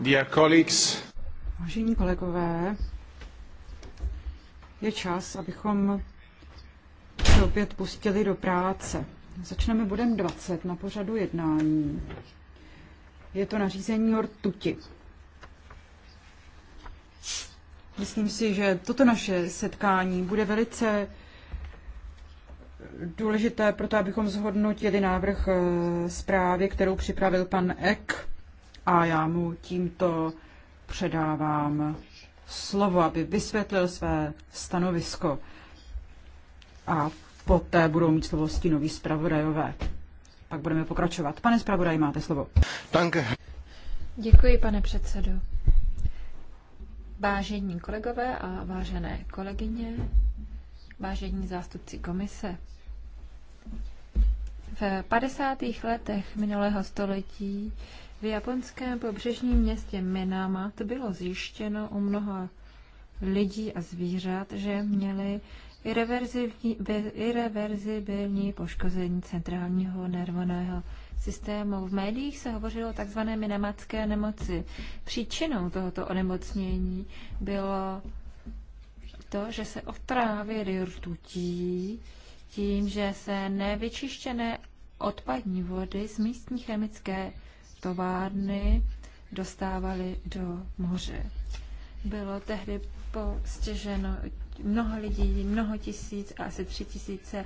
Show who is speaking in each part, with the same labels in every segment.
Speaker 1: Dear colleagues.
Speaker 2: Vážení kolegové, je čas, abychom se opět pustili do práce. Začneme bodem 20 na pořadu jednání. Je to nařízení o rtuti. Myslím si, že toto naše setkání bude velice důležité pro to, abychom zhodnotili návrh eh, zprávy, kterou připravil pan Eck a já mu tímto předávám slovo, aby vysvětlil své stanovisko a poté budou mít slovo stínoví zpravodajové. Pak budeme pokračovat. Pane zpravodaj, máte slovo. Danke.
Speaker 3: Děkuji, pane předsedo. Vážení kolegové a vážené kolegyně, vážení zástupci komise. V 50. letech minulého století v japonském pobřežním městě to bylo zjištěno u mnoha lidí a zvířat, že měli irreverzibilní poškození centrálního nervového systému. V médiích se hovořilo o tzv. minamatské nemoci. Příčinou tohoto onemocnění bylo to, že se otrávili rtutí tím, že se nevyčištěné odpadní vody z místní chemické továrny dostávali do moře. Bylo tehdy postiženo mnoho lidí, mnoho tisíc a asi tři tisíce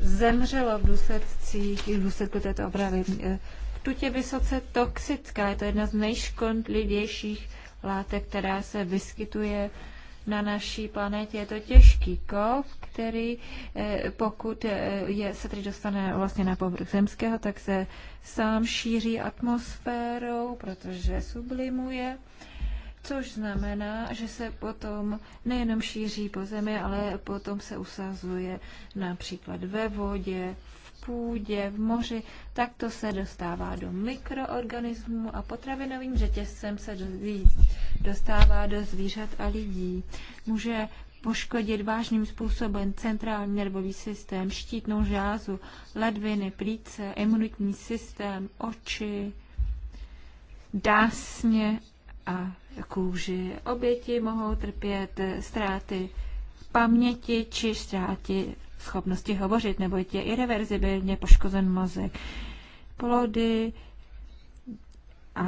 Speaker 3: zemřelo v důsledcích, v důsledku této opravy. tu je vysoce toxická, je to jedna z nejškodlivějších látek, která se vyskytuje na naší planetě. Je to těžký kov, který eh, pokud eh, je, se tedy dostane vlastně na povrch zemského, tak se sám šíří atmosférou, protože sublimuje. Což znamená, že se potom nejenom šíří po zemi, ale potom se usazuje například ve vodě, půdě, v moři, tak to se dostává do mikroorganismů a potravinovým řetězcem se dostává do zvířat a lidí. Může poškodit vážným způsobem centrální nervový systém, štítnou žázu, ledviny, plíce, imunitní systém, oči, dásně a kůži. Oběti mohou trpět ztráty paměti či ztráty schopnosti hovořit, nebo je irreverzibilně poškozen mozek. Plody a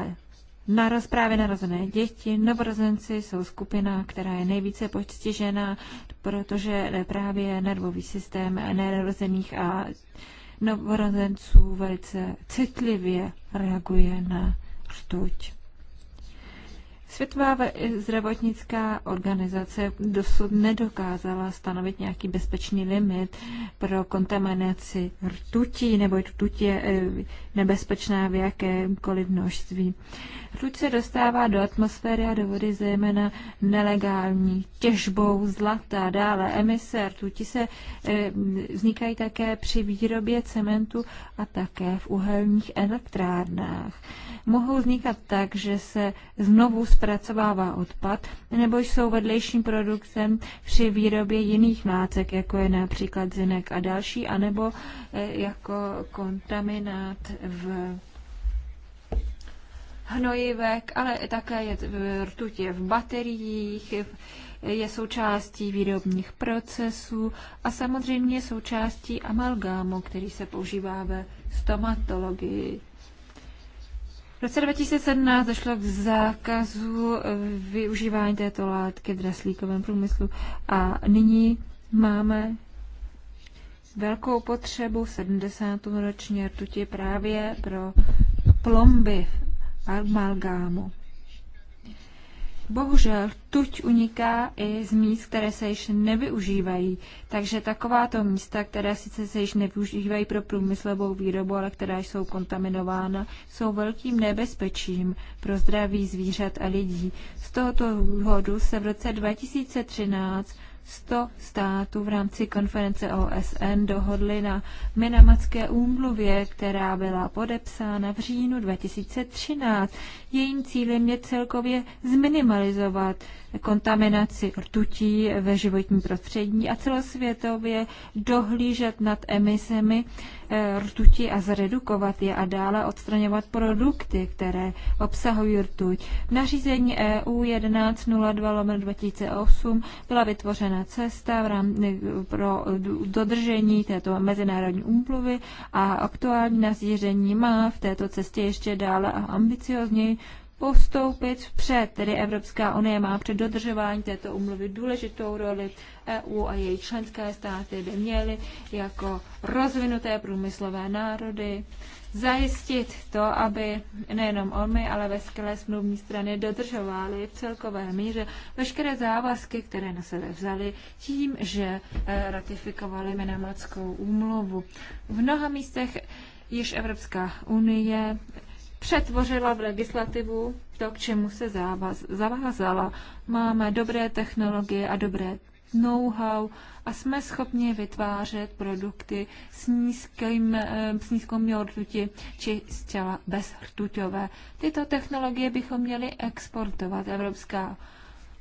Speaker 3: na rozprávě narozené děti, novorozenci jsou skupina, která je nejvíce postižena, protože právě nervový systém nerozených a novorozenců velice citlivě reaguje na štuť. Světová zdravotnická organizace dosud nedokázala stanovit nějaký bezpečný limit pro kontaminaci rtutí, nebo rtuť je e, nebezpečná v jakémkoliv množství. Rtuť se dostává do atmosféry a do vody zejména nelegální těžbou zlata. Dále emise rtuti se e, vznikají také při výrobě cementu a také v uhelních elektrárnách mohou vznikat tak, že se znovu zpracovává odpad, nebo jsou vedlejším produktem při výrobě jiných mácek, jako je například zinek a další, anebo eh, jako kontaminát v hnojivek, ale také je v rtutě v bateriích, je součástí výrobních procesů a samozřejmě součástí amalgámu, který se používá ve stomatologii. V roce 2017 došlo k zákazu eh, využívání této látky v draslíkovém průmyslu a nyní máme velkou potřebu v 70. ročně rtuti právě pro plomby amalgámu. Bohužel tuť uniká i z míst, které se již nevyužívají. Takže takováto místa, která sice se již nevyužívají pro průmyslovou výrobu, ale která jsou kontaminována, jsou velkým nebezpečím pro zdraví zvířat a lidí. Z tohoto důvodu se v roce 2013 100 států v rámci konference OSN dohodly na Minamatské úmluvě, která byla podepsána v říjnu 2013. Jejím cílem je celkově zminimalizovat kontaminaci rtutí ve životním prostředí a celosvětově dohlížet nad emisemi eh, rtuti a zredukovat je a dále odstraňovat produkty, které obsahují rtuť. V nařízení EU 1102 2008 byla vytvořena cesta v eh, pro dodržení této mezinárodní úmluvy a aktuální nařízení má v této cestě ještě dále a ambiciozněji postoupit vpřed, tedy Evropská unie má před dodržování této umluvy důležitou roli. EU a její členské státy by měly jako rozvinuté průmyslové národy zajistit to, aby nejenom oni, ale veškeré smluvní strany dodržovaly v celkové míře veškeré závazky, které na sebe vzali tím, že e, ratifikovali Minamatskou úmluvu. V mnoha místech již Evropská unie přetvořila v legislativu to, k čemu se závaz, zavázala. Máme dobré technologie a dobré know-how a jsme schopni vytvářet produkty s, nízkým, eh, s nízkou rtuti či zcela bez rtuťové. Tyto technologie bychom měli exportovat. Evropská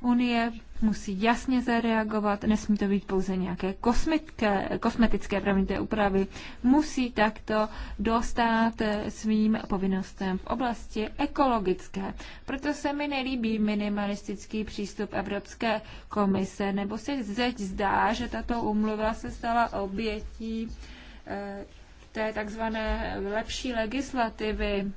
Speaker 3: unie musí jasně zareagovat, nesmí to být pouze nějaké kosmické, kosmetické promiňte, úpravy, musí takto dostat eh, svým povinnostem v oblasti ekologické. Proto se mi nelíbí minimalistický přístup Evropské komise, nebo se zeď zdá, že tato umluva se stala obětí eh, té takzvané lepší legislativy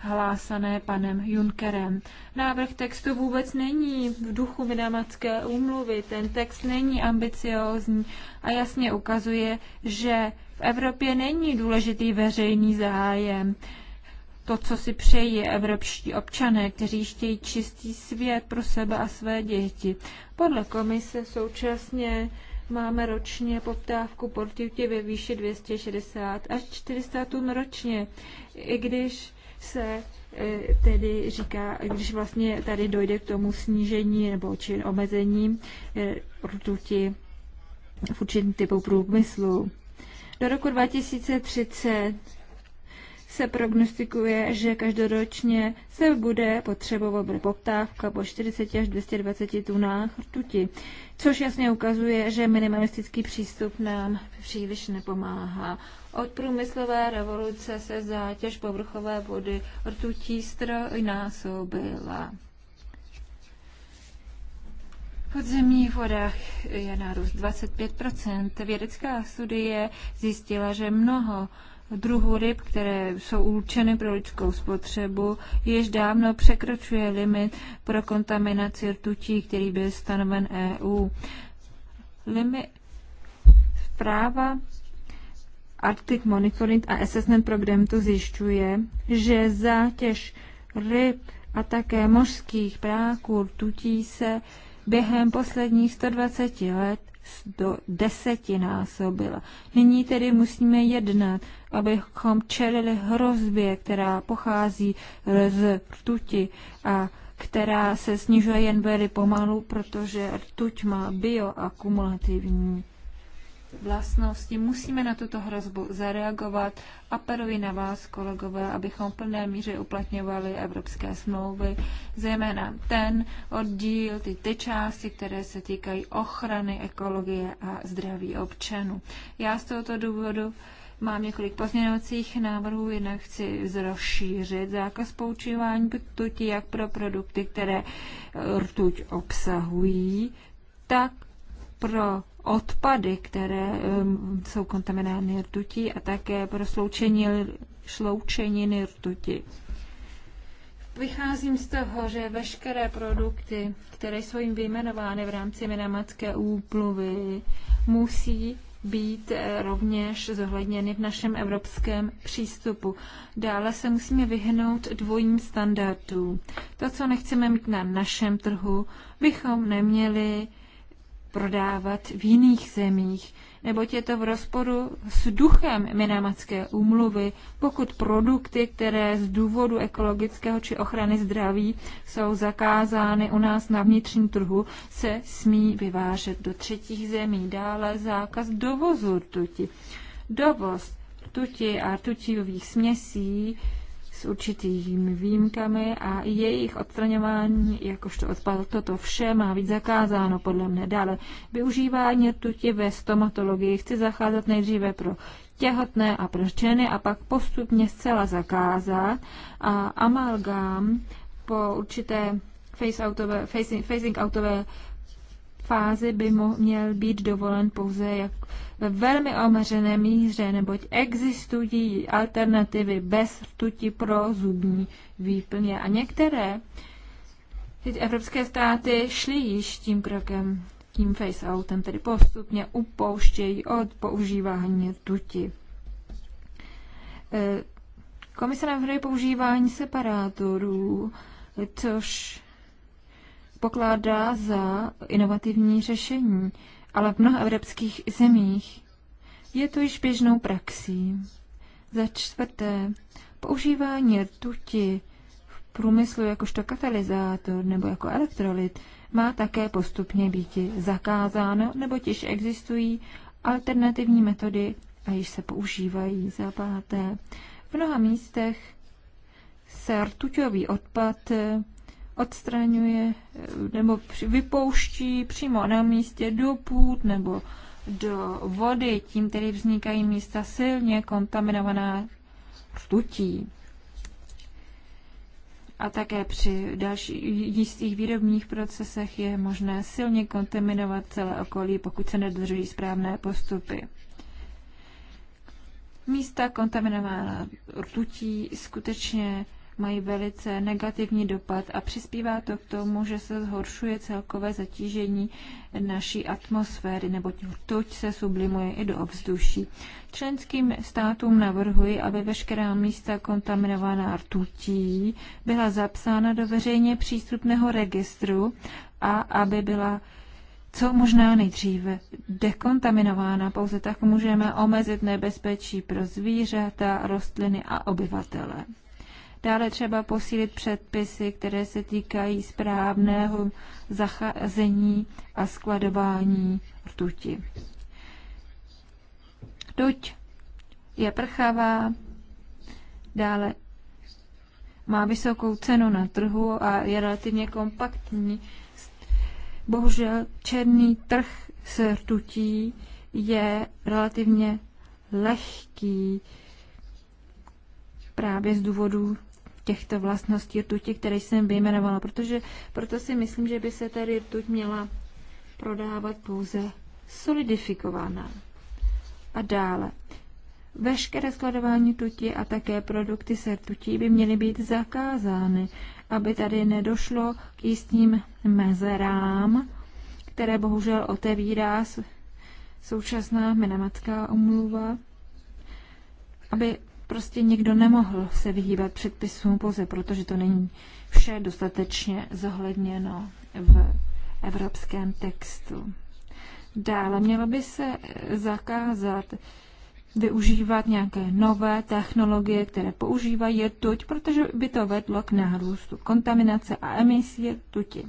Speaker 3: hlásané panem Junkerem. Návrh textu vůbec není v duchu Minamatské úmluvy, ten text není ambiciózní a jasně ukazuje, že v Evropě není důležitý veřejný zájem. To, co si přejí evropští občané, kteří chtějí čistý svět pro sebe a své děti. Podle komise současně máme ročně poptávku po ve výši 260 až 400 tun ročně, i když se e, tedy říká, když vlastně tady dojde k tomu snížení nebo či omezení e, rtuti v určitém typu průmyslu. Do roku 2030 se prognostikuje, že každoročně se bude potřebovat bude poptávka po 40 až 220 tunách rtuti, což jasně ukazuje, že minimalistický přístup nám příliš nepomáhá. Od průmyslové revoluce se zátěž povrchové vody rtutí strojnásobila. Podzemní vodách je nárůst 25 Vědecká studie zjistila, že mnoho druhů ryb, které jsou určeny pro lidskou spotřebu, již dávno překračuje limit pro kontaminaci rtutí, který byl stanoven EU. Limit práva Arctic Monitoring a Assessment Program to zjišťuje, že zátěž ryb a také mořských práků tutí se během posledních 120 let do desetinásobila. Nyní tedy musíme jednat, abychom čelili hrozbě, která pochází z rtuti a která se snižuje jen velmi pomalu, protože rtuť má bioakumulativní vlastnosti. Musíme na tuto hrozbu zareagovat. Apeluji na vás, kolegové, abychom v plné míře uplatňovali evropské smlouvy, zejména ten oddíl, ty, ty části, které se týkají ochrany ekologie a zdraví občanů. Já z tohoto důvodu Mám několik pozměňovacích návrhů, jinak chci rozšířit zákaz poučívání rtuti jak pro produkty, které rtuť eh, obsahují, tak pro odpady, které um, jsou kontaminány rtutí a také pro sloučení, sloučeniny rtuti. Vycházím z toho, že veškeré produkty, které jsou jim vyjmenovány v rámci minamatské úpluvy, musí být eh, rovněž zohledněny v našem evropském přístupu. Dále se musíme vyhnout dvojím standardům. To, co nechceme mít na našem trhu, bychom neměli prodávat v jiných zemích, neboť je to v rozporu s duchem Minamatské úmluvy, pokud produkty, které z důvodu ekologického či ochrany zdraví jsou zakázány u nás na vnitřním trhu, se smí vyvážet do třetích zemí. Dále zákaz dovozu rtuti. Dovoz rtuti a rtutiových směsí s určitými výjimkami a jejich odstraňování, jakožto odpad, toto vše má být zakázáno podle mne. Dále využívání rtuti ve stomatologii chci zacházet nejdříve pro těhotné a pro ženy a pak postupně zcela zakázat a amalgám po určité face-outové, facing, facing outové fázi by měl být dovolen pouze jak ve velmi omařené míře, neboť existují alternativy bez rtuti pro zubní výplně. A některé ty evropské státy šly již tím krokem, tím face-outem, tedy postupně upouštějí od používání rtuti. E, komise navrhuje používání separátorů, což pokládá za inovativní řešení, ale v mnoha evropských zemích je to již běžnou praxí. Za čtvrté, používání rtuti v průmyslu jakožto katalyzátor nebo jako elektrolit má také postupně být zakázáno, nebo již existují alternativní metody a již se používají. Za páté, v mnoha místech se rtuťový odpad odstraňuje nebo vypouští přímo na místě do půd nebo do vody, tím tedy vznikají místa silně kontaminovaná rtutí. A také při dalších jistých výrobních procesech je možné silně kontaminovat celé okolí, pokud se nedržují správné postupy. Místa kontaminovaná rtutí skutečně mají velice negativní dopad a přispívá to k tomu, že se zhoršuje celkové zatížení naší atmosféry, nebo tuď se sublimuje i do ovzduší. Členským státům navrhuji, aby veškerá místa kontaminovaná rtutí byla zapsána do veřejně přístupného registru a aby byla co možná nejdříve dekontaminována. Pouze tak můžeme omezit nebezpečí pro zvířata, rostliny a obyvatele. Dále třeba posílit předpisy, které se týkají správného zacházení a skladování rtuti. Rtuť je prchavá, dále má vysokou cenu na trhu a je relativně kompaktní. Bohužel černý trh s rtutí je relativně lehký právě z důvodu těchto vlastností rtuti, které jsem vyjmenovala, protože proto si myslím, že by se tady rtuť měla prodávat pouze solidifikovaná. A dále. Veškeré skladování tuti a také produkty se rtutí by měly být zakázány, aby tady nedošlo k jistým mezerám, které bohužel otevírá současná Minamatská umluva, aby Prostě někdo nemohl se vyhýbat předpisům pouze protože to není vše dostatečně zohledněno v evropském textu. Dále mělo by se zakázat využívat nějaké nové technologie, které používají rtuť, protože by to vedlo k nárůstu kontaminace a emisí rtuti.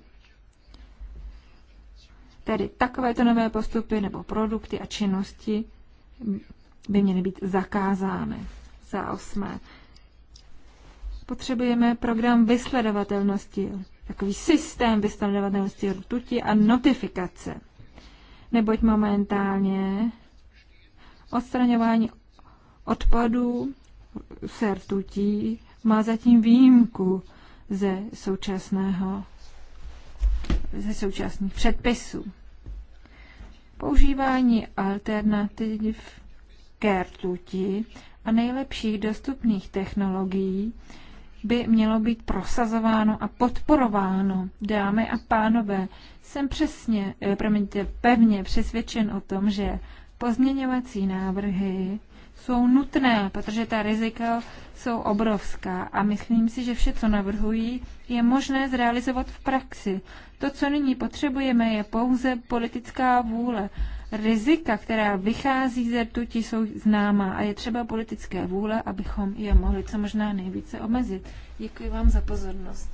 Speaker 3: Tedy takovéto nové postupy nebo produkty a činnosti by měly být zakázány. Za osmé. Potřebujeme program vysledovatelnosti, takový systém vysledovatelnosti rtuti a notifikace. Neboť momentálně odstraňování odpadů se rtutí má zatím výjimku ze současného ze současných předpisů. Používání alternativ ke rtuti a nejlepších dostupných technologií by mělo být prosazováno a podporováno. Dámy a pánové, jsem přesně, eh, promiňte, pevně přesvědčen o tom, že pozměňovací návrhy jsou nutné, protože ta rizika jsou obrovská a myslím si, že vše, co navrhují, je možné zrealizovat v praxi. To, co nyní potřebujeme, je pouze politická vůle rizika, která vychází ze rtuti, jsou známá a je třeba politické vůle, abychom je mohli co možná nejvíce omezit. Děkuji vám za pozornost.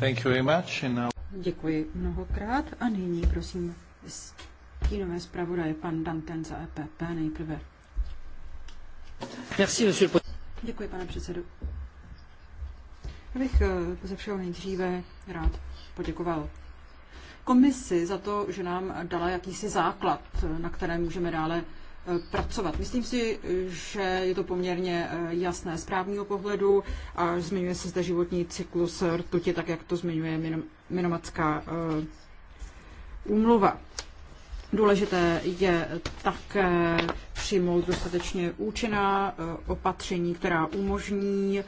Speaker 1: Thank you very much. And now...
Speaker 3: Děkuji mnohokrát a nyní prosím stínové
Speaker 2: zpravodaje pan Danten za EPP nejprve.
Speaker 1: Merci, monsieur...
Speaker 2: Děkuji, pane předsedu. Já bych eh, ze všeho nejdříve rád poděkoval komisi za to, že nám dala jakýsi základ, na kterém můžeme dále eh, pracovat. Myslím si, že je to poměrně eh, jasné z právního pohledu a zmiňuje se zde životní cyklus rtuti, tak jak to zmiňuje minomacká eh, úmluva. Důležité je také přijmout dostatečně účinná opatření, která umožní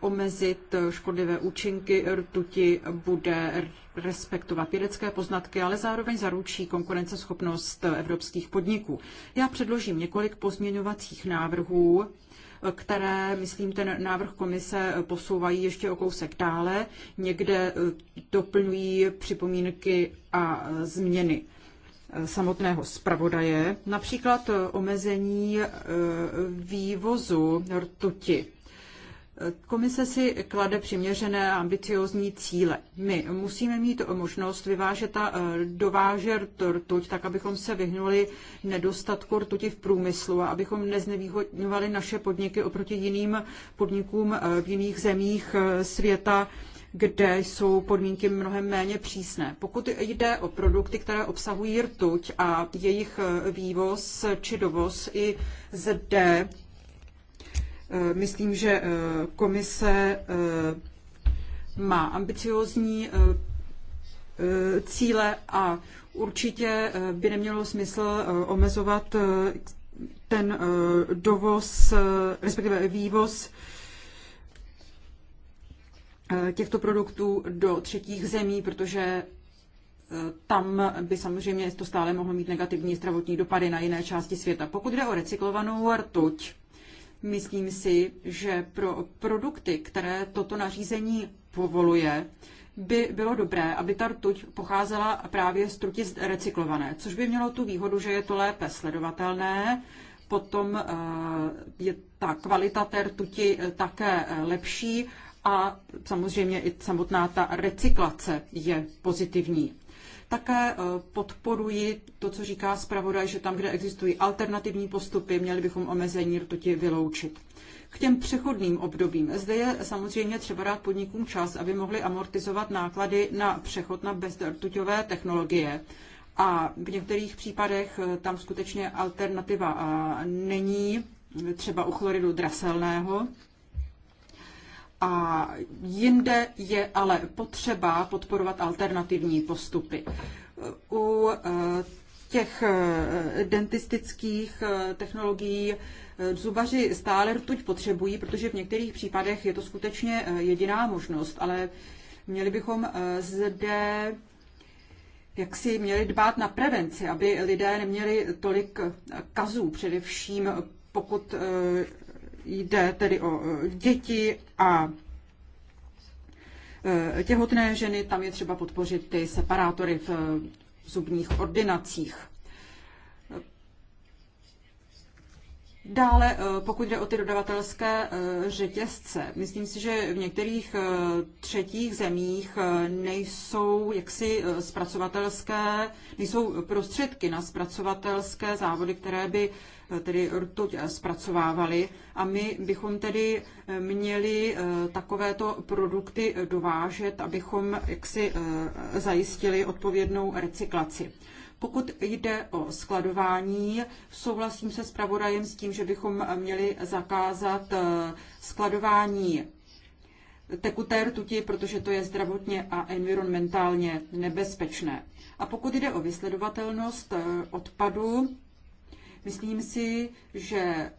Speaker 2: omezit škodlivé účinky rtuti, bude respektovat vědecké poznatky, ale zároveň zaručí konkurenceschopnost evropských podniků. Já předložím několik pozměňovacích návrhů, které, myslím, ten návrh komise posouvají ještě o kousek dále, někde eh, doplňují připomínky a eh, změny eh, samotného zpravodaje, například omezení vývozu rtuti Komise si klade přiměřené a ambiciozní cíle. My musíme mít možnost vyvážet a e, dovážet rtuť, tak abychom se vyhnuli nedostatku rtuti v průmyslu a abychom neznevýhodňovali naše podniky oproti jiným podnikům e, v jiných zemích e, světa, kde jsou podmínky mnohem méně přísné. Pokud jde o produkty, které obsahují rtuť a jejich vývoz či dovoz, i zde Eh, myslím, že eh, komise eh, má ambiciózní cíle a určitě by nemělo smysl omezovat ten dovoz, respektive vývoz těchto produktů do třetích zemí, protože tam by samozřejmě to stále mohlo mít negativní zdravotní dopady na jiné části světa. Pokud jde o recyklovanou rtuť, Myslím si, že pro produkty, které toto nařízení povoluje, by bylo dobré, aby ta rtuť pocházela právě z truti recyklované, což by mělo tu výhodu, že je to lépe sledovatelné, potom eh, je ta kvalita té rtuti eh, také eh, lepší a samozřejmě i samotná ta recyklace je pozitivní. Také eh, podporuji to, co říká zpravodaj, že tam, kde existují alternativní postupy, měli bychom omezení rtuti vyloučit. K těm přechodným obdobím. Zde je samozřejmě třeba dát podnikům čas, aby mohli amortizovat náklady na přechod na bezrtuťové technologie. A v některých případech eh, tam skutečně alternativa eh, není, třeba u chloridu draselného, a jinde je ale potřeba podporovat alternativní postupy. U e, těch e, dentistických e, technologií zubaři stále rtuť potřebují, protože v některých případech je to skutečně jediná možnost, ale měli bychom zde jak si měli dbát na prevenci, aby lidé neměli tolik kazů, především pokud jde tedy o e, děti a e, těhotné ženy, tam je třeba podpořit ty separátory v e, zubních ordinacích. Dále, pokud jde o ty dodavatelské řetězce, myslím si, že v některých třetích zemích nejsou jaksi zpracovatelské, nejsou prostředky na zpracovatelské závody, které by tedy rtuť zpracovávali a my bychom tedy eh, měli eh, takovéto produkty dovážet, abychom jaksi eh, zajistili odpovědnou recyklaci. Pokud jde o skladování, souhlasím se s pravodajem s tím, že bychom měli zakázat skladování tekuté rtuti, protože to je zdravotně a environmentálně nebezpečné. A pokud jde o vysledovatelnost odpadu, Myslím si, že eh,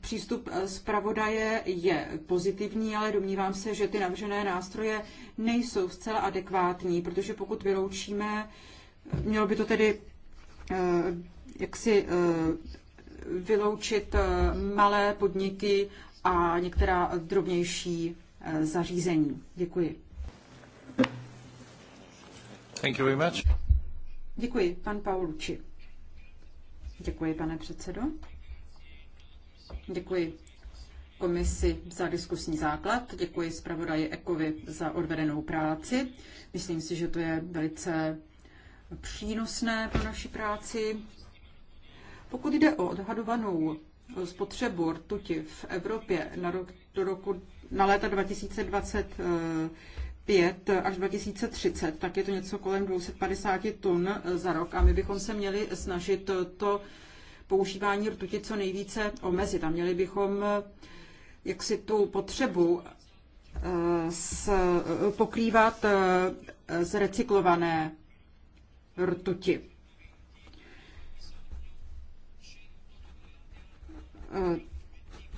Speaker 2: přístup eh, zpravodaje je pozitivní, ale domnívám se, že ty navržené nástroje nejsou zcela adekvátní, protože pokud vyloučíme, eh, mělo by to tedy jaksi vyloučit malé podniky a některá drobnější zařízení. Děkuji. Thank you very much. Děkuji, pan Paulucci. Děkuji, pane předsedo. Děkuji komisi za diskusní základ, děkuji zpravodaji Ekovi za odvedenou práci. Myslím si, že to je velice přínosné pro naši práci. Pokud jde o odhadovanou spotřebu rtuti v Evropě na, rok, do roku, na léta 2020, eh, 2025 až 2030, tak je to něco kolem 250 tun eh, za rok a my bychom se měli snažit eh, to používání rtuti co nejvíce omezit a měli bychom eh, jak si tu potřebu s, pokrývat z recyklované rtuti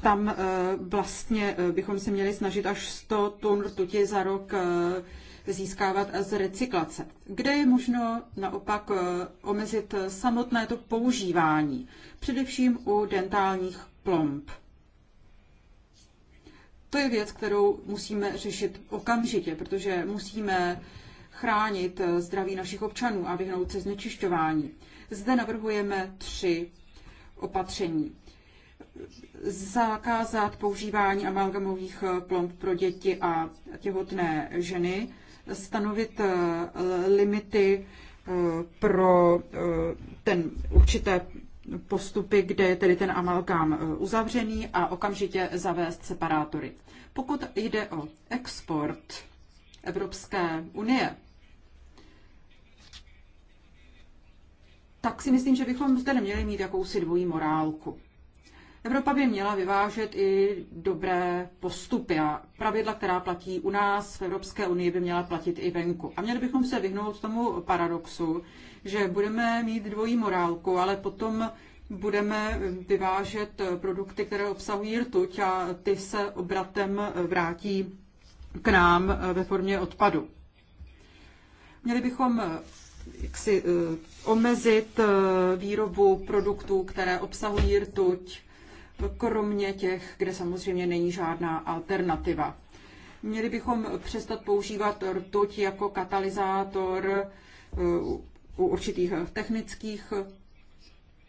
Speaker 2: tam eh, vlastně eh, bychom se měli snažit až 100 tun rtuti za rok eh, získávat z recyklace. Kde je možno naopak omezit samotné to používání, především u dentálních plomb. To je věc, kterou musíme řešit okamžitě, protože musíme chránit zdraví našich občanů a vyhnout se znečišťování. Zde navrhujeme tři opatření zakázat používání amalgamových eh, plomb pro děti a těhotné ženy, stanovit eh, limity eh, pro ten určité postupy, kde je tedy ten amalgám uzavřený a okamžitě zavést separátory. Pokud jde o export Evropské unie, tak si myslím, že bychom zde neměli mít jakousi dvojí morálku. Evropa by měla vyvážet i dobré postupy a pravidla, která platí u nás v Evropské unii, by měla platit i venku. A měli bychom se vyhnout tomu paradoxu, že budeme mít dvojí morálku, ale potom budeme vyvážet produkty, které obsahují rtuť a ty se obratem vrátí k nám ve formě odpadu. Měli bychom jaksi eh, omezit eh, výrobu produktů, které obsahují rtuť, kromě těch, kde samozřejmě není žádná alternativa. Měli bychom přestat používat rtuť jako katalyzátor eh, u určitých technických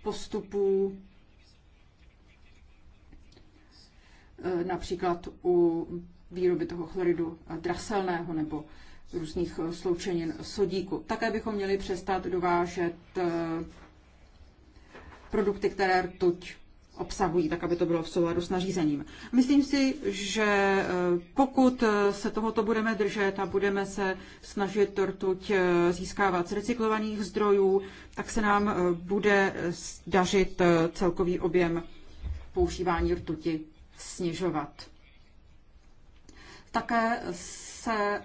Speaker 2: postupů, eh, například u výroby toho chloridu draselného nebo různých sloučenin sodíku. Také bychom měli přestat dovážet eh, produkty, které rtuť obsahují, tak aby to bylo v souladu s nařízením. Myslím si, že eh, pokud eh, se tohoto budeme držet a budeme se snažit rtuť eh, získávat z recyklovaných zdrojů, tak se nám bude dařit celkový objem používání rtuti snižovat.
Speaker 3: Také se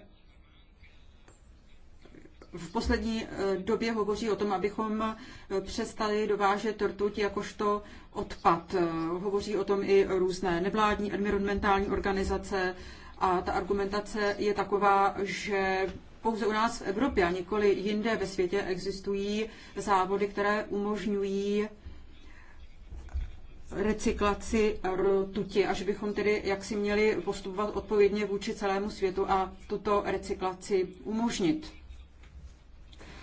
Speaker 2: v poslední eh, době hovoří o tom, abychom eh, přestali dovážet rtuť jakožto odpad. Eh, hovoří o tom i různé nevládní environmentální organizace a ta argumentace je taková, že pouze u nás v Evropě a nikoli jinde ve světě existují závody, které umožňují recyklaci rtuti, až bychom tedy jaksi měli postupovat odpovědně vůči celému světu a tuto recyklaci umožnit.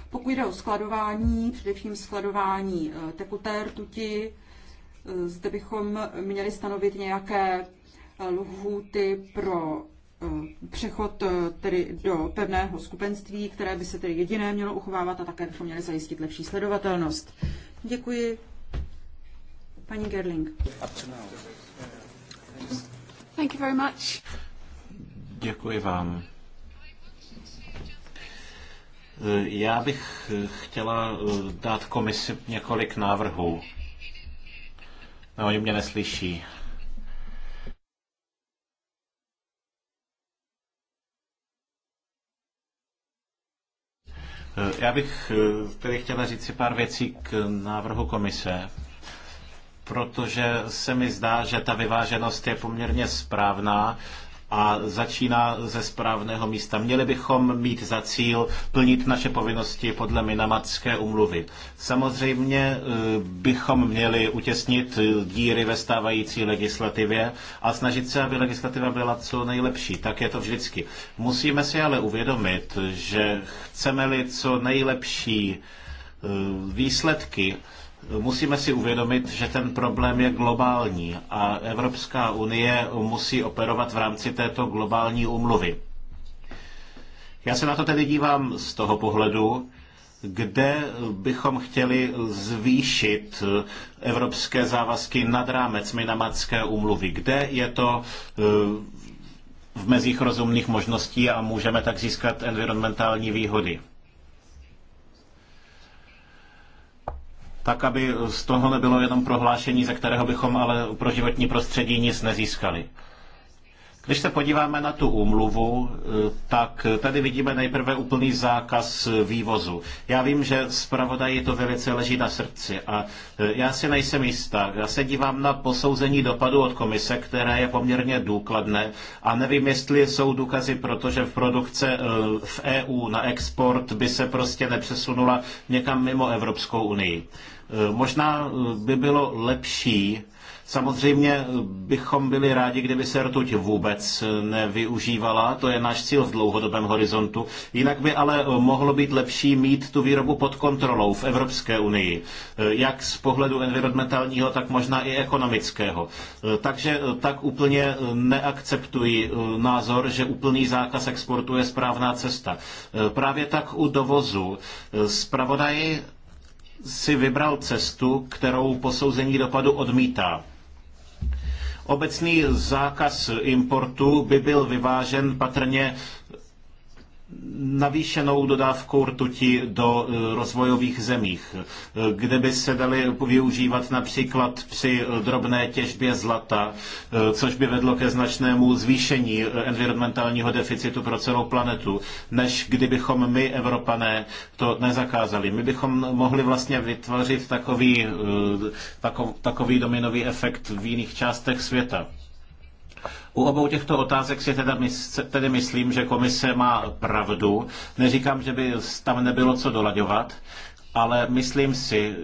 Speaker 2: Pokud jde o skladování, především skladování eh, tekuté rtuti, eh, zde bychom měli stanovit nějaké eh, lhůty pro přechod tedy do pevného skupenství, které by se tedy jediné mělo uchovávat a také bychom měli zajistit lepší sledovatelnost. Děkuji. Paní Gerling.
Speaker 3: Thank you very much.
Speaker 1: Děkuji vám. Eh, já bych eh, chtěla eh, dát komisi několik návrhů. No, oni mě neslyší. Já bych tedy chtěla říct si pár věcí k návrhu komise, protože se mi zdá, že ta vyváženost je poměrně správná a začíná ze správného místa. Měli bychom mít za cíl plnit naše povinnosti podle Minamatské umluvy. Samozřejmě eh, bychom měli utěsnit eh, díry ve stávající legislativě a snažit se, aby legislativa byla co nejlepší. Tak je to vždycky. Musíme si ale uvědomit, že chceme-li co nejlepší eh, výsledky, Musíme si uvědomit, že ten problém je globální a Evropská unie musí operovat v rámci této globální umluvy. Já se na to tedy dívám z toho pohledu, kde bychom chtěli zvýšit evropské závazky nad rámec Minamatské umluvy. Kde je to eh, v mezích rozumných možností a můžeme tak získat environmentální výhody. tak aby z toho nebylo jenom prohlášení, ze kterého bychom ale pro životní prostředí nic nezískali. Když se podíváme na tu úmluvu, eh, tak tady vidíme nejprve úplný zákaz vývozu. Já vím, že zpravodaji to velice leží na srdci a eh, já si nejsem jistá. Já se dívám na posouzení dopadu od komise, které je poměrně důkladné a nevím, jestli jsou důkazy, protože v produkce eh, v EU na export by se prostě nepřesunula někam mimo Evropskou unii. Eh, možná eh, by bylo lepší, Samozřejmě eh, bychom byli rádi, kdyby se rtuť vůbec nevyužívala, to je náš cíl v dlouhodobém horizontu. Jinak by ale mohlo být lepší mít tu výrobu pod kontrolou v Evropské unii, jak z pohledu environmentálního, tak možná i ekonomického. Takže tak úplně neakceptuji názor, že úplný zákaz exportu je správná cesta. Právě tak u dovozu. Spravodaj si vybral cestu, kterou posouzení dopadu odmítá. Obecný zákaz importu by byl vyvážen patrně navýšenou dodávkou rtuti do e, rozvojových zemích, e, kde by se daly využívat například při drobné těžbě zlata, e, což by vedlo ke značnému zvýšení environmentálního deficitu pro celou planetu, než kdybychom my, Evropané, to nezakázali. My bychom mohli vlastně vytvořit takový, takový dominový efekt v jiných částech světa. U obou těchto otázek si teda tedy myslím, že komise má pravdu. Neříkám, že by tam nebylo co dolaďovat, ale myslím si,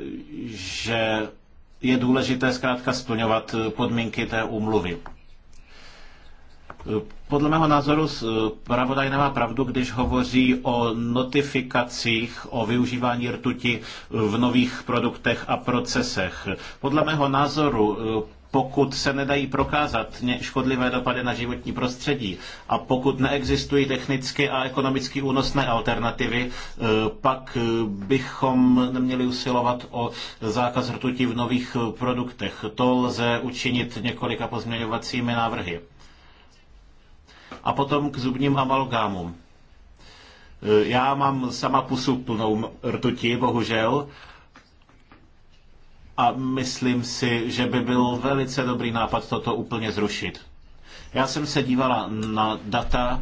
Speaker 1: že je důležité zkrátka splňovat podmínky té úmluvy. Podle mého názoru pravodaj nemá pravdu, když hovoří o notifikacích, o využívání rtuti v nových produktech a procesech. Podle mého názoru pokud se nedají prokázat škodlivé dopady na životní prostředí a pokud neexistují technicky a ekonomicky únosné alternativy, eh, pak eh, bychom neměli usilovat o zákaz rtuti v nových eh, produktech. To lze učinit několika pozměňovacími návrhy. A potom k zubním amalgámům. Já mám sama pusu plnou rtuti, bohužel, a myslím si, že by byl velice dobrý nápad toto úplně zrušit. Já jsem se dívala na data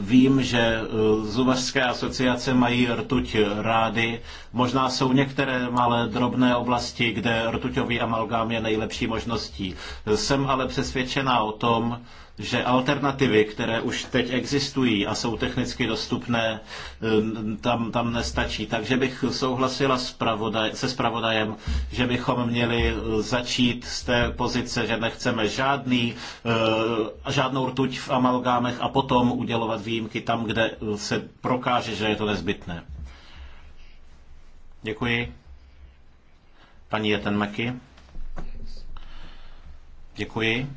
Speaker 1: Vím, že eh, zubařské asociace mají rtuť rády. Možná jsou některé malé drobné oblasti, kde rtuťový amalgám je nejlepší možností. Jsem ale přesvědčená o tom, že alternativy, které už teď existují a jsou technicky dostupné, tam, tam nestačí. Takže bych souhlasila se spravodajem, že bychom měli eh, začít z té pozice, že nechceme žádný, eh, žádnou rtuť v amalgámech a potom udělovat výjimky tam, kde eh, se prokáže, že je to nezbytné. Děkuji. Paní Jetenmeky. Děkuji.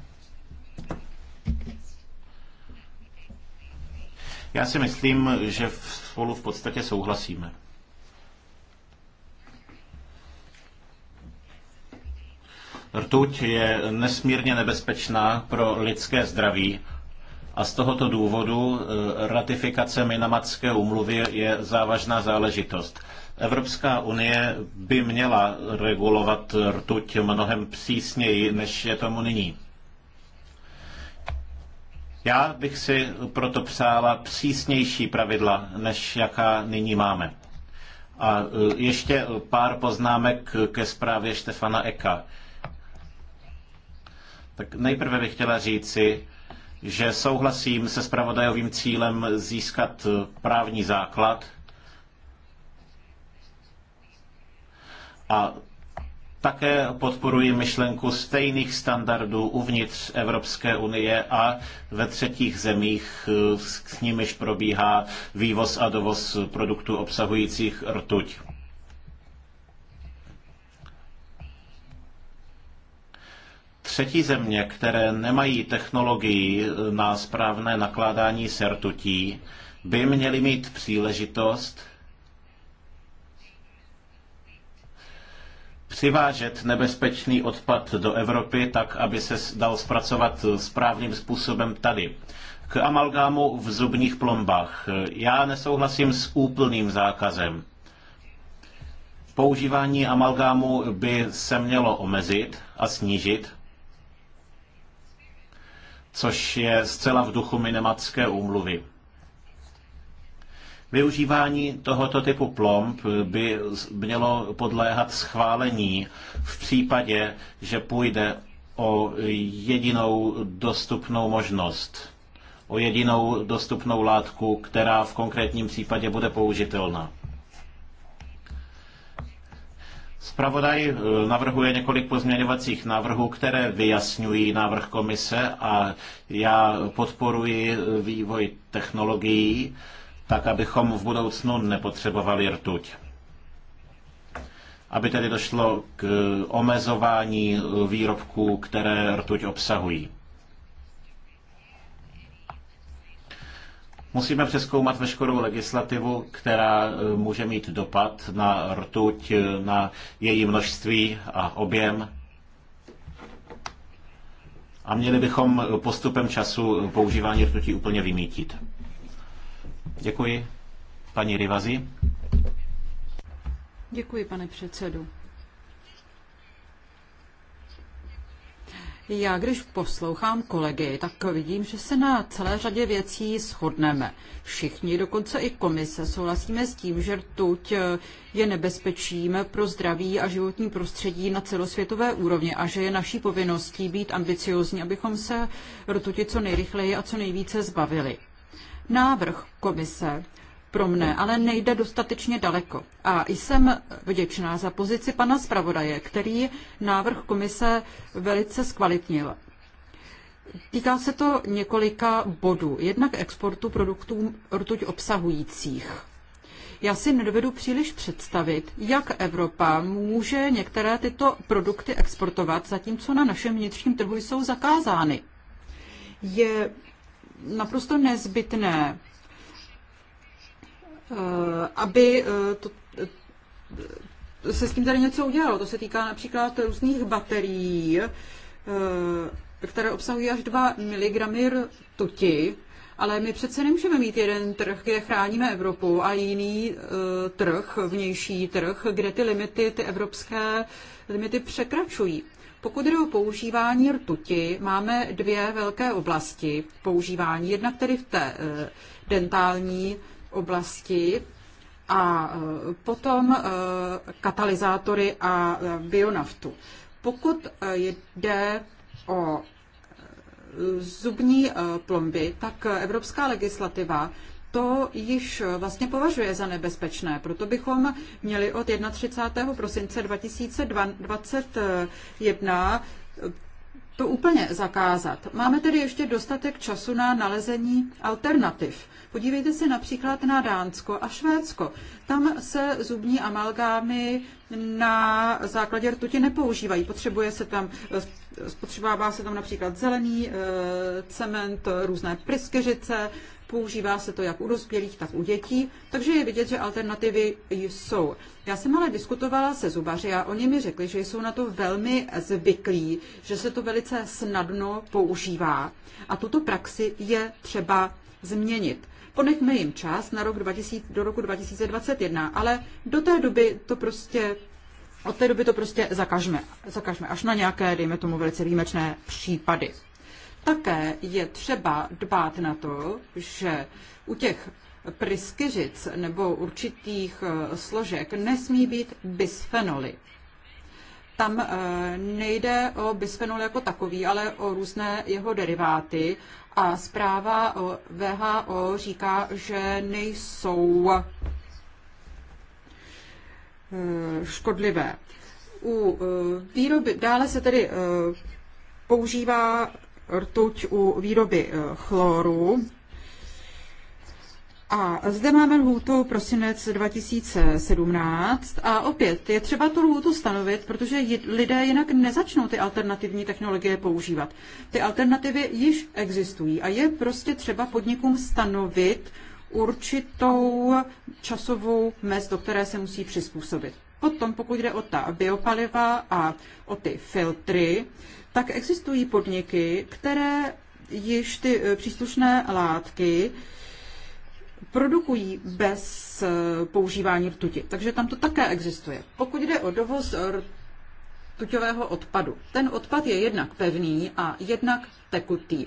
Speaker 1: Já si myslím, že spolu v podstatě souhlasíme. Rtuť je nesmírně nebezpečná pro lidské zdraví a z tohoto důvodu eh, ratifikace Minamatské úmluvy je závažná záležitost. Evropská unie by měla regulovat rtuť mnohem přísněji, než je tomu nyní. Já bych si proto přála přísnější pravidla, než jaká nyní máme. A e, ještě pár poznámek ke zprávě Štefana Eka. Tak nejprve bych chtěla říci, že souhlasím se spravodajovým cílem získat právní základ a také podporuji myšlenku stejných standardů uvnitř Evropské unie a ve třetích zemích, eh, s nimiž probíhá vývoz a dovoz produktů obsahujících rtuť. Třetí země, které nemají technologii eh, na správné nakládání se rtutí, by měly mít příležitost přivážet nebezpečný odpad do Evropy tak, aby se dal zpracovat správným způsobem tady. K amalgámu v zubních plombách. Já nesouhlasím s úplným zákazem. Používání amalgámu by se mělo omezit a snížit, což je zcela v duchu Minematské úmluvy. Využívání tohoto typu plomb by mělo podléhat schválení v případě, že půjde o jedinou dostupnou možnost, o jedinou dostupnou látku, která v konkrétním případě bude použitelná. Spravodaj eh, navrhuje několik pozměňovacích návrhů, které vyjasňují návrh komise a já podporuji eh, vývoj technologií, tak abychom v budoucnu nepotřebovali rtuť. Aby tedy došlo k omezování výrobků, které rtuť obsahují. Musíme přeskoumat veškerou legislativu, která eh, může mít dopad na rtuť, eh, na její množství a objem. A měli bychom postupem času používání rtuti úplně vymítit. Děkuji. Paní Rivazi.
Speaker 2: Děkuji, pane předsedu. Já, když poslouchám kolegy, tak vidím, že se na celé řadě věcí shodneme. Všichni, dokonce i komise, souhlasíme s tím, že rtuť je nebezpečím pro zdraví a životní prostředí na celosvětové úrovni a že je naší povinností být ambiciozní, abychom se rtuti co nejrychleji a co nejvíce zbavili. Návrh komise pro mne ale nejde dostatečně daleko a jsem vděčná za pozici pana zpravodaje, který návrh komise velice zkvalitnil. Týká se to několika bodů, jednak exportu produktů rtuť obsahujících. Já si nedovedu příliš představit, jak Evropa může některé tyto produkty exportovat, zatímco na našem vnitřním trhu jsou zakázány. Je naprosto nezbytné, eh, aby eh, to, eh, se s tím tady něco udělalo. To se týká například různých baterií, které obsahují až 2 mg tuti, ale my přece nemůžeme mít jeden trh, kde chráníme Evropu a jiný trh, vnější trh, kde ty limity, ty evropské limity překračují. Pokud jde o používání rtuti, máme dvě velké oblasti používání. Jedna tedy v té eh, dentální oblasti a eh, potom eh, katalyzátory a bionaftu. Pokud jde o zubní plomby, tak evropská legislativa to již vlastně považuje za nebezpečné. Proto bychom měli od 31. prosince 2021 to úplně zakázat. Máme tedy ještě dostatek času na nalezení alternativ. Podívejte se například na Dánsko a Švédsko. Tam se zubní amalgámy na základě rtuti nepoužívají. Potřebuje se tam, spotřebává se tam například zelený eh, cement, různé pryskyřice používá se to jak u dospělých, tak u dětí, takže je vidět, že alternativy jsou. Já jsem ale diskutovala se zubaři a oni mi řekli, že jsou na to velmi zvyklí, že se to velice snadno používá a tuto praxi je třeba změnit. Ponechme jim čas na rok 2000, do roku 2021, ale do té doby to prostě od té doby to prostě zakažme, zakažme až na nějaké, dejme tomu, velice výjimečné případy. Také je třeba dbát na to, že u těch pryskyřic nebo určitých eh, složek nesmí být bisfenoly. Tam eh, nejde o bisfenol jako takový, ale o různé jeho deriváty a zpráva o VHO říká, že nejsou eh, škodlivé. U výroby, dále se tedy používá rtuť u výroby eh, chloru. A zde máme lhůtu prosinec 2017 a opět je třeba tu lhůtu stanovit, protože lidé jinak nezačnou ty alternativní technologie používat. Ty alternativy již existují a je prostě třeba podnikům stanovit určitou časovou mez, do které se musí přizpůsobit. Potom, pokud jde o ta biopaliva a o ty filtry, tak existují podniky, které již ty eh, příslušné látky produkují bez eh, používání rtuti. Takže tam to také existuje. Pokud jde o dovoz eh, rtuťového odpadu, ten odpad je jednak pevný a jednak tekutý.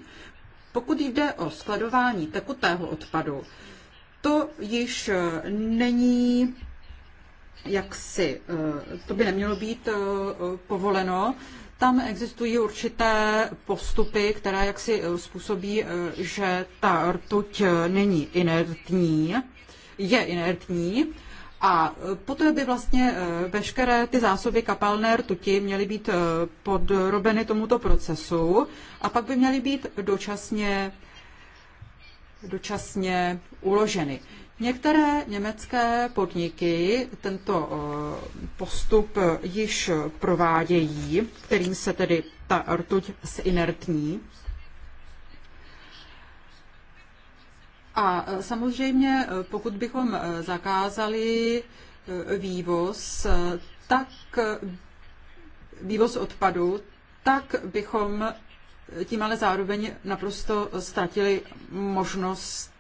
Speaker 2: Pokud jde o skladování tekutého odpadu, to již není jaksi, to by nemělo být povoleno, tam existují určité postupy, které jaksi eh, způsobí, eh, že ta rtuť eh, není inertní, je inertní a poté by vlastně veškeré ty zásoby kapalné rtuti měly být podrobeny tomuto procesu a pak by měly být dočasně, dočasně uloženy. Některé německé podniky tento eh, postup již provádějí, kterým se tedy ta rtuť inertní. A eh, samozřejmě, eh, pokud bychom zakázali vývoz, tak vývoz odpadu, tak bychom tím ale zároveň naprosto ztratili možnost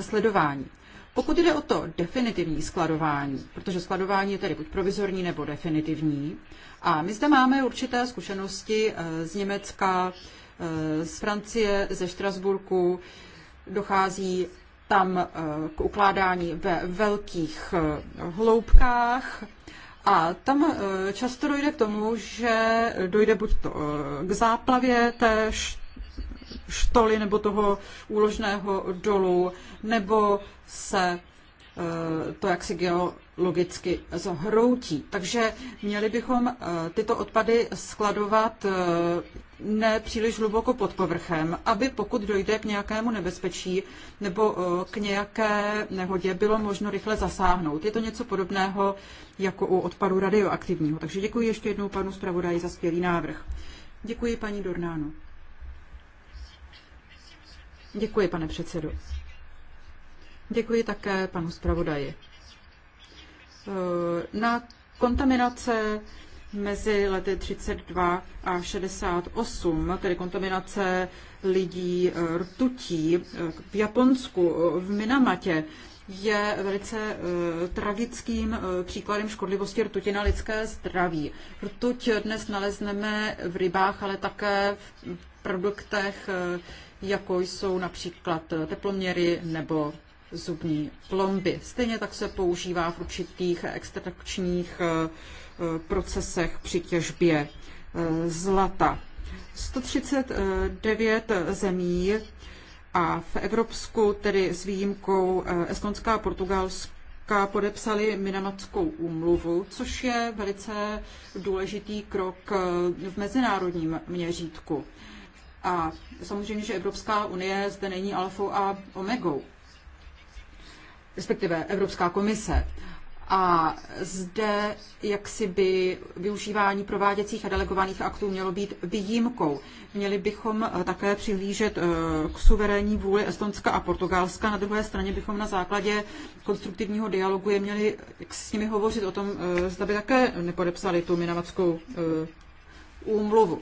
Speaker 2: sledování. Pokud jde o to definitivní skladování, protože skladování je tedy buď provizorní nebo definitivní, a my zde máme určité zkušenosti eh, z Německa, eh, z Francie, ze Štrasburku, dochází tam eh, k ukládání ve velkých hloubkách a tam často dojde k tomu, že dojde buď to k záplavě té štoly nebo toho úložného dolu, nebo se eh, to jaksi geologicky zhroutí. Takže měli bychom eh, tyto odpady skladovat eh, ne příliš hluboko pod povrchem, aby pokud dojde k nějakému nebezpečí nebo k nějaké nehodě, bylo možno rychle zasáhnout. Je to něco podobného jako u odpadu radioaktivního. Takže děkuji ještě jednou panu zpravodaji za skvělý návrh. Děkuji paní Dornánu. Děkuji, pane předsedu. Děkuji také panu zpravodaji. Na kontaminace mezi lety 32 a 68, tedy kontaminace lidí rtutí v Japonsku, v Minamatě, je velice eh, tragickým eh, příkladem škodlivosti rtuti na lidské zdraví. Rtuť dnes nalezneme v rybách, ale také v produktech eh, jako jsou například teploměry nebo zubní plomby. Stejně tak se používá v určitých extrakčních eh, procesech při těžbě eh, zlata. 139 zemí a v Evropsku, tedy s výjimkou eh, Estonská a Portugalska, podepsali Minamatskou úmluvu, což je velice důležitý krok v mezinárodním měřítku. A samozřejmě, že Evropská unie zde není alfou a omegou, respektive Evropská komise. A zde jaksi by využívání prováděcích a delegovaných aktů mělo být výjimkou. Měli bychom eh, také přihlížet eh, k suverénní vůli Estonska a Portugalska. Na druhé straně bychom na základě konstruktivního dialogu je měli s nimi hovořit o tom, eh, zda by také nepodepsali tu minavackou úmluvu.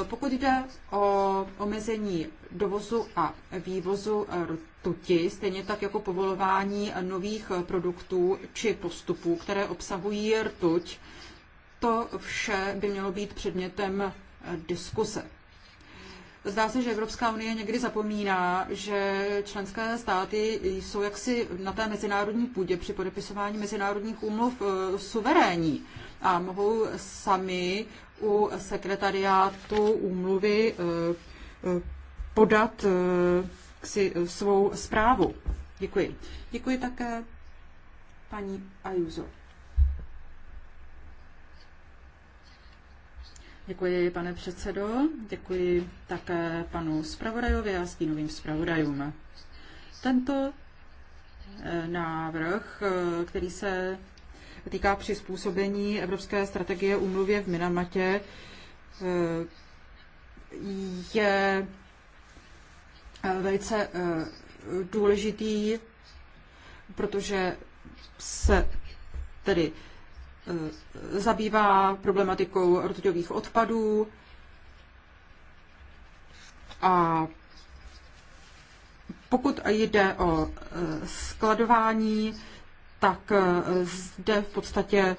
Speaker 2: Eh, pokud jde o omezení dovozu a vývozu rtuti, eh, stejně tak jako povolování nových produktů či postupů, které obsahují rtuť, to vše by mělo být předmětem eh, diskuse. Zdá se, že Evropská unie někdy zapomíná, že členské státy jsou jaksi na té mezinárodní půdě při podepisování mezinárodních úmluv suverénní a mohou sami u sekretariátu úmluvy e, e, podat e, si svou zprávu. Děkuji. Děkuji také paní Ajuzo. Děkuji, pane předsedo. Děkuji také panu zpravodajovi a stínovým zpravodajům. Tento návrh, který se týká přizpůsobení Evropské strategie umluvě v Minamatě, eh, je eh, velice eh, důležitý, protože se tedy zabývá problematikou rtuťových odpadů a pokud jde o skladování, tak eh, zde v podstatě eh,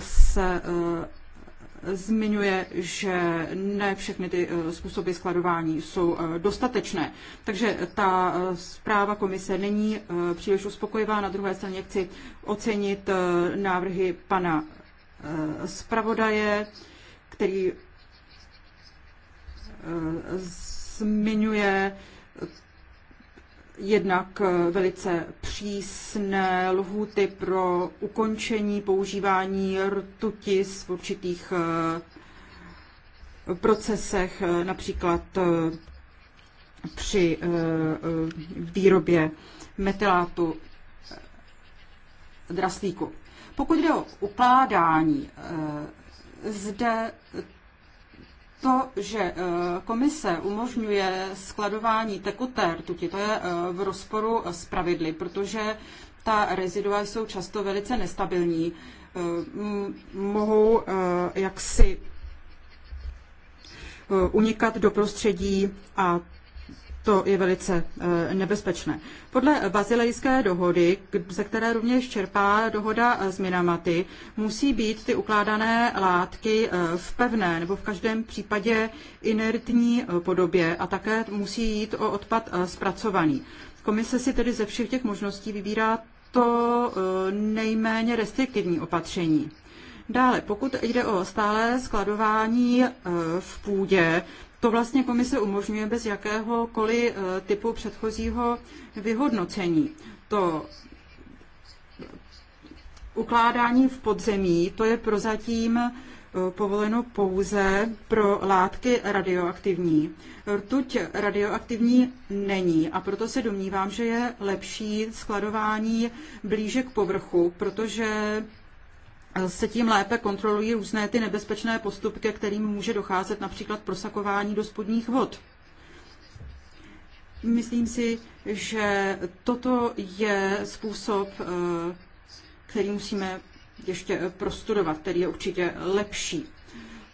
Speaker 2: se eh, zmiňuje, že ne všechny ty způsoby skladování jsou dostatečné. Takže ta zpráva komise není příliš uspokojivá. Na druhé straně chci ocenit návrhy pana zpravodaje, který zmiňuje jednak eh, velice přísné lhuty pro ukončení používání rtuti v určitých eh, procesech, eh, například při výrobě metylátu draslíku. Pokud jde o ukládání, zde to, že e, komise umožňuje skladování tekuté rtuti, to je e, v rozporu e, s pravidly, protože ta rezidua jsou často velice nestabilní, mohou jaksi unikat do prostředí a to je velice eh, nebezpečné. Podle bazilejské dohody, ze které rovněž čerpá dohoda eh, s Minamaty, musí být ty ukládané látky eh, v pevné nebo v každém případě inertní podobě a také musí jít o odpad zpracovaný. Komise si tedy ze všech těch možností vybírá to nejméně restriktivní opatření. Dále, pokud jde o stále skladování v půdě, to vlastně komise umožňuje bez jakéhokoliv e, typu předchozího vyhodnocení. To ukládání v podzemí, to je prozatím e, povoleno pouze pro látky radioaktivní. Rtuť e, radioaktivní není a proto se domnívám, že je lepší skladování blíže k povrchu, protože se tím lépe kontrolují různé ty nebezpečné postupky, kterým může docházet například prosakování do spodních vod. Myslím si, že toto je způsob, eh, který musíme ještě prostudovat, který je určitě lepší.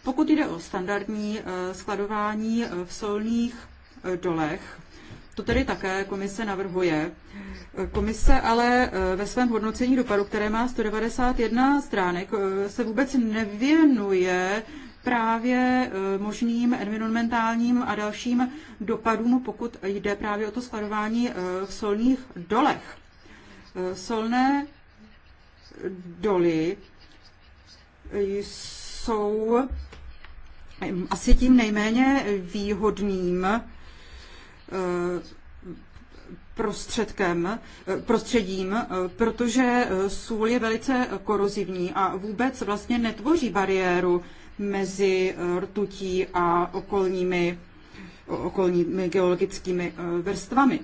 Speaker 2: Pokud jde o standardní eh, skladování eh, v solných dolech, to tedy také komise navrhuje. Komise ale eh, ve svém hodnocení dopadu, které má 191 stránek, eh, se vůbec nevěnuje právě eh, možným environmentálním a dalším dopadům, pokud jde právě o to skladování v solných dolech. Solné doly jsou asi tím nejméně výhodným prostředkem, prostředím, protože sůl je velice korozivní a vůbec vlastně netvoří bariéru mezi rtutí a okolními, okolními geologickými eh, vrstvami.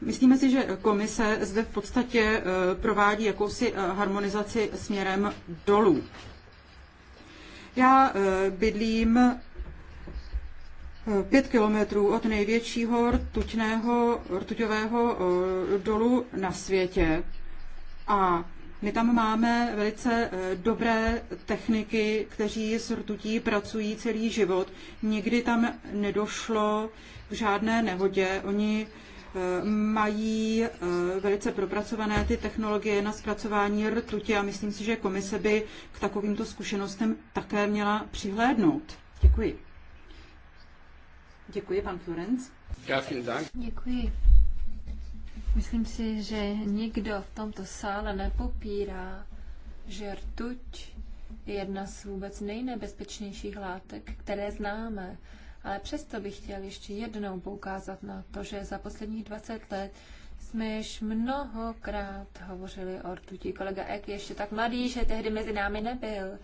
Speaker 2: Myslíme si, že komise zde v podstatě eh, provádí jakousi eh, harmonizaci směrem dolů. Já bydlím pět kilometrů od největšího rtutného, rtuťového eh, dolu na světě. A my tam máme velice eh, dobré techniky, kteří s rtutí pracují celý život. Nikdy tam nedošlo k žádné nehodě. Oni eh, mají velice propracované ty technologie na zpracování rtuti a myslím si, že komise by k takovýmto zkušenostem také měla přihlédnout. Děkuji. Děkuji, pan Florenc. Já
Speaker 3: Dank. Děkuji. Myslím si, že nikdo v tomto sále nepopírá, že rtuť je jedna z vůbec nejnebezpečnějších látek, které známe. Ale přesto bych chtěl ještě jednou poukázat na to, že za posledních 20 let jsme již mnohokrát hovořili o rtuti. Kolega Ek je ještě tak mladý, že tehdy mezi námi nebyl.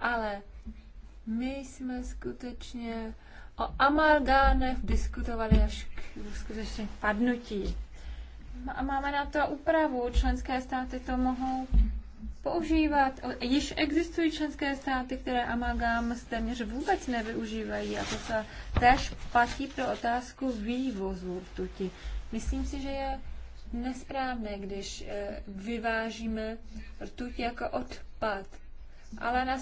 Speaker 3: Ale my jsme skutečně O amalgánech diskutovali až k skutečně padnutí. A máme na to úpravu. Členské státy to mohou používat. Již existují členské státy, které amalgám téměř vůbec nevyužívají a to se též platí pro otázku vývozu rtuti. Myslím si, že je nesprávné, když eh, vyvážíme rtuť jako odpad ale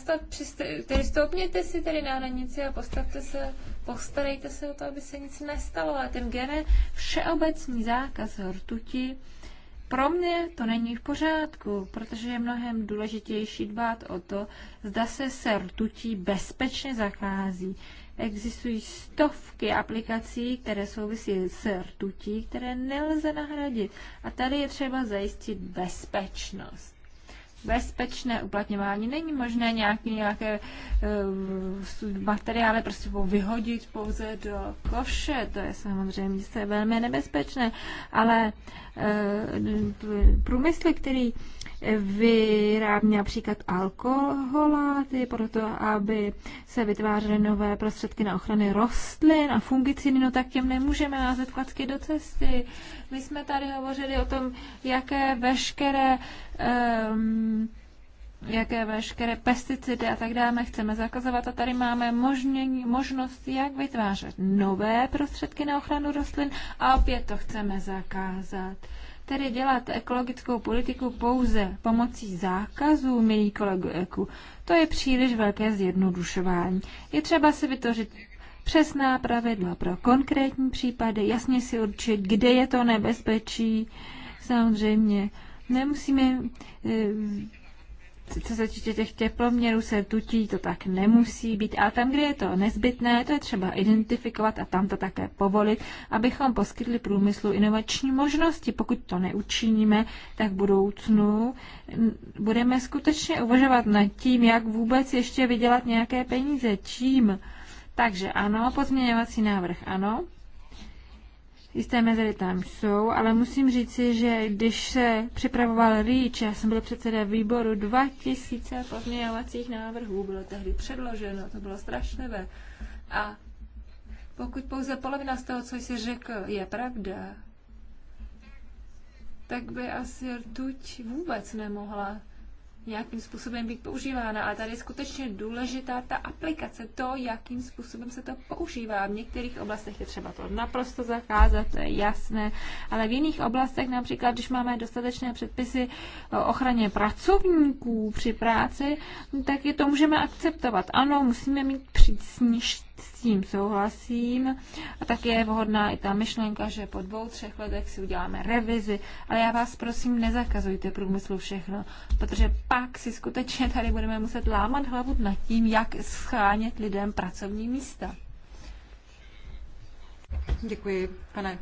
Speaker 3: tedy stoupněte si tady na hranici a postavte se, postarejte se o to, aby se nic nestalo. A ten gene všeobecný zákaz hrtuti, pro mě to není v pořádku, protože je mnohem důležitější dbát o to, zda se se rtutí bezpečně zachází. Existují stovky aplikací, které souvisí s rtutí, které nelze nahradit. A tady je třeba zajistit bezpečnost bezpečné uplatňování. Není možné nějaké, nějaké uh, eh, materiály prostě vyhodit pouze do koše, to je samozřejmě se velmi nebezpečné, ale uh, eh, průmysl, který uh, vyrábí například alkoholáty, proto aby se vytvářely nové prostředky na ochrany rostlin a fungicidy, no tak těm nemůžeme házet klacky do cesty. My jsme tady hovořili o tom, jaké veškeré um, jaké veškeré pesticidy a tak dále chceme zakazovat a tady máme možnění, možnost, jak vytvářet nové prostředky na ochranu rostlin a opět to chceme zakázat. Tedy dělat ekologickou politiku pouze pomocí zákazů, milí kolegů, to je příliš velké zjednodušování. Je třeba si vytvořit přesná pravidla pro konkrétní případy, jasně si určit, kde je to nebezpečí. Samozřejmě nemusíme eh, co se týče těch teploměrů se tutí, to tak nemusí být. A tam, kde je to nezbytné, to je třeba identifikovat a tam to také povolit, abychom poskytli průmyslu inovační možnosti. Pokud to neučiníme, tak v budoucnu budeme skutečně uvažovat nad tím, jak vůbec ještě vydělat nějaké peníze, čím. Takže ano, pozměňovací návrh ano, Jisté mezery tam jsou, ale musím říci, že když se připravoval REACH, já jsem byl předseda výboru 2000 pozměňovacích návrhů, bylo tehdy předloženo, to bylo strašlivé. A pokud pouze polovina z toho, co jsi řekl, je pravda, tak by asi rtuť vůbec nemohla nějakým způsobem být používána. A tady je skutečně důležitá ta aplikace, to, jakým způsobem se to používá. V některých oblastech je třeba to naprosto zakázat, to je jasné, ale v jiných oblastech, například když máme dostatečné předpisy o ochraně pracovníků při práci, tak je to můžeme akceptovat. Ano, musíme mít přísnější s tím souhlasím. A tak je vhodná i ta myšlenka, že po dvou, třech letech si uděláme revizi. Ale já vás prosím, nezakazujte průmyslu všechno, protože pak si skutečně tady budeme muset lámat hlavu nad tím, jak schánět lidem pracovní místa. Děkuji, pane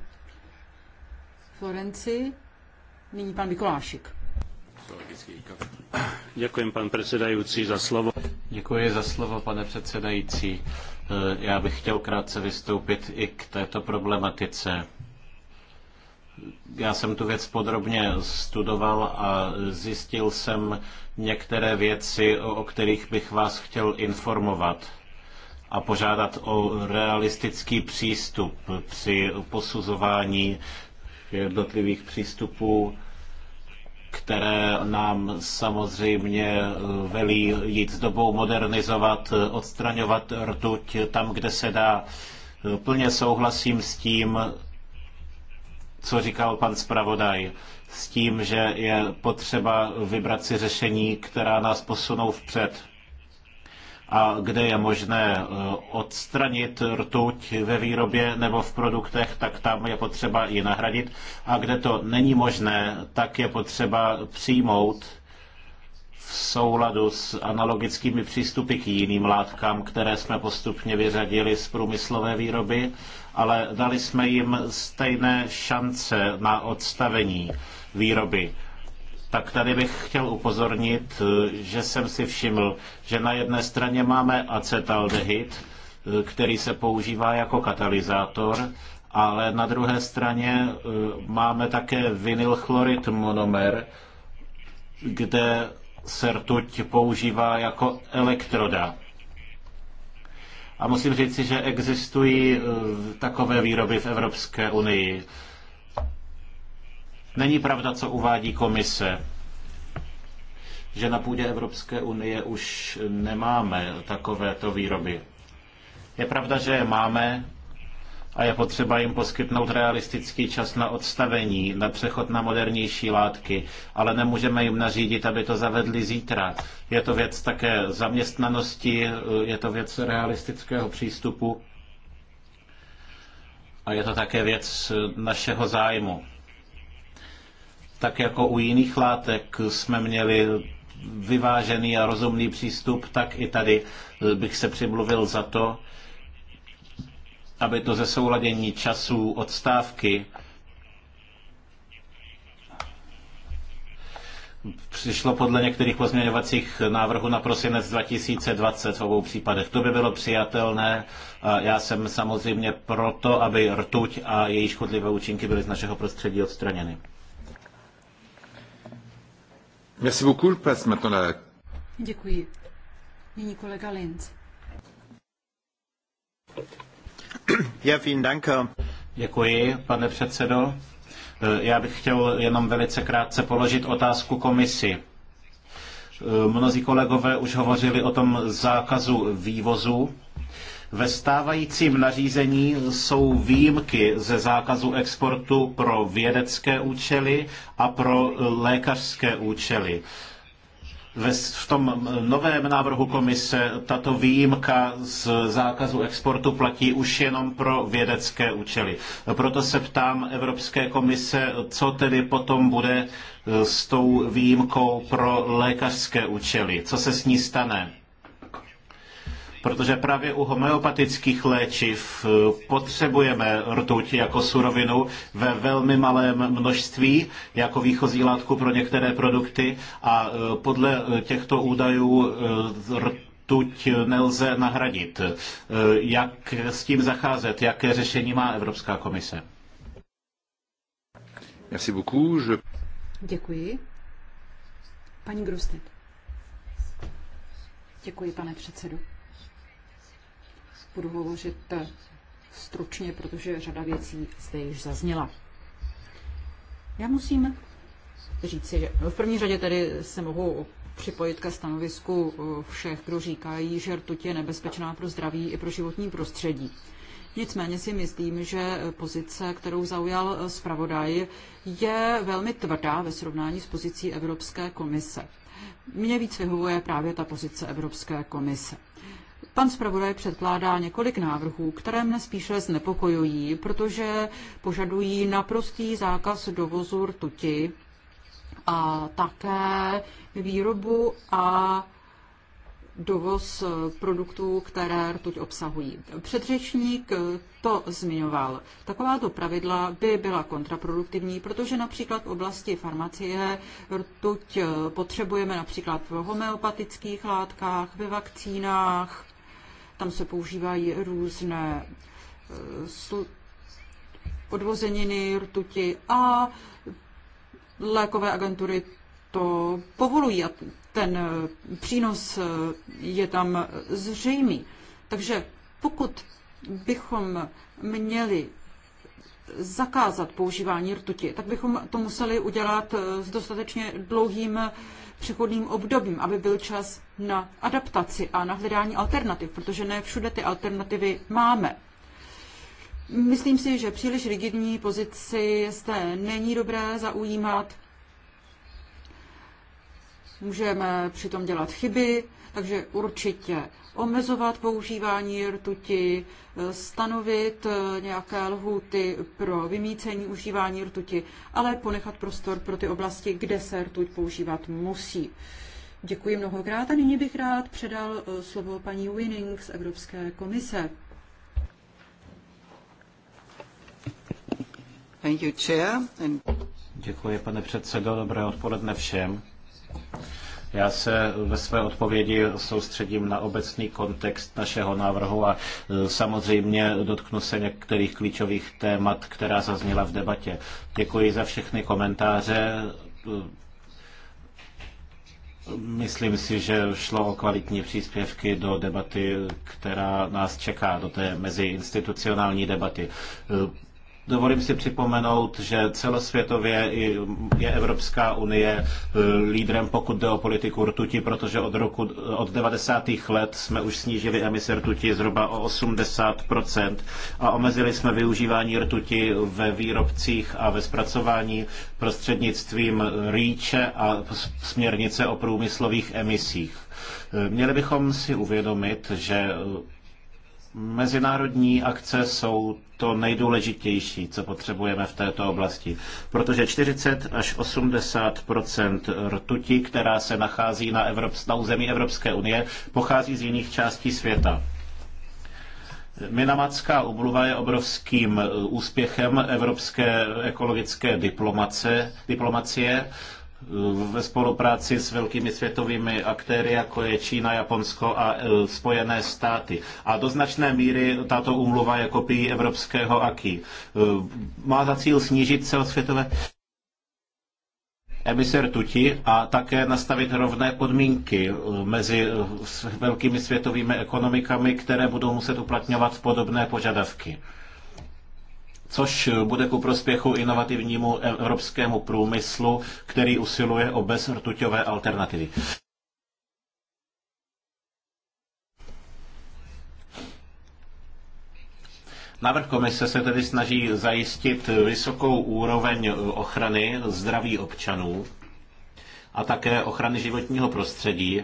Speaker 2: Florenci. Nyní pan Mikulášik.
Speaker 1: Děkuji, pan předsedající, za slovo. Děkuji za slovo, pane předsedající. Eh, já bych chtěl krátce vystoupit i k této problematice. Já jsem tu věc podrobně studoval a zjistil jsem některé věci, o kterých bych vás chtěl informovat a požádat o realistický přístup při posuzování jednotlivých přístupů které nám samozřejmě eh, velí jít s dobou modernizovat, eh, odstraňovat rtuť tam, kde se dá. Eh, plně souhlasím s tím, co říkal pan zpravodaj, s tím, že je potřeba vybrat si řešení, která nás posunou vpřed a kde je možné eh, odstranit rtuť ve výrobě nebo v produktech, tak tam je potřeba ji nahradit. A kde to není možné, tak je potřeba přijmout v souladu s analogickými přístupy k jiným látkám, které jsme postupně vyřadili z průmyslové výroby, ale dali jsme jim stejné šance na odstavení výroby tak tady bych chtěl upozornit, eh, že jsem si všiml, že na jedné straně máme acetaldehyd, eh, který se používá jako katalyzátor, ale na druhé straně eh, máme také vinylchlorid monomer, kde se rtuť používá jako elektroda. A musím říci, že existují takové výroby v Evropské unii. Není pravda, co uvádí komise že na půdě Evropské unie už nemáme takovéto výroby. Je pravda, že je máme a je potřeba jim poskytnout realistický čas na odstavení, na přechod na modernější látky, ale nemůžeme jim nařídit, aby to zavedli zítra. Je to věc také zaměstnanosti, je to věc realistického přístupu a je to také věc našeho zájmu tak jako u jiných látek jsme měli vyvážený a rozumný přístup, tak i tady bych se přimluvil za to, aby to zesouladění časů odstávky přišlo podle některých pozměňovacích návrhů na prosinec 2020 v obou případech. To by bylo přijatelné. Já jsem samozřejmě proto, aby rtuť a její škodlivé účinky byly z našeho prostředí odstraněny. Merci beaucoup. Passe maintenant la...
Speaker 2: Děkuji. Nyní kolega Linz.
Speaker 1: Děkuji, pane předsedo. Eh, já bych chtěl jenom velice krátce položit otázku komisi. Eh, mnozí kolegové už hovořili o tom zákazu vývozu ve stávajícím nařízení jsou výjimky ze zákazu exportu pro vědecké účely a pro lékařské účely v tom novém návrhu komise tato výjimka z zákazu exportu platí už jenom pro vědecké účely. Proto se ptám Evropské komise, co tedy potom bude e, s tou výjimkou pro lékařské účely, co se s ní stane protože právě u homeopatických léčiv eh, potřebujeme rtuť jako surovinu ve velmi malém množství, jako výchozí látku pro některé produkty a eh, podle eh, těchto údajů rtuť nelze nahradit. Jak s tím zacházet? Jaké řešení má Evropská komise? Merci beaucoup. Je...
Speaker 2: Děkuji. Paní Grustet. Děkuji, pane předsedu budu hovořit eh, stručně, protože řada věcí zde již zazněla. Já musím říci, že v první řadě tedy se mohu připojit ke stanovisku eh, všech, kdo říkají, že rtuť je nebezpečná pro zdraví i pro životní prostředí. Nicméně si myslím, že pozice, kterou zaujal eh, zpravodaj, je velmi tvrdá ve srovnání s pozicí Evropské komise. Mně víc vyhovuje právě ta pozice Evropské komise. Pan zpravodaj předkládá několik návrhů, které mne spíše znepokojují, protože požadují naprostý zákaz dovozu rtuti a také výrobu a dovoz produktů, které rtuť obsahují. Předřečník to zmiňoval. Takováto pravidla by byla kontraproduktivní, protože například v oblasti farmacie rtuť potřebujeme například v homeopatických látkách, ve vakcínách, tam se používají různé eh, odvozeniny, rtuti a lékové agentury to povolují a ten eh, přínos eh, je tam zřejmý. Takže pokud bychom měli zakázat používání rtuti, tak bychom to museli udělat s dostatečně dlouhým přechodným obdobím, aby byl čas na adaptaci a na hledání alternativ, protože ne všude ty alternativy máme. Myslím si, že příliš rigidní pozici jste není dobré zaujímat. Můžeme přitom dělat chyby, takže určitě omezovat používání rtuti, eh, stanovit eh, nějaké lhuty pro vymícení užívání rtuti, ale ponechat prostor pro ty oblasti, kde se rtuť používat musí. Děkuji mnohokrát a nyní bych rád předal eh, slovo paní Winning z Evropské komise. Thank you,
Speaker 1: chair. Děkuji, pane předsedo. Dobré odpoledne všem. Já se ve své odpovědi soustředím na obecný kontext našeho návrhu a e, samozřejmě dotknu se některých klíčových témat, která zazněla v debatě. Děkuji za všechny komentáře. Myslím si, že šlo o kvalitní příspěvky do debaty, která nás čeká, do té meziinstitucionální debaty. Dovolím si připomenout, že celosvětově je Evropská unie eh, lídrem, pokud jde o politiku rtuti, protože od, roku, eh, od 90. let jsme už snížili emise rtuti zhruba o 80% a omezili jsme využívání rtuti ve výrobcích a ve zpracování prostřednictvím rýče a směrnice o průmyslových emisích. Eh, měli bychom si uvědomit, že Mezinárodní akce jsou to nejdůležitější, co potřebujeme v této oblasti, protože 40 až 80 rtuti, která se nachází na, Evrop- na území Evropské unie, pochází z jiných částí světa. Minamatská umluva je obrovským uh, úspěchem evropské ekologické diplomace, diplomacie Eh, ve spolupráci s velkými světovými aktéry, jako je Čína, Japonsko a eh, Spojené státy. A do značné míry tato úmluva je kopií evropského AKI. Eh, má za cíl snížit celosvětové emise rtuti a také nastavit rovné podmínky mezi velkými světovými ekonomikami, které budou muset uplatňovat podobné požadavky což eh, bude ku prospěchu inovativnímu evropskému průmyslu, který usiluje o bezrtuťové alternativy. Návrh komise se tedy snaží zajistit vysokou úroveň eh, ochrany zdraví občanů a také ochrany životního prostředí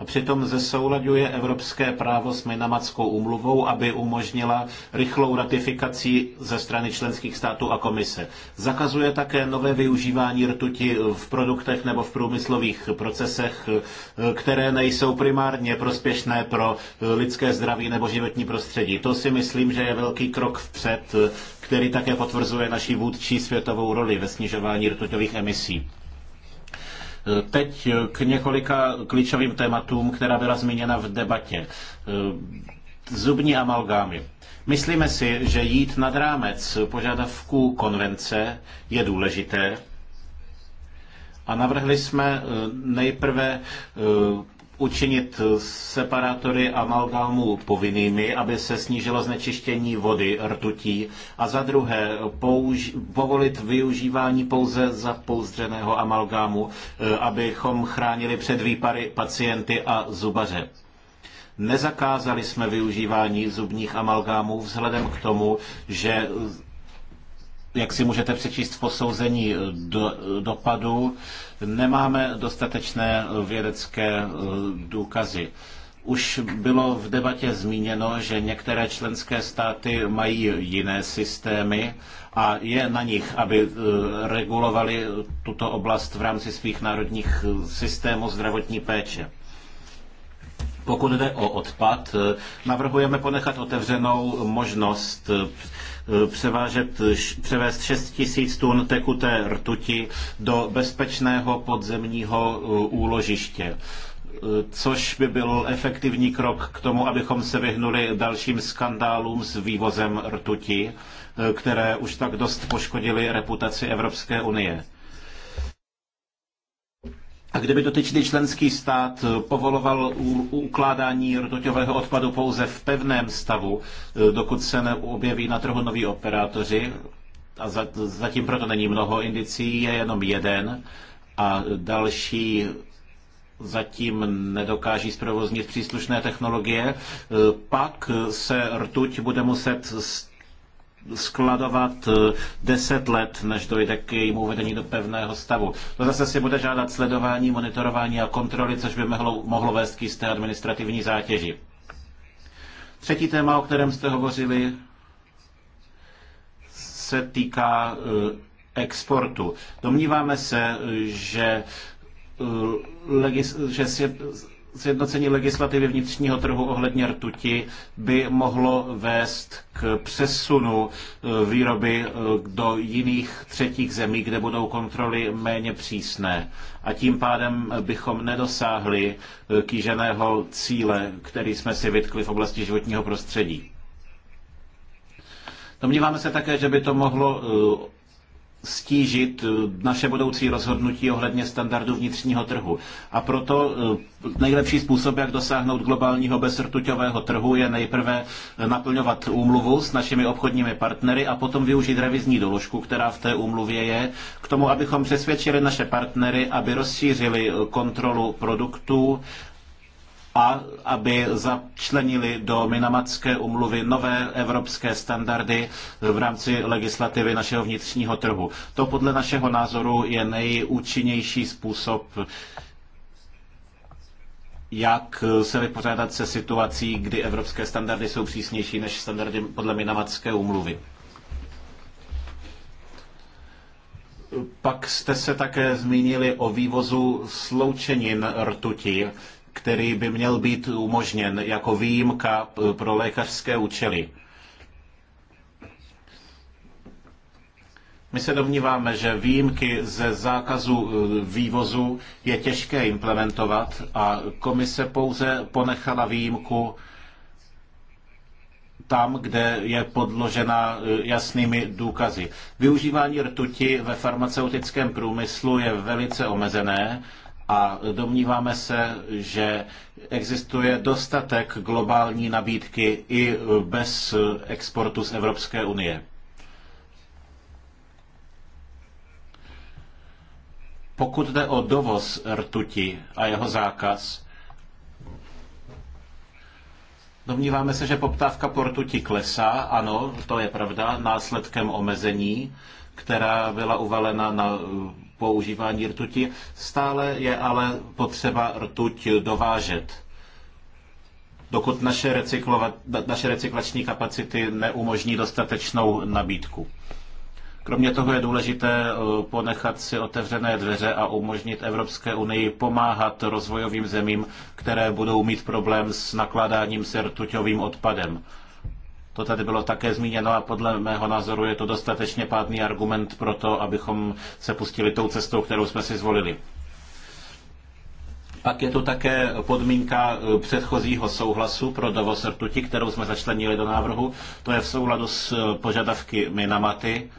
Speaker 1: a přitom zesoulaďuje evropské právo s Minamatskou úmluvou, aby umožnila rychlou ratifikaci ze strany členských států a komise. Zakazuje také nové využívání rtuti v produktech nebo v průmyslových procesech, které nejsou primárně prospěšné pro lidské zdraví nebo životní prostředí. To si myslím, že je velký krok vpřed, který také potvrzuje naší vůdčí světovou roli ve snižování rtuťových emisí. Teď k několika klíčovým tématům, která byla zmíněna v debatě. Zubní amalgámy. Myslíme si, že jít nad rámec požadavků konvence je důležité, a navrhli jsme eh, nejprve eh, učinit separátory amalgámu povinnými, aby se snížilo znečištění vody rtutí a za druhé použ- povolit využívání pouze zapouzdřeného amalgámu, eh, abychom chránili před výpary pacienty a zubaře. Nezakázali jsme využívání zubních amalgámů vzhledem k tomu, že jak si můžete přečíst v posouzení eh, do, eh, dopadu, nemáme dostatečné eh, vědecké důkazy. Už bylo v debatě zmíněno, že některé členské státy mají jiné systémy a je na nich, aby regulovali tuto oblast v rámci svých národních systémů zdravotní péče. Pokud jde o odpad, navrhujeme ponechat otevřenou možnost Eh, převážet, převést 6 tisíc tun tekuté rtuti do bezpečného podzemního eh, úložiště eh, což by byl efektivní krok k tomu, abychom se vyhnuli dalším skandálům s vývozem rtuti, které už tak dost poškodily reputaci Evropské unie. A kdyby dotyčný členský stát eh, povoloval ukládání rtuťového odpadu pouze v pevném stavu, eh, dokud se neobjeví na trhu noví operátoři, a zatím proto není mnoho indicí, je jenom jeden, a další zatím nedokáží zprovoznit příslušné technologie, eh, pak se rtuť bude muset skladovat 10 eh, let, než dojde k jejímu uvedení do pevného stavu. To zase si bude žádat sledování, monitorování a kontroly, což by mohlo, mohlo vést k jisté administrativní zátěži. Třetí téma, o kterém jste hovořili, se týká eh, exportu. Domníváme se, eh, že, legis- že si sjednocení legislativy vnitřního trhu ohledně rtuti by mohlo vést k přesunu eh, výroby eh, do jiných třetích zemí, kde budou kontroly méně přísné. A tím pádem bychom nedosáhli eh, kýženého cíle, který jsme si vytkli v oblasti životního prostředí. Domníváme se také, že by to mohlo stížit eh, naše budoucí rozhodnutí ohledně standardu vnitřního trhu. A proto eh, nejlepší způsob, jak dosáhnout globálního bezrtuťového trhu, je nejprve eh, naplňovat úmluvu s našimi obchodními partnery a potom využít revizní doložku, která v té úmluvě je, k tomu, abychom přesvědčili naše partnery, aby rozšířili kontrolu produktů a aby začlenili do Minamatské umluvy nové evropské standardy v rámci legislativy našeho vnitřního trhu. To podle našeho názoru je nejúčinnější způsob, jak se vypořádat se situací, kdy evropské standardy jsou přísnější než standardy podle Minamatské umluvy. Pak jste se také zmínili o vývozu sloučenin rtuti který by měl být umožněn jako výjimka eh, pro lékařské účely. My se domníváme, že výjimky ze zákazu eh, vývozu je těžké implementovat a komise pouze ponechala výjimku tam, kde je podložena eh, jasnými důkazy. Využívání rtuti ve farmaceutickém průmyslu je velice omezené a domníváme se, že existuje dostatek globální nabídky i bez exportu z Evropské unie. Pokud jde o dovoz rtuti a jeho zákaz, Domníváme se, že poptávka po rtuti klesá, ano, to je pravda, následkem omezení, která byla uvalena na používání rtuti. Stále je ale potřeba rtuť dovážet. Dokud naše, naše recyklační kapacity neumožní dostatečnou nabídku. Kromě toho je důležité eh, ponechat si otevřené dveře a umožnit Evropské unii pomáhat rozvojovým zemím, které budou mít problém s nakládáním se rtuťovým odpadem. To tady bylo také zmíněno a podle mého názoru je to dostatečně pádný argument pro to, abychom se pustili tou cestou, kterou jsme si zvolili. Pak je tu také podmínka eh, předchozího souhlasu pro dovoz rtuti, kterou jsme začlenili do návrhu. To je v souladu s eh, požadavky Minamaty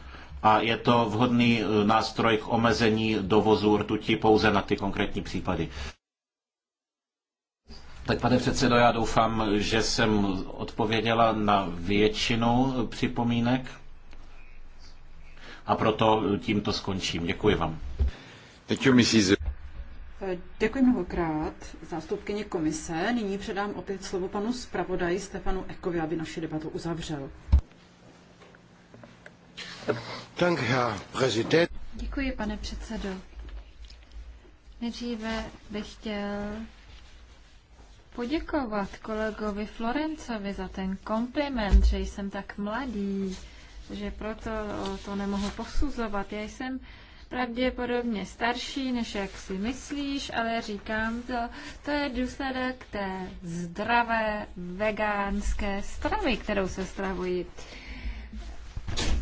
Speaker 1: a je to vhodný eh, nástroj k omezení dovozu rtuti pouze na ty konkrétní případy. Tak pane předsedo, já doufám, že jsem odpověděla na většinu připomínek a proto tímto skončím. Děkuji vám.
Speaker 2: Děkuji mnohokrát zástupkyně komise. Nyní předám opět slovo panu zpravodaji Stefanu Ekovi, aby naši debatu uzavřel.
Speaker 3: Děkuji, pane předsedo. Nejdříve bych chtěl poděkovat kolegovi Florencovi za ten kompliment, že jsem tak mladý, že proto to nemohu posuzovat. Já jsem pravděpodobně starší, než jak si myslíš, ale říkám to, to je důsledek té zdravé vegánské stravy, kterou se stravují.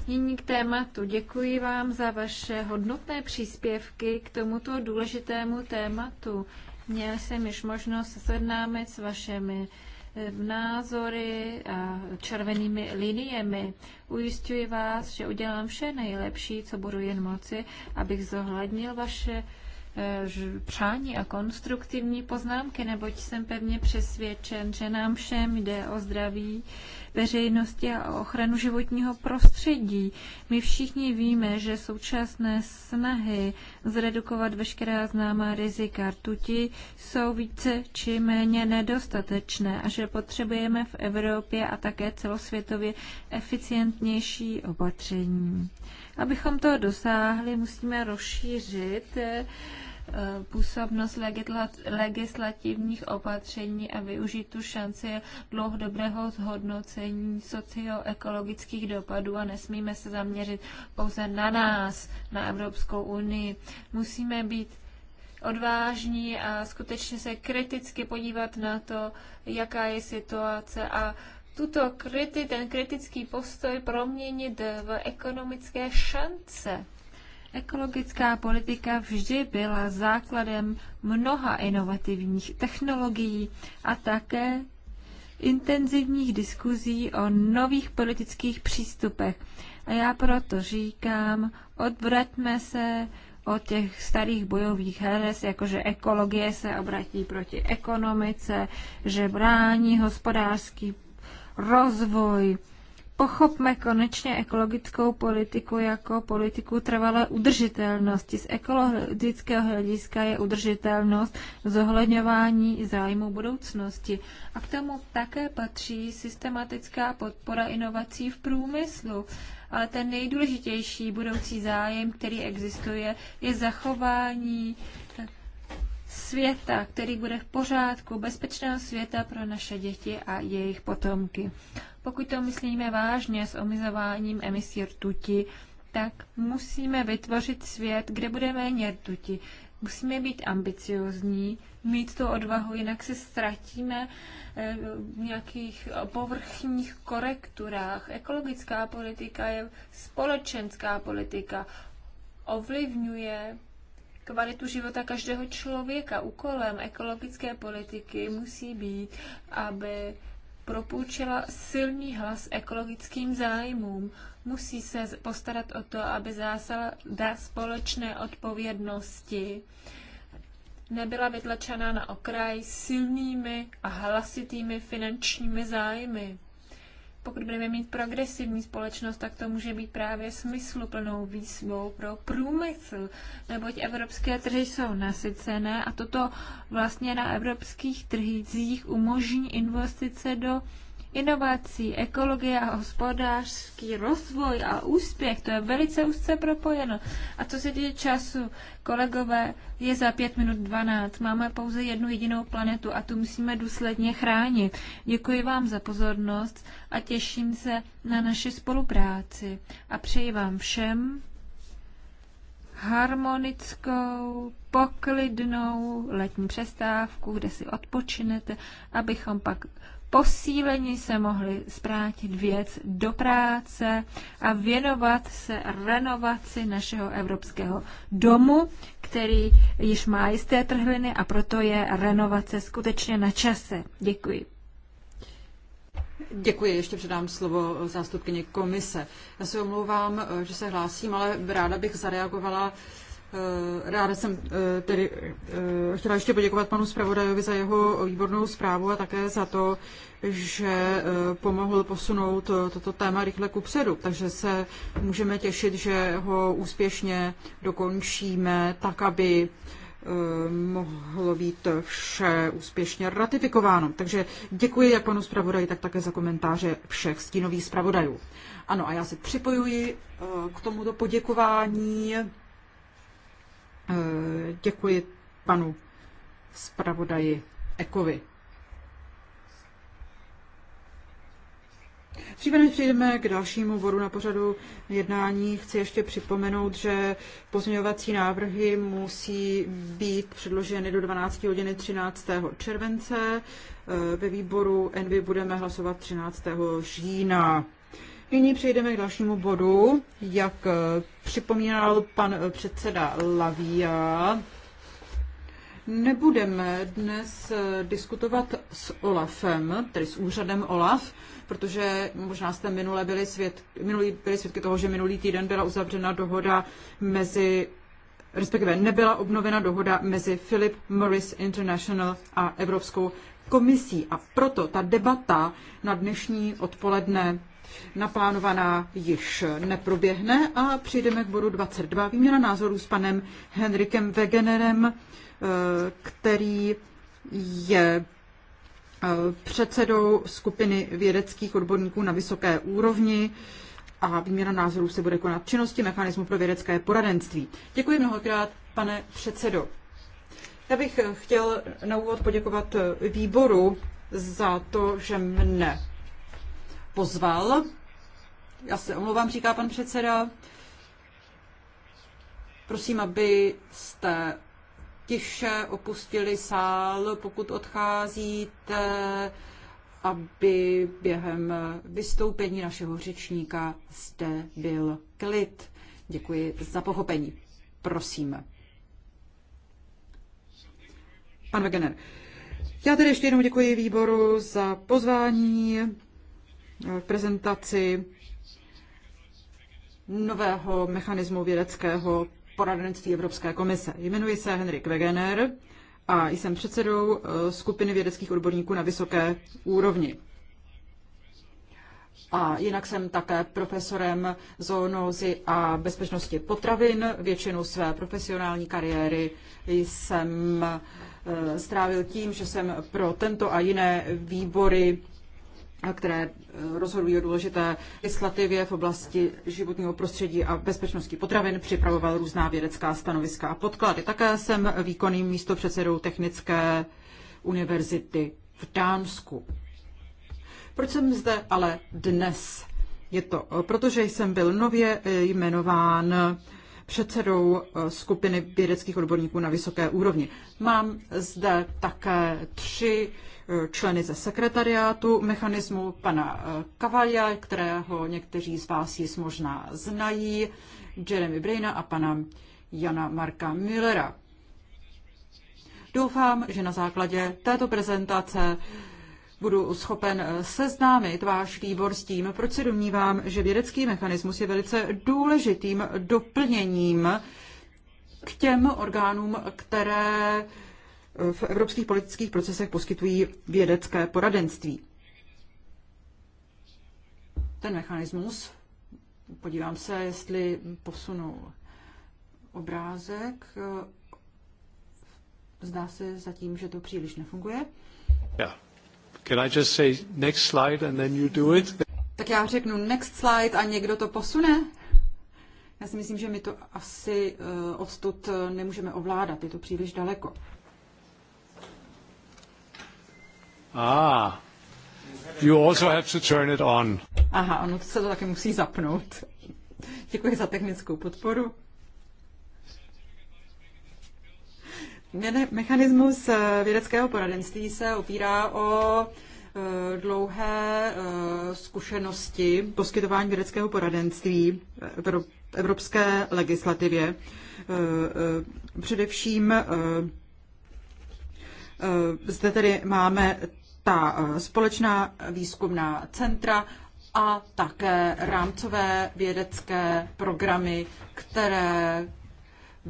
Speaker 3: Nyní k tématu. Děkuji vám za vaše hodnotné příspěvky k tomuto důležitému tématu. Měl jsem již možnost seznámit s vašimi eh, názory a červenými liniemi. Ujistuji vás, že udělám vše nejlepší, co budu jen moci, abych zohlednil vaše Eh, přání a konstruktivní poznámky, neboť jsem pevně přesvědčen, že nám všem jde o zdraví veřejnosti a o ochranu životního prostředí. My všichni víme, že současné snahy zredukovat veškerá známá rizika rtuti jsou více či méně nedostatečné a že potřebujeme v Evropě a také celosvětově eficientnější opatření. Abychom to dosáhli, musíme rozšířit eh, působnost legislativních opatření a využít tu šanci dlouhodobého zhodnocení socioekologických dopadů a nesmíme se zaměřit pouze na nás, na Evropskou unii. Musíme být odvážní a skutečně se kriticky podívat na to, jaká je situace a tuto kryty, ten kritický postoj proměnit v ekonomické šance. Ekologická politika vždy byla základem mnoha inovativních technologií a také intenzivních diskuzí o nových politických přístupech. A já proto říkám, odvraťme se od těch starých bojových heres, jakože ekologie se obratí proti ekonomice, že brání hospodářský rozvoj. Pochopme konečně ekologickou politiku jako politiku trvalé udržitelnosti. Z ekologického hlediska je udržitelnost zohledňování zájmu budoucnosti. A k tomu také patří systematická podpora inovací v průmyslu. Ale ten nejdůležitější budoucí zájem, který existuje, je zachování světa, který bude v pořádku, bezpečného světa pro naše děti a jejich potomky. Pokud to myslíme vážně s omizováním emisí rtuti, tak musíme vytvořit svět, kde bude méně rtuti. Musíme být ambiciozní, mít tu odvahu, jinak se ztratíme eh, v nějakých povrchních korekturách. Ekologická politika je společenská politika. Ovlivňuje kvalitu života každého člověka. Úkolem ekologické politiky musí být, aby propůjčila silný hlas ekologickým zájmům. Musí se postarat o to, aby zásada společné odpovědnosti nebyla vytlačena na okraj silnými a hlasitými finančními zájmy pokud budeme mít progresivní společnost, tak to může být právě smysluplnou výzvou pro průmysl, neboť evropské trhy jsou nasycené a toto vlastně na evropských trhích umožní investice do inovací, ekologie a hospodářský rozvoj a úspěch, to je velice úzce propojeno. A co se týče času, kolegové, je za pět minut 12. Máme pouze jednu jedinou planetu a tu musíme důsledně chránit. Děkuji vám za pozornost a těším se na naši spolupráci. A přeji vám všem harmonickou, poklidnou letní přestávku, kde si odpočinete, abychom pak posílení se mohli zprátit věc do práce a věnovat se renovaci našeho evropského domu, který již má jisté trhliny a proto je renovace skutečně na čase. Děkuji.
Speaker 2: Děkuji, ještě předám slovo zástupkyni komise. Já se omlouvám, že se hlásím, ale ráda bych zareagovala Eh, ráda jsem eh, tedy eh, chtěla ještě poděkovat panu zpravodajovi za jeho výbornou zprávu a také za to, že pomohl posunout toto téma rychle ku předu. Takže se můžeme těšit, že ho úspěšně dokončíme tak, aby mohlo být vše úspěšně ratifikováno. Takže děkuji jak panu zpravodaji, tak také za komentáře všech stínových zpravodajů. Ano, a já se připojuji k tomuto poděkování. Eh, děkuji panu zpravodaji Ekovi. Dříve než přejdeme k dalšímu bodu na pořadu jednání, chci ještě připomenout, že pozměňovací návrhy musí být předloženy do 12 hodiny 13. července. Eh, ve výboru Envy budeme hlasovat 13. října. Nyní přejdeme k dalšímu bodu. Jak eh, připomínal pan eh, předseda Lavia, nebudeme dnes eh, diskutovat s OLAFem, tedy s úřadem OLAF, protože možná jste minule byli, svědky, minulý, byli svědky toho, že minulý týden byla uzavřena dohoda mezi respektive nebyla obnovena dohoda mezi Philip Morris International a Evropskou komisí. A proto ta debata na dnešní odpoledne naplánovaná již neproběhne a přijdeme k bodu 22. Výměna názorů s panem Henrikem Wegenerem, eh, který je eh, předsedou skupiny vědeckých odborníků na vysoké úrovni a výměna názorů se bude konat činnosti mechanismu pro vědecké poradenství. Děkuji mnohokrát, pane předsedo. Já bych chtěl na úvod poděkovat eh, výboru za to, že mne pozval. Já se omlouvám, říká pan předseda. Prosím, abyste tiše opustili sál, pokud odcházíte, aby během vystoupení našeho řečníka zde byl klid. Děkuji za pochopení. Prosím. Pan Wegener. Já tedy ještě jednou děkuji výboru za pozvání. Eh, prezentaci nového mechanismu vědeckého poradenství Evropské komise. Jmenuji se Henrik Wegener a jsem předsedou eh, skupiny vědeckých odborníků na vysoké úrovni. A jinak jsem také profesorem zoonózy a bezpečnosti potravin. Většinu své profesionální kariéry jsem eh, strávil tím, že jsem pro tento a jiné výbory které eh, rozhodují o důležité legislativě v oblasti životního prostředí a bezpečnosti potravin, připravoval různá vědecká stanoviska a podklady. Také jsem výkonným místopředsedou Technické univerzity v Dánsku. Proč jsem zde ale dnes? Je to, eh, protože jsem byl nově eh, jmenován předsedou eh, skupiny vědeckých odborníků na vysoké úrovni. Mám zde také tři eh, členy ze sekretariátu mechanismu pana eh, Kavalia, kterého někteří z vás již možná znají, Jeremy Brejna a pana Jana Marka Müllera. Doufám, že na základě této prezentace budu schopen eh, seznámit váš výbor s tím, proč se domnívám, že vědecký mechanismus je velice důležitým doplněním k těm orgánům, které eh, v evropských politických procesech poskytují vědecké poradenství. Ten mechanismus, podívám se, jestli posunu obrázek, eh, zdá se zatím, že to příliš nefunguje.
Speaker 3: Yeah. Can I just say next slide and then you do it? Tak
Speaker 2: já řeknu next slide a někdo to posune? Já si myslím, že my to asi uh, odtud eh, nemůžeme ovládat, je to příliš daleko.
Speaker 3: Ah, you also have to turn it on.
Speaker 2: Aha, ono se to taky musí zapnout. Děkuji za technickou podporu. Mechanismus eh, vědeckého poradenství se opírá o eh, dlouhé eh, zkušenosti poskytování vědeckého poradenství v evropské legislativě. Především zde tedy máme ta společná výzkumná centra a také rámcové vědecké programy, které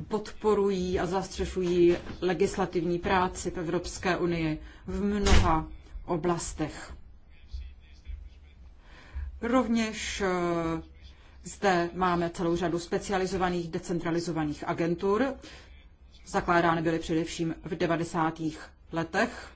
Speaker 2: podporují a zastřešují legislativní práci v Evropské unii v mnoha oblastech. Rovněž eh, zde máme celou řadu specializovaných decentralizovaných agentur. Zakládány byly především v 90. letech.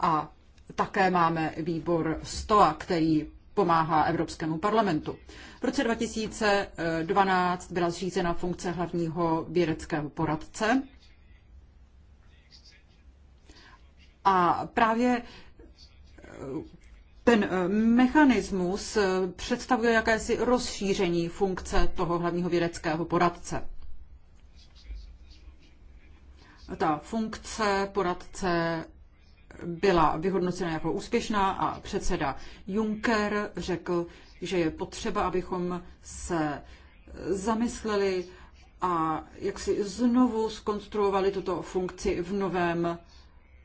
Speaker 2: A také máme výbor STOA, který pomáhá Evropskému parlamentu. V roce 2012 byla zřízena funkce hlavního vědeckého poradce. A právě eh, ten eh, mechanismus eh, představuje jakési rozšíření funkce toho hlavního vědeckého poradce. Ta funkce poradce byla vyhodnocena jako úspěšná a předseda Juncker řekl, že je potřeba, abychom se zamysleli a jak si znovu skonstruovali tuto funkci v novém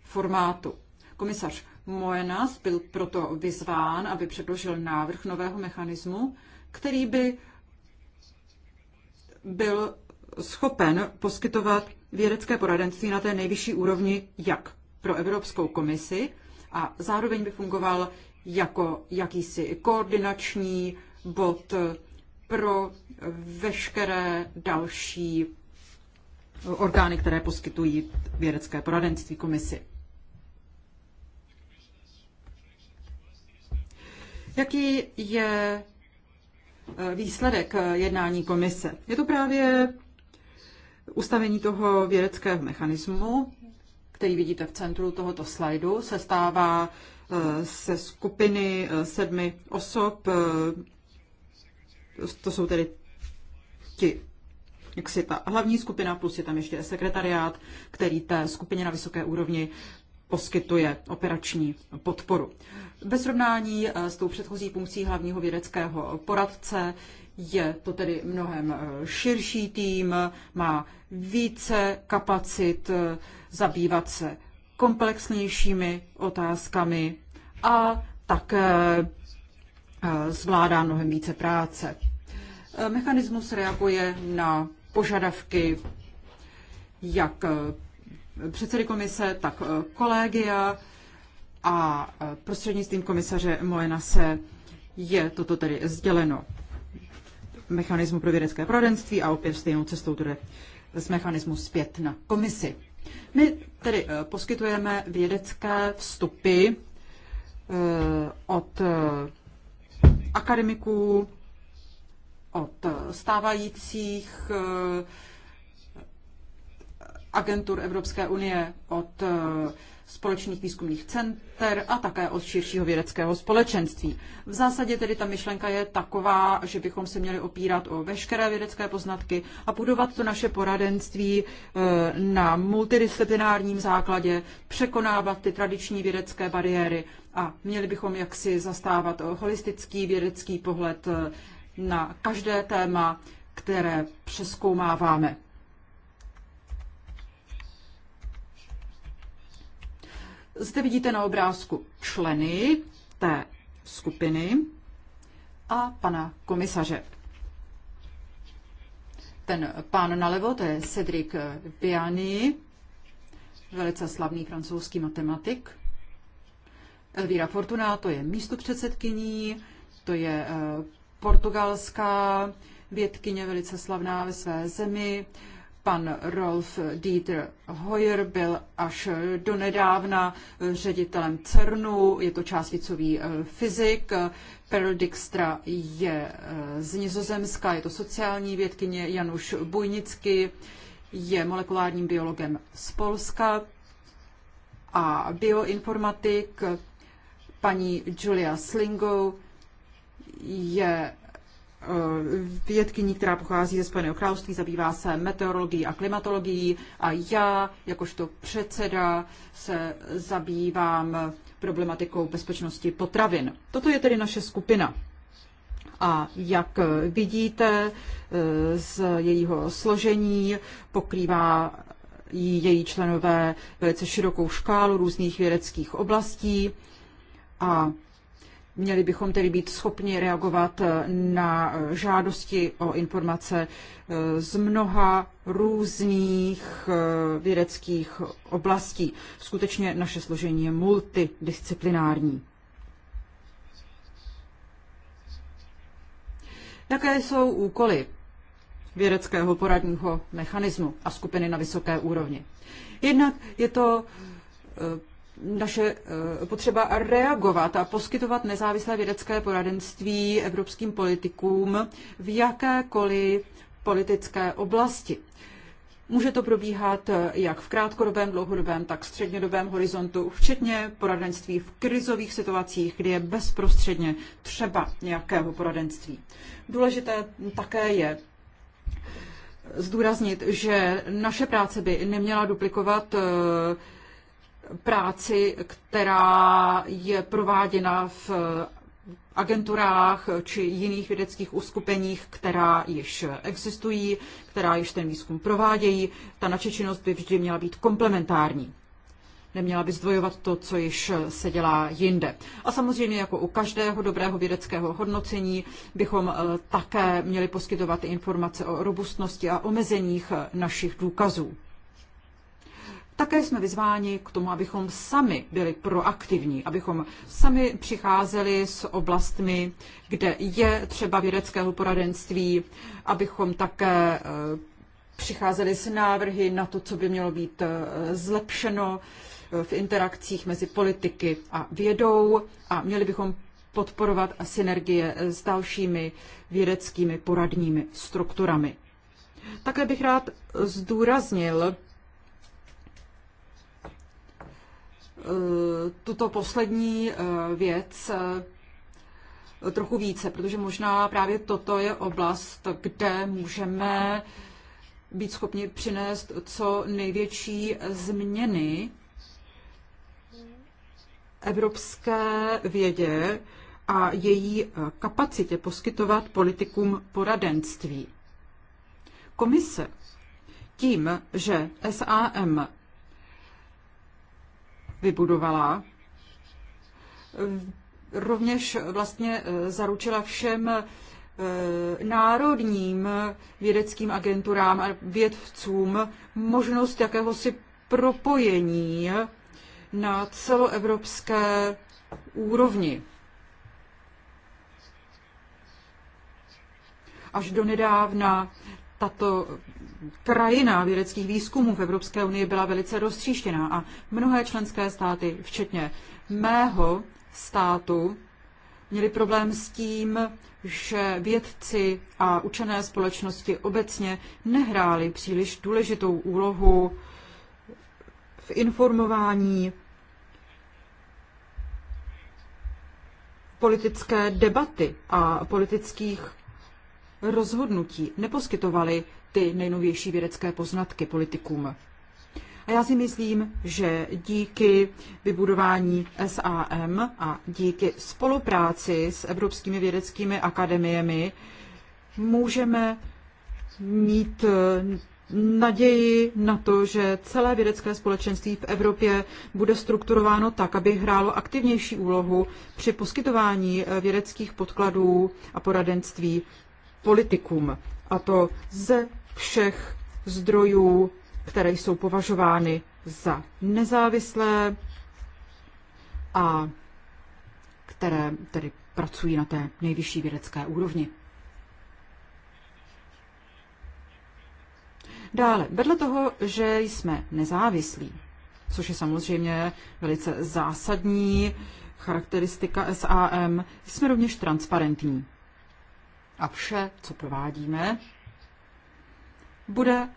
Speaker 2: formátu. Komisař Moenas byl proto vyzván, aby předložil návrh nového mechanismu, který by byl schopen poskytovat vědecké poradenství na té nejvyšší úrovni jak pro Evropskou komisi a zároveň by fungoval jako jakýsi koordinační bod pro veškeré další orgány, které poskytují vědecké poradenství komisi. Jaký je eh, výsledek eh, jednání komise? Je to právě ustavení toho vědeckého mechanismu, který vidíte v centru tohoto slajdu, se stává eh, se skupiny eh, sedmi osob. Eh, to jsou tedy ti, jak si ta hlavní skupina, plus je tam ještě sekretariát, který té skupině na vysoké úrovni poskytuje operační podporu. Ve srovnání s tou předchozí funkcí hlavního vědeckého poradce je to tedy mnohem eh, širší tým, má více kapacit eh, zabývat se komplexnějšími otázkami a také eh, zvládá mnohem více práce. Mechanismus reaguje na požadavky jak předsedy komise, tak kolegia a prostřednictvím komisaře Moena se je toto tedy sděleno mechanismu pro vědecké poradenství a opět stejnou cestou to jde z mechanismu zpět na komisi. My tedy eh, poskytujeme vědecké vstupy eh, od eh, akademiků, od stávajících agentur Evropské unie, od společných výzkumných center a také od širšího vědeckého společenství. V zásadě tedy ta myšlenka je taková, že bychom se měli opírat o veškeré vědecké poznatky a budovat to naše poradenství eh, na multidisciplinárním základě, překonávat ty tradiční vědecké bariéry a měli bychom jaksi zastávat holistický vědecký pohled eh, na každé téma, které přeskoumáváme. Zde vidíte na obrázku členy té skupiny a pana komisaře. Ten pán nalevo, to je Cedric Viani, velice slavný francouzský matematik. Elvira Fortuna, to je místo předsedkyní, to je eh, portugalská vědkyně, velice slavná ve své zemi. Pan Rolf Dieter Hoyer byl až donedávna ředitelem CERNu, je to částicový e, fyzik. Perl Dijkstra je e, z Nizozemska, je to sociální vědkyně. Januš Bujnicky je molekulárním biologem z Polska a bioinformatik. Paní Julia Slingo je Eh, vědkyní, která pochází ze Spojeného království, zabývá se meteorologií a klimatologií a já, jakožto předseda, se zabývám problematikou bezpečnosti potravin. Toto je tedy naše skupina. A jak vidíte eh, z jejího složení, pokrývá její členové velice širokou škálu různých vědeckých oblastí a Měli bychom tedy být schopni reagovat eh, na eh, žádosti o informace eh, z mnoha různých vědeckých oblastí. Skutečně naše složení je multidisciplinární. Jaké jsou úkoly vědeckého poradního mechanismu a skupiny na vysoké úrovni? Jednak je to naše eh, potřeba reagovat a poskytovat nezávislé vědecké poradenství evropským politikům v jakékoliv politické oblasti. Může to probíhat eh, jak v krátkodobém, dlouhodobém, tak střednědobém horizontu, včetně poradenství v krizových situacích, kdy je bezprostředně třeba nějakého poradenství. Důležité také je zdůraznit, že naše práce by neměla duplikovat eh, práci, která je prováděna v agenturách či jiných vědeckých uskupeních, která již existují, která již ten výzkum provádějí. Ta naše činnost by vždy měla být komplementární. Neměla by zdvojovat to, co již se dělá jinde. A samozřejmě jako u každého dobrého vědeckého hodnocení bychom eh, také měli poskytovat informace o robustnosti a omezeních eh, našich důkazů. Také jsme vyzváni k tomu, abychom sami byli proaktivní, abychom sami přicházeli s oblastmi, kde je třeba vědeckého poradenství, abychom také eh, přicházeli s návrhy na to, co by mělo být eh, zlepšeno eh, v interakcích mezi politiky a vědou a měli bychom podporovat synergie s dalšími vědeckými poradními strukturami. Také bych rád zdůraznil, Eh, tuto poslední eh, věc eh, trochu více, protože možná právě toto je oblast, kde můžeme být schopni přinést co největší změny evropské vědě a její kapacitě poskytovat politikům poradenství. Komise tím, že SAM vybudovala, rovněž vlastně eh, zaručila všem eh, národním vědeckým agenturám a vědcům možnost jakéhosi propojení na celoevropské úrovni. Až do nedávna tato krajina vědeckých výzkumů v Evropské unii byla velice roztříštěná a mnohé členské státy, včetně mého státu, měli problém s tím, že vědci a učené společnosti obecně nehráli příliš důležitou úlohu v informování politické debaty a politických rozhodnutí, neposkytovali ty nejnovější vědecké poznatky politikům. A já si myslím, že díky vybudování SAM a díky spolupráci s evropskými vědeckými akademiemi můžeme mít eh, naději na to, že celé vědecké společenství v Evropě bude strukturováno tak, aby hrálo aktivnější úlohu při poskytování eh, vědeckých podkladů a poradenství politikům. A to ze všech zdrojů, které jsou považovány za nezávislé a které tedy pracují na té nejvyšší vědecké úrovni. Dále, vedle toho, že jsme nezávislí, což je samozřejmě velice zásadní charakteristika SAM, jsme rovněž transparentní. A vše, co provádíme, bude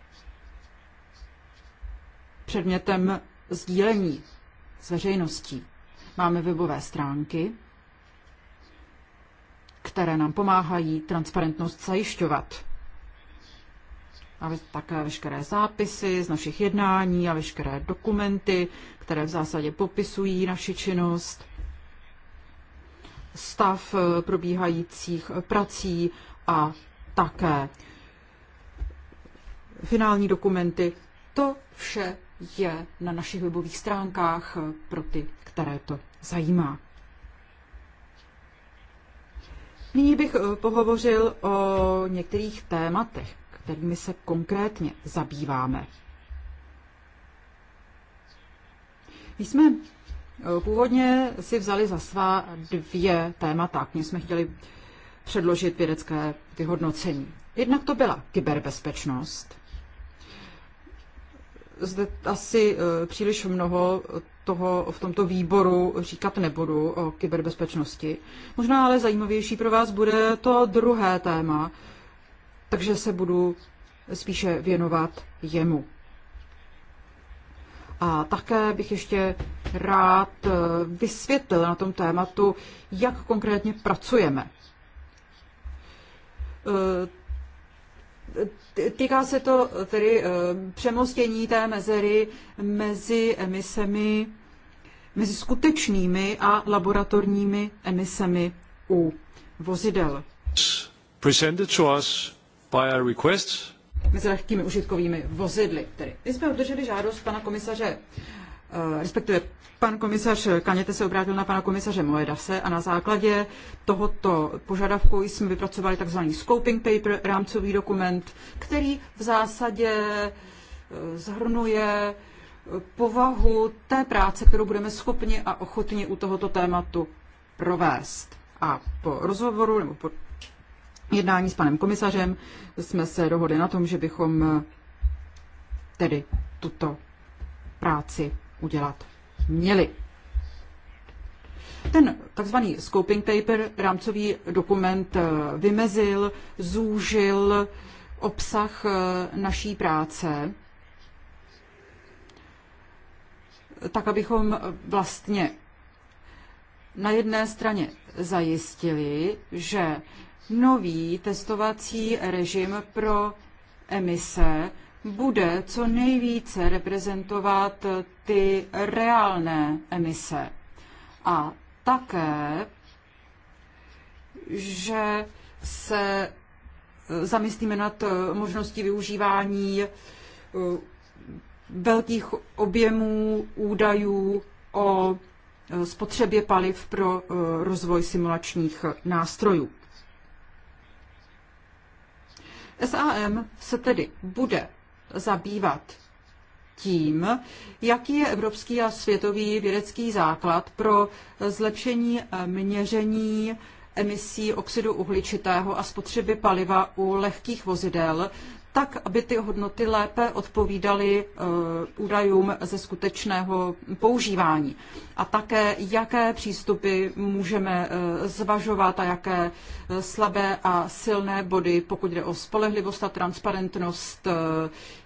Speaker 2: předmětem sdílení s veřejností. Máme webové stránky, které nám pomáhají transparentnost zajišťovat. Máme také veškeré zápisy z našich jednání a veškeré dokumenty, které v zásadě popisují naši činnost, stav eh, probíhajících eh, prací a také finální dokumenty. To vše je na našich webových stránkách pro ty, které to zajímá. Nyní bych eh, pohovořil o některých tématech, kterými se konkrétně zabýváme. My jsme eh, původně si vzali za svá dvě témata, k jsme chtěli předložit vědecké vyhodnocení. Jednak to byla kyberbezpečnost, zde asi eh, příliš mnoho toho v tomto výboru říkat nebudu o kyberbezpečnosti. Možná ale zajímavější pro vás bude to druhé téma, takže se budu spíše věnovat jemu. A také bych ještě rád eh, vysvětlil na tom tématu, jak konkrétně pracujeme eh, Týká se to tedy eh, přemostění té mezery mezi emisemi, mezi skutečnými a laboratorními emisemi u vozidel.
Speaker 3: Presented to us by our request.
Speaker 2: Mezi lehkými užitkovými vozidly. Tedy. My jsme obdrželi žádost pana komisaře Eh, respektive pan komisař Kaněte se obrátil na pana komisaře Moedase a na základě tohoto požadavku jsme vypracovali tzv. scoping paper, rámcový dokument, který v zásadě eh, zhrnuje povahu té práce, kterou budeme schopni a ochotni u tohoto tématu provést. A po rozhovoru nebo po jednání s panem komisařem jsme se dohodli na tom, že bychom eh, tedy tuto práci udělat měli. Ten takzvaný scoping paper, rámcový dokument, eh, vymezil, zúžil eh, obsah eh, naší práce, tak abychom vlastně na jedné straně zajistili, že nový testovací režim pro emise bude co nejvíce reprezentovat ty reálné emise. A také, že se e, zamyslíme nad e, možností využívání e, velkých objemů údajů o spotřebě paliv pro rozvoj simulačních nástrojů. SAM se tedy bude zabývat tím, jaký je evropský a světový vědecký základ pro zlepšení měření emisí oxidu uhličitého a spotřeby paliva u lehkých vozidel tak, aby ty hodnoty lépe odpovídaly eh, údajům ze skutečného používání. A také, jaké přístupy můžeme eh, zvažovat a jaké eh, slabé a silné body, pokud jde o spolehlivost a transparentnost,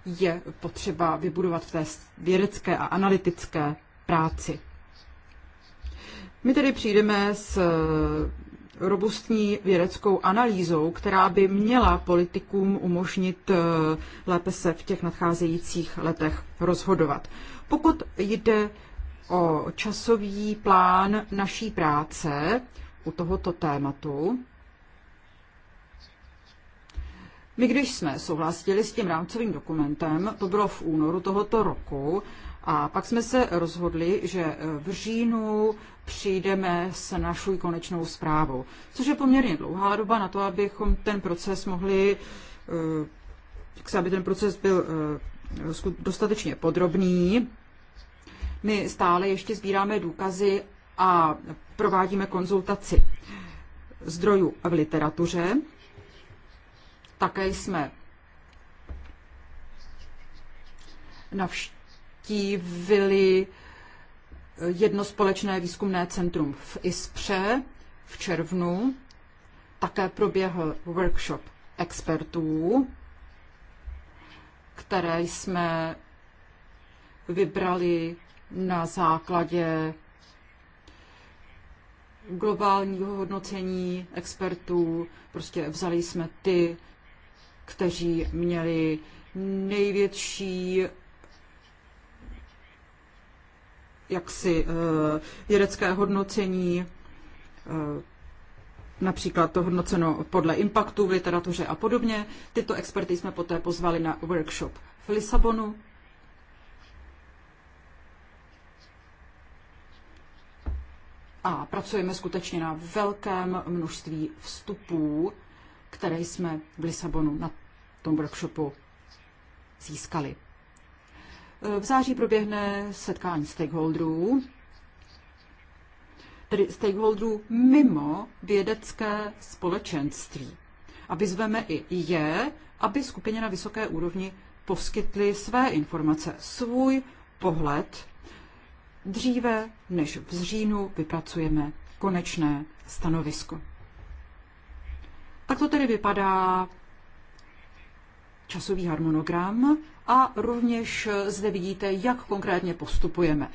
Speaker 2: je potřeba vybudovat v té vědecké a analytické práci. My tedy přijdeme s robustní vědeckou analýzou, která by měla politikům umožnit eh, lépe se v těch nadcházejících letech rozhodovat. Pokud jde o časový plán naší práce u tohoto tématu, my když jsme souhlasili s tím rámcovým dokumentem, to bylo v únoru tohoto roku, a pak jsme se rozhodli, že v říjnu přijdeme s naší konečnou zprávou, což je poměrně dlouhá doba na to, abychom ten proces mohli, eh, aby ten proces byl eh, dostatečně podrobný. My stále ještě sbíráme důkazy a provádíme konzultaci zdrojů v literatuře. Také jsme navštívili jedno společné výzkumné centrum v ISPře v červnu. Také proběhl workshop expertů, které jsme vybrali na základě globálního hodnocení expertů. Prostě vzali jsme ty, kteří měli největší jaksi eh, vědecké hodnocení, eh, například to hodnoceno podle impaktu v literatuře a podobně. Tyto experty jsme poté pozvali na workshop v Lisabonu. A pracujeme skutečně na velkém množství vstupů, které jsme v Lisabonu na tom workshopu získali. V září proběhne setkání stakeholderů, tedy stakeholderů mimo vědecké společenství. A vyzveme i je, aby skupině na vysoké úrovni poskytli své informace, svůj pohled. Dříve než v říjnu vypracujeme konečné stanovisko. Tak to tedy vypadá časový harmonogram a rovněž zde vidíte, jak konkrétně postupujeme.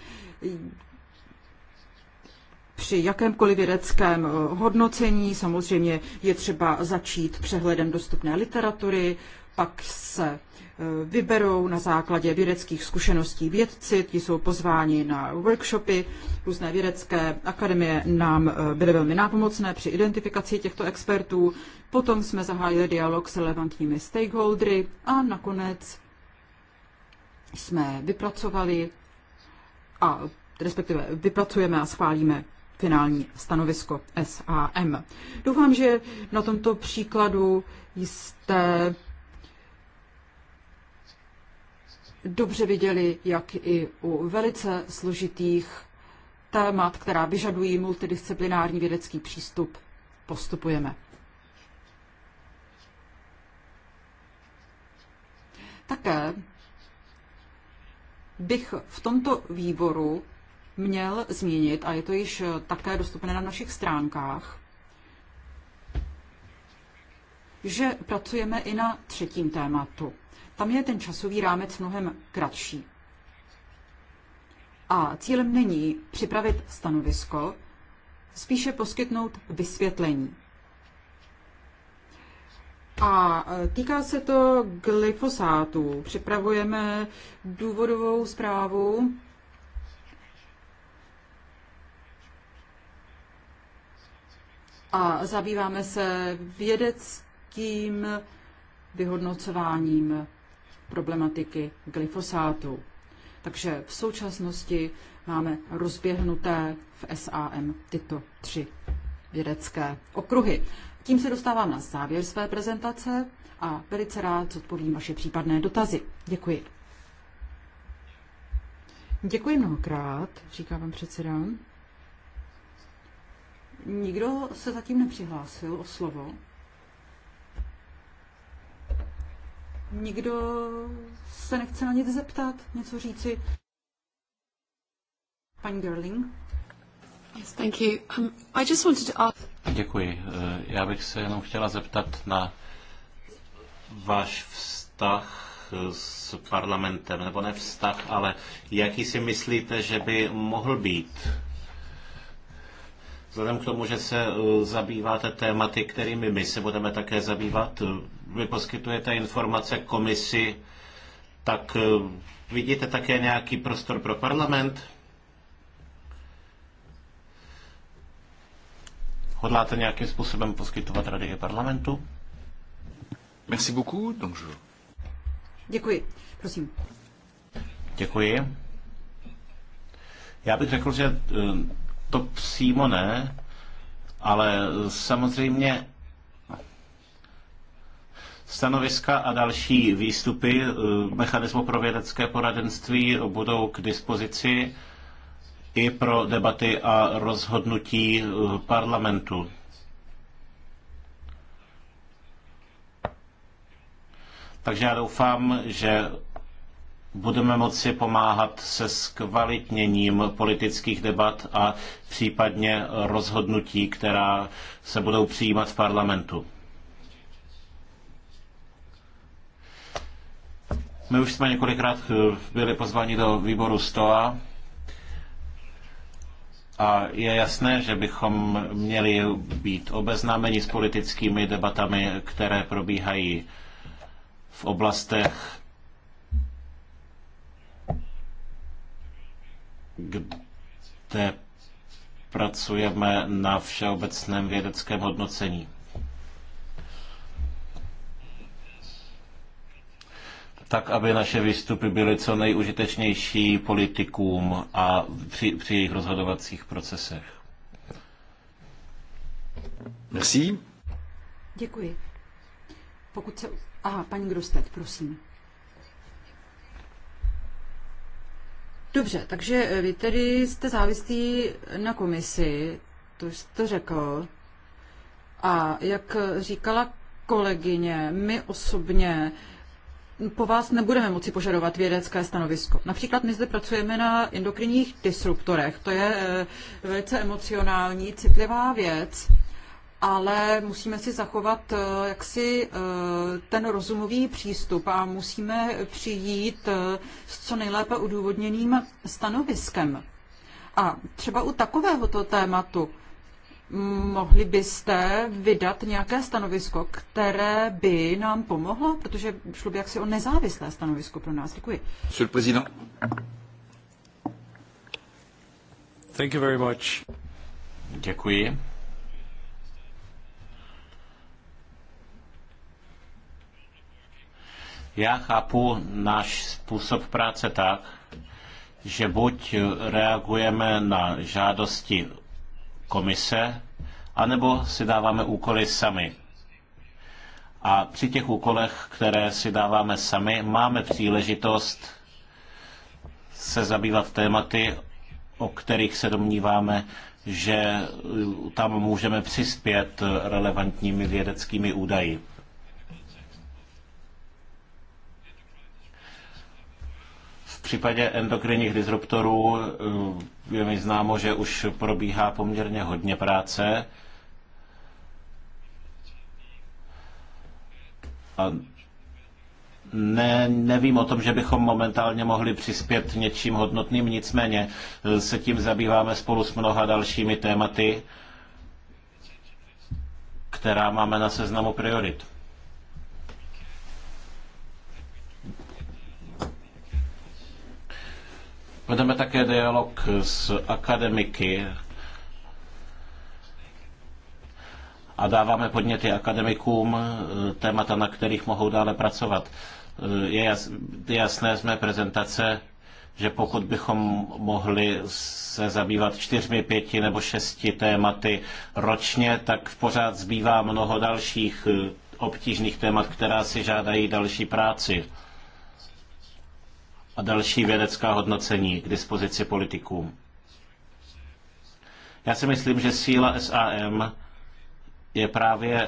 Speaker 2: Při jakémkoliv vědeckém hodnocení samozřejmě je třeba začít přehledem dostupné literatury, pak se Eh, vyberou na základě vědeckých zkušeností vědci, ti jsou pozváni na workshopy, různé vědecké akademie nám eh, byly velmi nápomocné při identifikaci těchto expertů, potom jsme zahájili dialog s relevantními stakeholdery a nakonec jsme vypracovali a respektive vypracujeme a schválíme finální stanovisko SAM. Doufám, že na tomto příkladu jste dobře viděli, jak i u velice složitých témat, která vyžadují multidisciplinární vědecký přístup, postupujeme. Také bych v tomto výboru měl zmínit, a je to již také dostupné na našich stránkách, že pracujeme i na třetím tématu – tam je ten časový rámec mnohem kratší. A cílem není připravit stanovisko, spíše poskytnout vysvětlení. A e, týká se to glyfosátu. Připravujeme důvodovou zprávu. A zabýváme se vědeckým vyhodnocováním problematiky glyfosátu. Takže v současnosti máme rozběhnuté v SAM tyto tři vědecké okruhy. Tím se dostávám na závěr své prezentace a velice rád zodpovím vaše případné dotazy. Děkuji. Děkuji mnohokrát, říká vám předseda. Nikdo se zatím nepřihlásil o slovo. nikdo se nechce na nic zeptat, něco říci. Paní Gerling. Yes, thank you. Um, I just wanted to
Speaker 3: ask...
Speaker 1: Děkuji. Eh, já bych se jenom chtěla zeptat na váš vztah eh, s parlamentem, nebo ne vztah, ale jaký si myslíte, že by mohl být Vzhledem k tomu, že se eh, zabýváte tématy, kterými my se budeme také zabývat, eh, vy poskytujete informace komisi, tak eh, vidíte také nějaký prostor pro parlament? Hodláte nějakým způsobem poskytovat rady i parlamentu? Merci beaucoup, bonjour.
Speaker 2: Děkuji, prosím.
Speaker 1: Děkuji. Já bych řekl, že to přímo ne, ale samozřejmě Stanoviska a další výstupy eh, mechanismu pro vědecké poradenství budou k dispozici i pro debaty a rozhodnutí eh, parlamentu. Takže já doufám, že budeme moci pomáhat se zkvalitněním politických debat a případně rozhodnutí, která se budou přijímat v parlamentu. My už jsme několikrát eh, byli pozváni do výboru STOA a je jasné, že bychom měli být obeznámeni s politickými debatami, které probíhají v oblastech kde pracujeme na všeobecném vědeckém hodnocení. tak, aby naše výstupy byly co nejužitečnější politikům a při, při jejich rozhodovacích procesech. Merci.
Speaker 2: Děkuji. Pokud se... Aha, paní Grostet, prosím. Dobře, takže eh, vy tedy jste závislí na komisi, to jste řekl. A jak eh, říkala kolegyně, my osobně po vás nebudeme moci požadovat vědecké stanovisko. Například my zde pracujeme na endokrinních disruptorech. To je eh, velice emocionální, citlivá věc ale musíme si zachovat eh, jaksi eh, ten rozumový přístup a musíme přijít eh, s co nejlépe udůvodněným stanoviskem. A třeba u takovéhoto tématu mm, mohli byste vydat nějaké stanovisko, které by nám pomohlo, protože šlo by jaksi o nezávislé stanovisko pro nás. Děkuji.
Speaker 1: Monsieur le Président. Thank you very much. Děkuji. Já chápu náš způsob práce tak, že buď reagujeme na žádosti komise, anebo si dáváme úkoly sami. A při těch úkolech, které si dáváme sami, máme příležitost se zabývat tématy, o kterých se domníváme, že tam můžeme přispět relevantními vědeckými údaji. případě endokrinních disruptorů eh, je mi známo, že už probíhá poměrně hodně práce. A ne, nevím o tom, že bychom momentálně mohli přispět něčím hodnotným, nicméně eh, se tím zabýváme spolu s mnoha dalšími tématy, která máme na seznamu priorit. Vedeme také dialog s akademiky a dáváme podněty akademikům, eh, témata, na kterých mohou dále pracovat. Eh, je jasné z mé prezentace, že pokud bychom mohli se zabývat čtyřmi, pěti nebo šesti tématy ročně, tak pořád zbývá mnoho dalších eh, obtížných témat, která si žádají další práci a další vědecká hodnocení k dispozici politikům. Já si myslím, že síla SAM je právě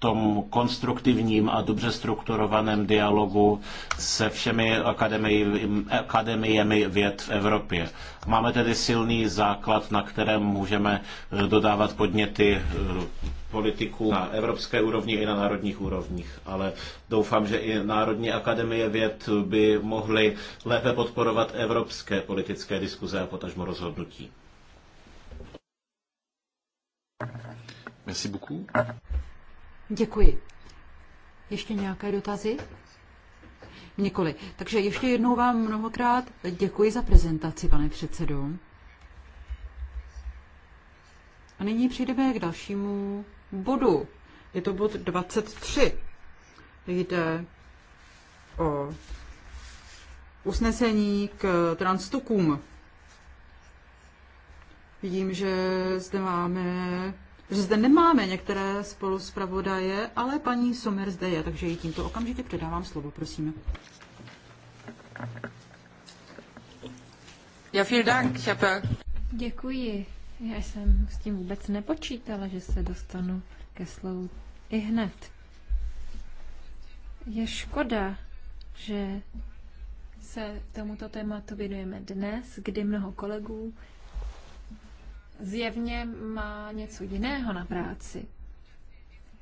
Speaker 1: tom konstruktivním a dobře strukturovaném dialogu se všemi akademii, akademiemi věd v Evropě. Máme tedy silný základ, na kterém můžeme eh, dodávat podněty eh, politiků na evropské úrovni i na národních úrovních. Ale doufám, že i Národní akademie věd by mohly lépe podporovat evropské politické diskuze a potažmo rozhodnutí. Merci beaucoup.
Speaker 2: Děkuji. Ještě nějaké dotazy? Nikoli. Takže ještě jednou vám mnohokrát děkuji za prezentaci, pane předsedo. A nyní přijdeme k dalšímu bodu. Je to bod 23. Jde o usnesení k transtukům. Vidím, že zde máme že zde nemáme některé zpravodaje, ale paní Somer zde je, takže ji tímto okamžitě předávám slovo, prosím. Ja, vielen Dank. Ich habe... Äh,
Speaker 3: Děkuji. Já jsem s tím vůbec nepočítala, že se dostanu ke slovu i hned. Je škoda, že se tomuto tématu věnujeme dnes, kdy mnoho kolegů zjevně má něco jiného na práci.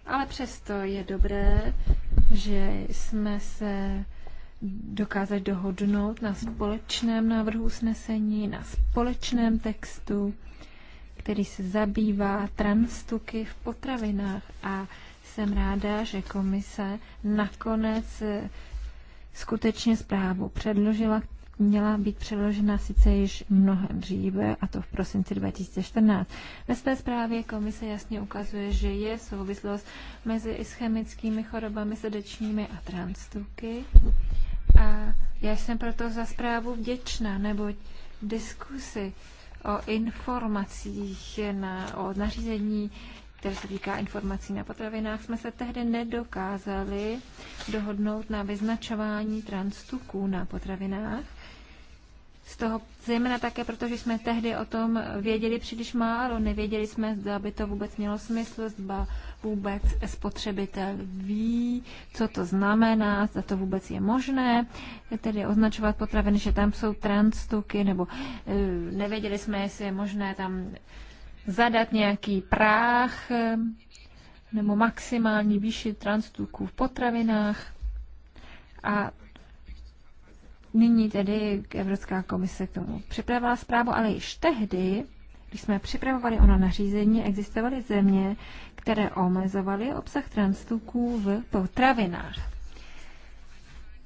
Speaker 3: Ale přesto je dobré, že jsme se dokázali dohodnout na společném návrhu usnesení, na společném textu, který se zabývá transtuky v potravinách. A jsem ráda, že komise nakonec eh, skutečně zprávu předložila, měla být přeložena sice již mnohem dříve, a to v prosinci 2014. Ve své zprávě komise jasně ukazuje, že je souvislost mezi ischemickými chorobami srdečními a transtuky. A já jsem proto za zprávu vděčná, neboť diskusy o informacích, na, o nařízení které se týká informací na potravinách, jsme se tehdy nedokázali dohodnout na vyznačování transtuků na potravinách z toho, zejména také, protože jsme tehdy o tom věděli příliš málo, nevěděli jsme, zda by to vůbec mělo smysl, zda vůbec spotřebitel ví, co to znamená, zda to vůbec je možné, tedy označovat potraviny, že tam jsou transtuky, nebo e, nevěděli jsme, jestli je možné tam zadat nějaký práh e, nebo maximální výši transtuků v potravinách. A Nyní tedy Evropská komise k tomu připravila zprávu, ale již tehdy, když jsme připravovali ono nařízení, existovaly země, které omezovaly obsah transtuků v potravinách.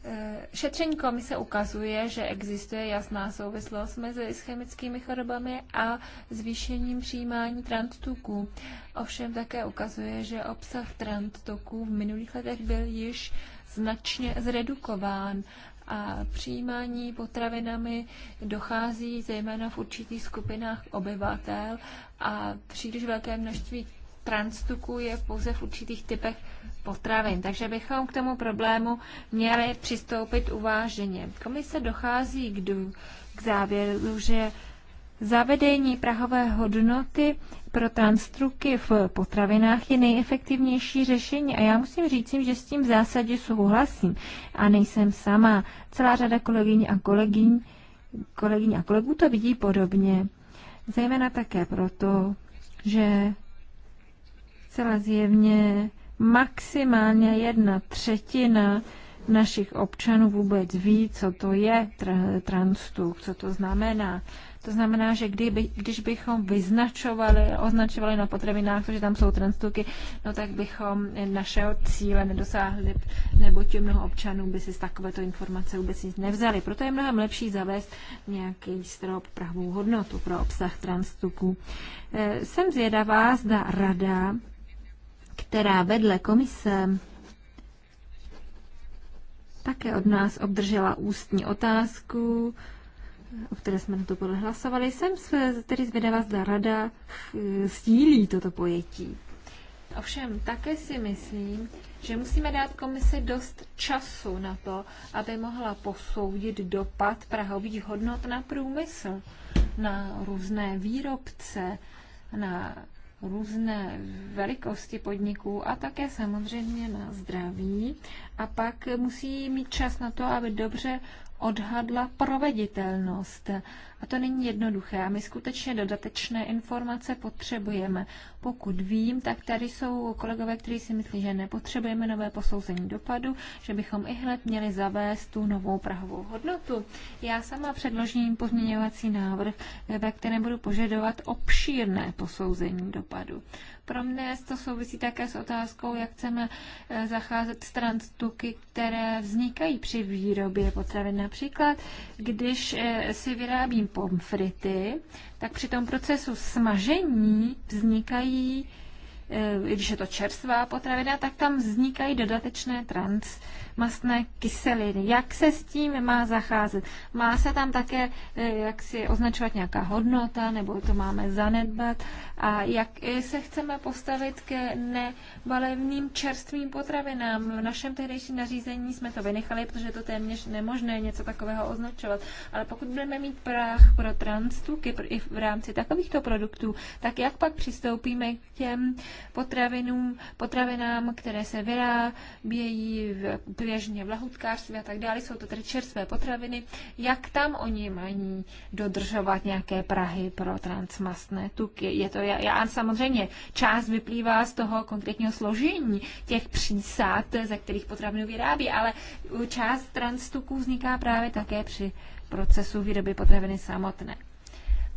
Speaker 3: E, šetření komise ukazuje, že existuje jasná souvislost mezi chemickými chorobami a zvýšením přijímání transtuků. Ovšem také ukazuje, že obsah transtuků v minulých letech byl již značně zredukován a přijímání potravinami dochází zejména v určitých skupinách obyvatel a příliš velké množství transtuku je pouze v určitých typech potravin. Takže bychom k tomu problému měli přistoupit uváženě. Komise dochází k, k závěru, že Zavedení prahové hodnoty pro transtruky v potravinách je nejefektivnější řešení a já musím říct, že s tím v zásadě souhlasím a nejsem sama. Celá řada kolegyň a kolegyň, kolegyň a kolegů to vidí podobně. Zejména také proto, že celá zjevně maximálně jedna třetina našich občanů vůbec ví, co to je tra- transtuk, co to znamená. To znamená, že kdyby, když bychom vyznačovali, označovali na potravinách, že tam jsou transtuky, no tak bychom našeho cíle nedosáhli, nebo neboť mnoho občanů by si z takovéto informace vůbec nic nevzali. Proto je mnohem lepší zavést nějaký strop pravou hodnotu pro obsah transtuků. Eh, jsem zvědavá, zda rada, která vedle komise také od nás obdržela ústní otázku o které jsme na to hlasovali, jsem se tedy zvědavá, zda rada eh, sdílí toto pojetí. Ovšem, také si myslím, že musíme dát komisi dost času na to, aby mohla posoudit dopad prahových hodnot na průmysl, na různé výrobce, na různé velikosti podniků a také samozřejmě na zdraví. A pak musí mít čas na to, aby dobře odhadla proveditelnost a to není jednoduché a my skutečně dodatečné informace potřebujeme. Pokud vím, tak tady jsou kolegové, kteří si myslí, že nepotřebujeme nové posouzení dopadu, že bychom i hned měli zavést tu novou prahovou hodnotu. Já sama předložím pozměňovací návrh, ve kterém budu požadovat obšírné posouzení dopadu. Pro mě to souvisí také s otázkou, jak chceme eh, zacházet s transtuky, které vznikají při výrobě potravin. Například, když eh, si vyrábím pomfrity, tak při tom procesu smažení vznikají, eh, když je to čerstvá potravina, tak tam vznikají dodatečné trans mastné kyseliny. Jak se s tím má zacházet? Má se tam také eh, jak si označovat nějaká hodnota, nebo to máme zanedbat? A jak eh, se chceme postavit ke nebalevným čerstvým potravinám? V našem tehdejším nařízení jsme to vynechali, protože je to téměř nemožné něco takového označovat. Ale pokud budeme mít práh pro transtuky i v rámci takovýchto produktů, tak jak pak přistoupíme k těm potravinům, potravinám, které se vyrábějí v pilěžně v lahutkářství a tak dále, jsou to tedy čerstvé potraviny, jak tam oni mají dodržovat nějaké prahy pro transmastné tuky. Je to, já, samozřejmě část vyplývá z toho konkrétního složení těch přísad, ze kterých potravinu vyrábí, ale část transtuků vzniká právě také při procesu výroby potraviny samotné.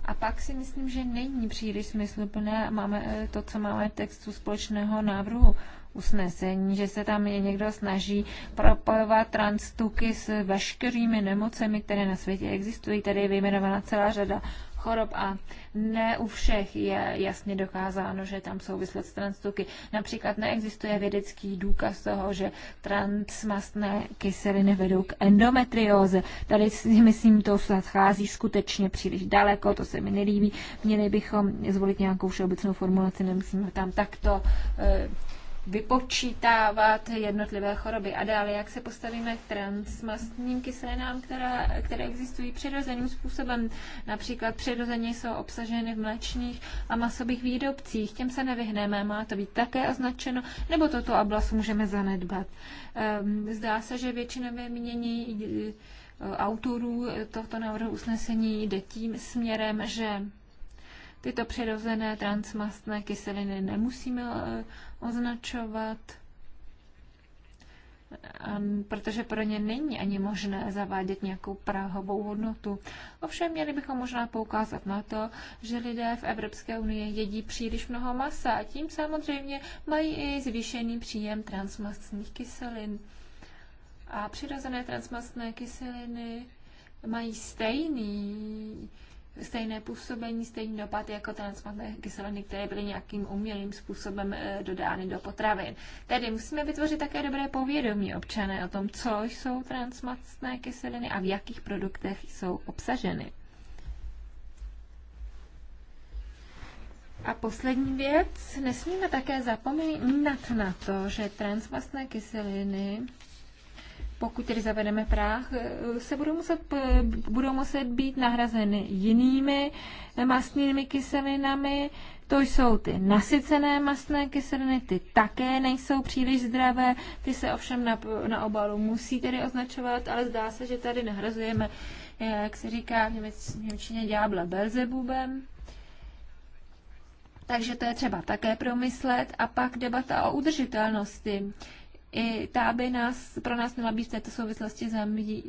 Speaker 3: A pak si myslím, že není příliš smysluplné, máme e, to, co máme v textu společného návrhu usnesení, že se tam je někdo snaží propojovat transtuky s veškerými nemocemi, které na světě existují. Tady je vyjmenovaná celá řada chorob a ne u všech je jasně dokázáno, že tam souvislost s transtuky. Například neexistuje vědecký důkaz toho, že transmastné kyseliny vedou k endometrióze. Tady si myslím, to schází skutečně příliš daleko, to se mi nelíbí. Měli bychom zvolit nějakou všeobecnou formulaci, nemusíme tam takto eh, vypočítávat jednotlivé choroby a dále, jak se postavíme k transmastním kyselinám, která, které existují přirozeným způsobem. Například přirozeně jsou obsaženy v mlečných a masových výrobcích. Těm se nevyhneme, má to být také označeno, nebo toto oblast můžeme zanedbat. Ehm, zdá se, že většinové mění e, autorů tohoto návrhu usnesení jde tím směrem, že Tyto přirozené transmastné kyseliny nemusíme eh, označovat, protože pro ně není ani možné zavádět nějakou prahovou hodnotu. Ovšem měli bychom možná poukázat na to, že lidé v Evropské unii jedí příliš mnoho masa a tím samozřejmě mají i zvýšený příjem transmastných kyselin. A přirozené transmastné kyseliny mají stejný stejné působení, stejný dopad jako transmatné kyseliny, které byly nějakým umělým způsobem eh, dodány do potravin. Tedy musíme vytvořit také dobré povědomí občané o tom, co jsou transmatné kyseliny a v jakých produktech jsou obsaženy. A poslední věc, nesmíme také zapomínat na to, že transmastné kyseliny pokud tedy zavedeme práh, eh, se budou muset, eh, budou muset být nahrazeny jinými eh, mastnými kyselinami. To jsou ty nasycené mastné kyseliny, ty také nejsou příliš zdravé, ty se ovšem na, na obalu musí tedy označovat, ale zdá se, že tady nahrazujeme, jak se říká v Němčině, ďábla Belzebubem. Takže to je třeba také promyslet. A pak debata o udržitelnosti. I ta by nás, pro nás měla být v této souvislosti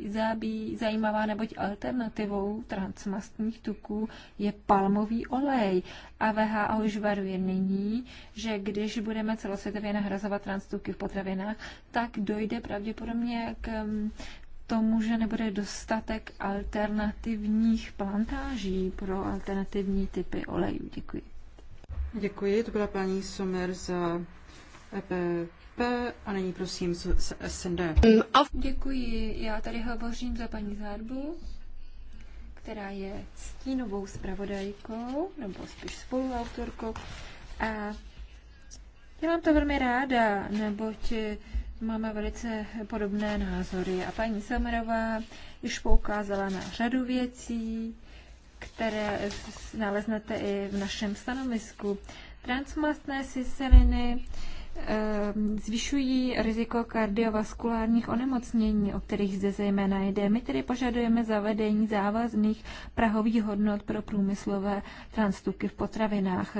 Speaker 3: zabí, zajímavá, neboť alternativou transmastních tuků je palmový olej. A VHO už varuje nyní, že když budeme celosvětově nahrazovat transtuky v potravinách, tak dojde pravděpodobně k mm, tomu, že nebude dostatek alternativních plantáží pro alternativní typy olejů. Děkuji.
Speaker 2: Děkuji, to byla paní Somer za EPP a nyní prosím z SND.
Speaker 3: Děkuji, já tady hovořím za paní Zárbu, která je stínovou zpravodajkou, nebo spíš spoluautorkou. A dělám to velmi ráda, neboť máme velice podobné názory. A paní Samerová již poukázala na řadu věcí, které naleznete i v našem stanovisku. Transmastné siseliny, Ehm, zvyšují riziko kardiovaskulárních onemocnění, o kterých zde zejména jde. My tedy požadujeme zavedení závazných prahových hodnot pro průmyslové transtuky v potravinách.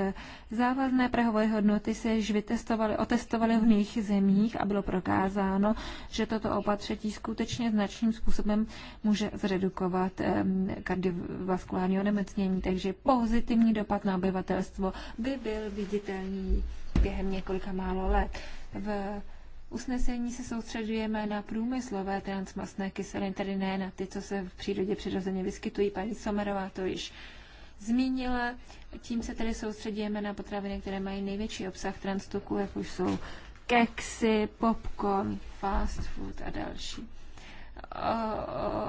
Speaker 3: Závazné prahové hodnoty se již vytestovaly, otestovaly v mých zemích a bylo prokázáno, že toto opatření skutečně značným způsobem může zredukovat ehm, kardiovaskulární onemocnění, takže pozitivní dopad na obyvatelstvo by byl viditelný během několika málo let. V usnesení se soustředujeme na průmyslové transmastné kyseliny, tedy ne na ty, co se v přírodě přirozeně vyskytují. Paní Somerová to již zmínila. Tím se tedy soustředíme na potraviny, které mají největší obsah transtuku, jako už jsou keksy, popcorn, fast food a další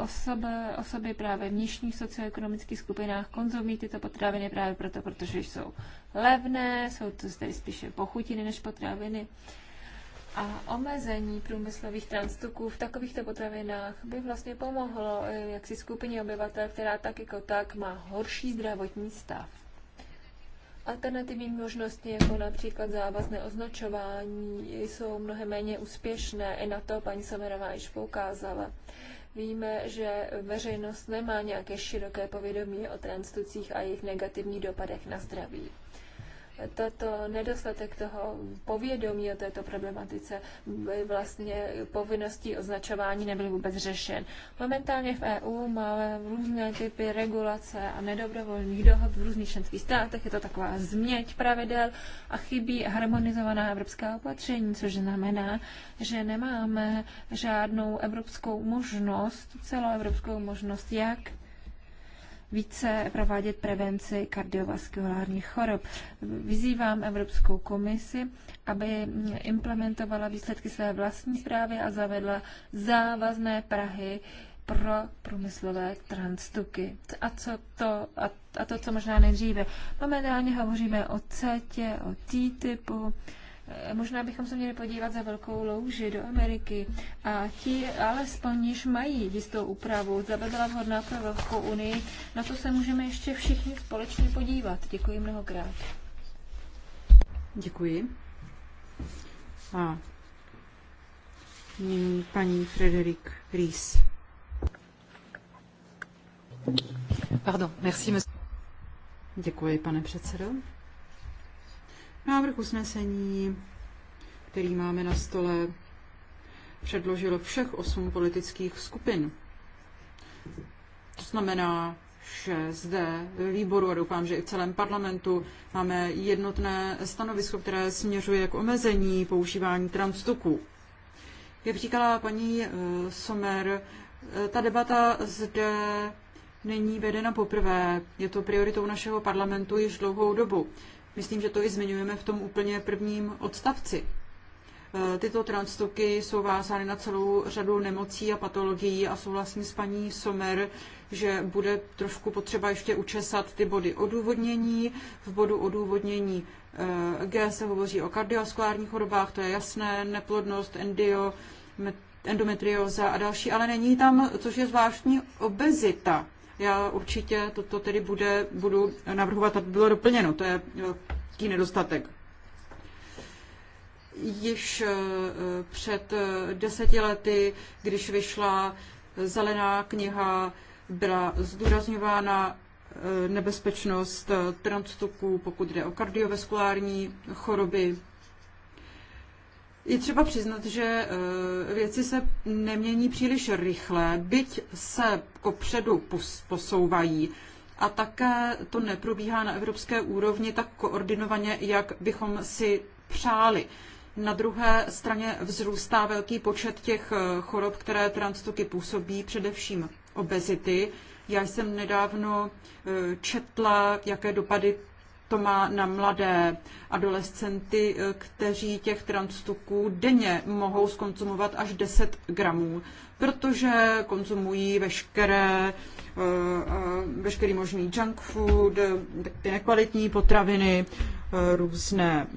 Speaker 3: osoby, osoby právě v nižších socioekonomických skupinách konzumují tyto potraviny právě proto, protože jsou levné, jsou to zde spíše pochutiny než potraviny. A omezení průmyslových transtuků v takovýchto potravinách by vlastně pomohlo eh, jaksi skupině obyvatel, která tak jako tak má horší zdravotní stav. Alternativní možnosti, jako například závazné označování, jsou mnohem méně úspěšné. I na to paní Somerová již poukázala. Víme, že veřejnost nemá nějaké široké povědomí o transtucích a jejich negativních dopadech na zdraví tato nedostatek toho povědomí o této problematice vlastně povinností označování nebyl vůbec řešen. Momentálně v EU máme různé typy regulace a nedobrovolných dohod v různých členských státech. Je to taková změť pravidel a chybí harmonizovaná evropská opatření, což znamená, že nemáme žádnou evropskou možnost, celoevropskou možnost, jak více provádět prevenci kardiovaskulárních chorob. Vyzývám Evropskou komisi, aby implementovala výsledky své vlastní zprávy a zavedla závazné Prahy pro průmyslové transtuky. A, co to, a, a to, co možná nejdříve. Momentálně hovoříme o CETě, o T-typu, Eh, možná bychom se měli podívat za velkou louži do Ameriky a ti alespoň již mají jistou úpravu, zda by byla vhodná pro Evropskou unii, na to se můžeme ještě všichni společně podívat. Děkuji mnohokrát.
Speaker 2: Děkuji. A nyní paní Frederik Ries. Pardon, merci, Děkuji, pane předsedo. Návrh usnesení, který máme na stole, předložilo všech osm politických skupin. To znamená, že zde ve výboru a doufám, že i v celém parlamentu máme jednotné stanovisko, které směřuje k omezení používání transtuků. Jak říkala paní eh, Somer, eh, ta debata zde není vedena poprvé. Je to prioritou našeho parlamentu již dlouhou dobu. Myslím, že to i zmiňujeme v tom úplně prvním odstavci. E, tyto transtoky jsou vázány na celou řadu nemocí a patologií a souhlasím vlastně s paní Somer, že bude trošku potřeba ještě učesat ty body odůvodnění. V bodu odůvodnění e, G se hovoří o kardiovaskulárních chorobách, to je jasné, neplodnost, endio, endometrioza a další, ale není tam, což je zvláštní, obezita. Já určitě toto tedy bude, budu navrhovat, aby bylo doplněno. To je e, velký nedostatek. Již eh, před eh, deseti lety, když vyšla zelená kniha, byla zdůrazňována eh, nebezpečnost transtuků, pokud jde o kardiovaskulární choroby. Je třeba přiznat, že věci se nemění příliš rychle, byť se kopředu posouvají a také to neprobíhá na evropské úrovni tak koordinovaně, jak bychom si přáli. Na druhé straně vzrůstá velký počet těch eh, chorob, které transtoky působí, především obezity. Já jsem nedávno eh, četla, jaké dopady to má na mladé adolescenty, eh, kteří těch transtuků denně mohou skonzumovat až 10 gramů, protože konzumují veškeré, eh, eh, veškerý možný junk food, ty nekvalitní potraviny, různé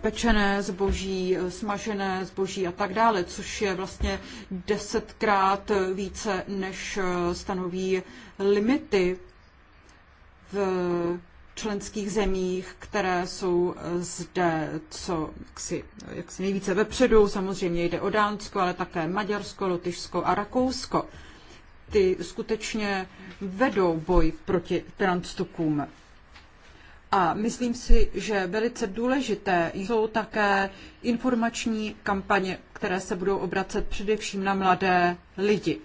Speaker 2: pečené zboží, smažené zboží a tak dále, což je vlastně desetkrát více, než stanoví limity v členských zemích, které jsou eh, zde co jaksi, eh, jaksi nejvíce vepředu. Samozřejmě jde o Dánsko, ale také Maďarsko, Lotyšsko a Rakousko. Ty skutečně vedou boj proti transtukům. A myslím si, že velice důležité jsou také informační kampaně, které se budou obracet především na mladé lidi.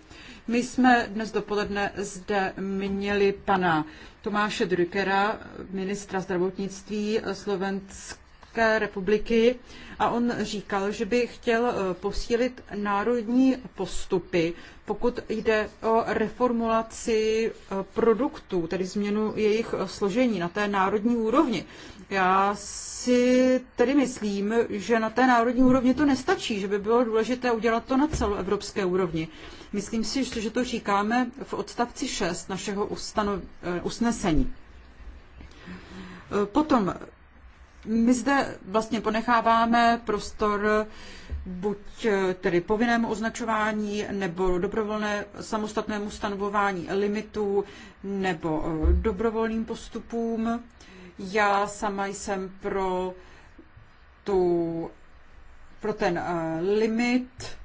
Speaker 2: My jsme dnes dopoledne zde měli pana Tomáše Drückera, ministra zdravotnictví Slovenské republiky, a on říkal, že by chtěl eh, posílit národní postupy, pokud jde o reformulaci eh, produktů, tedy změnu jejich eh, složení na té národní úrovni. Já si tedy myslím, že na té národní úrovni to nestačí, že by bylo důležité udělat to na celoevropské úrovni. Myslím si, že to říkáme v odstavci 6 našeho ustano, eh, usnesení. Eh, potom my zde vlastně ponecháváme prostor buď eh, tedy povinnému označování nebo dobrovolné samostatnému stanovování limitů nebo dobrovolným postupům. Já sama jsem pro, tu, pro ten eh, limit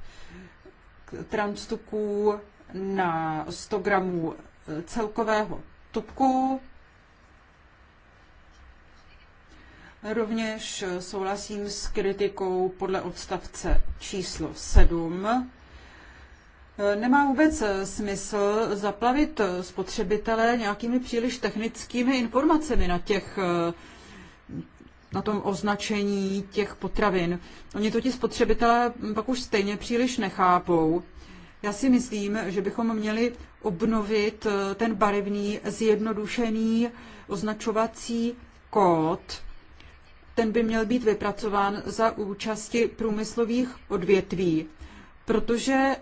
Speaker 2: transtuků na 100 gramů eh, celkového tupku. Rovněž souhlasím s kritikou podle odstavce číslo 7 Nemá vůbec eh, smysl zaplavit eh, spotřebitele nějakými příliš technickými informacemi na těch eh, na tom označení těch potravin. Oni to ti spotřebitelé hm, pak už stejně příliš nechápou. Já si myslím, že bychom měli obnovit ten barevný zjednodušený označovací kód. Ten by měl být vypracován za účasti průmyslových odvětví, protože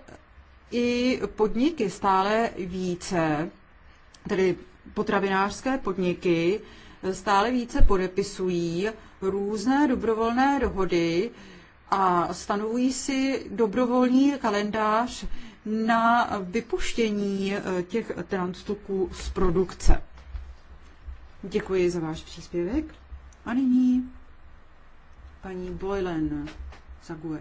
Speaker 2: i podniky stále více, tedy potravinářské podniky, stále více podepisují různé dobrovolné dohody a stanovují si dobrovolný kalendář na vypuštění eh, těch transtuků z produkce. Děkuji za váš příspěvek. A nyní paní Boylen Zague.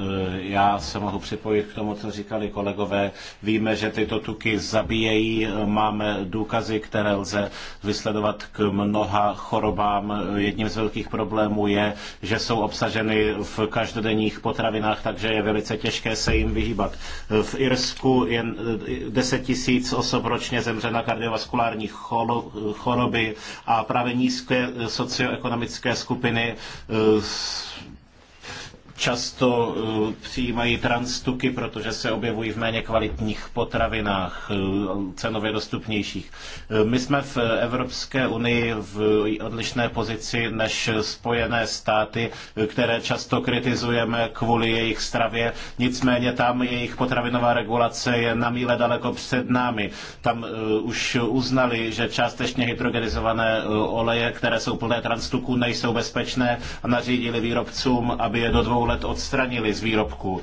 Speaker 1: Eh, já se mohu připojit k tomu, co říkali kolegové. Víme, že tyto tuky zabíjejí, eh, máme důkazy, které lze vysledovat k mnoha chorobám. Eh, jedním z velkých problémů je, že jsou obsaženy v každodenních potravinách, takže je velice těžké se jim vyhýbat. V Irsku jen 10 tisíc osob ročně zemře na kardiovaskulární choroby a právě nízké socioekonomické skupiny často eh, přijímají transtuky, protože se objevují v méně kvalitních potravinách, eh, cenově dostupnějších. Eh, my jsme v Evropské unii v odlišné pozici než Spojené státy, které často kritizujeme kvůli jejich stravě. Nicméně tam jejich potravinová regulace je na míle daleko před námi. Tam už uznali, že částečně hydrogenizované oleje, které jsou plné transtuků, nejsou bezpečné a nařídili výrobcům, aby je do dvou let let odstranili z výrobku. E,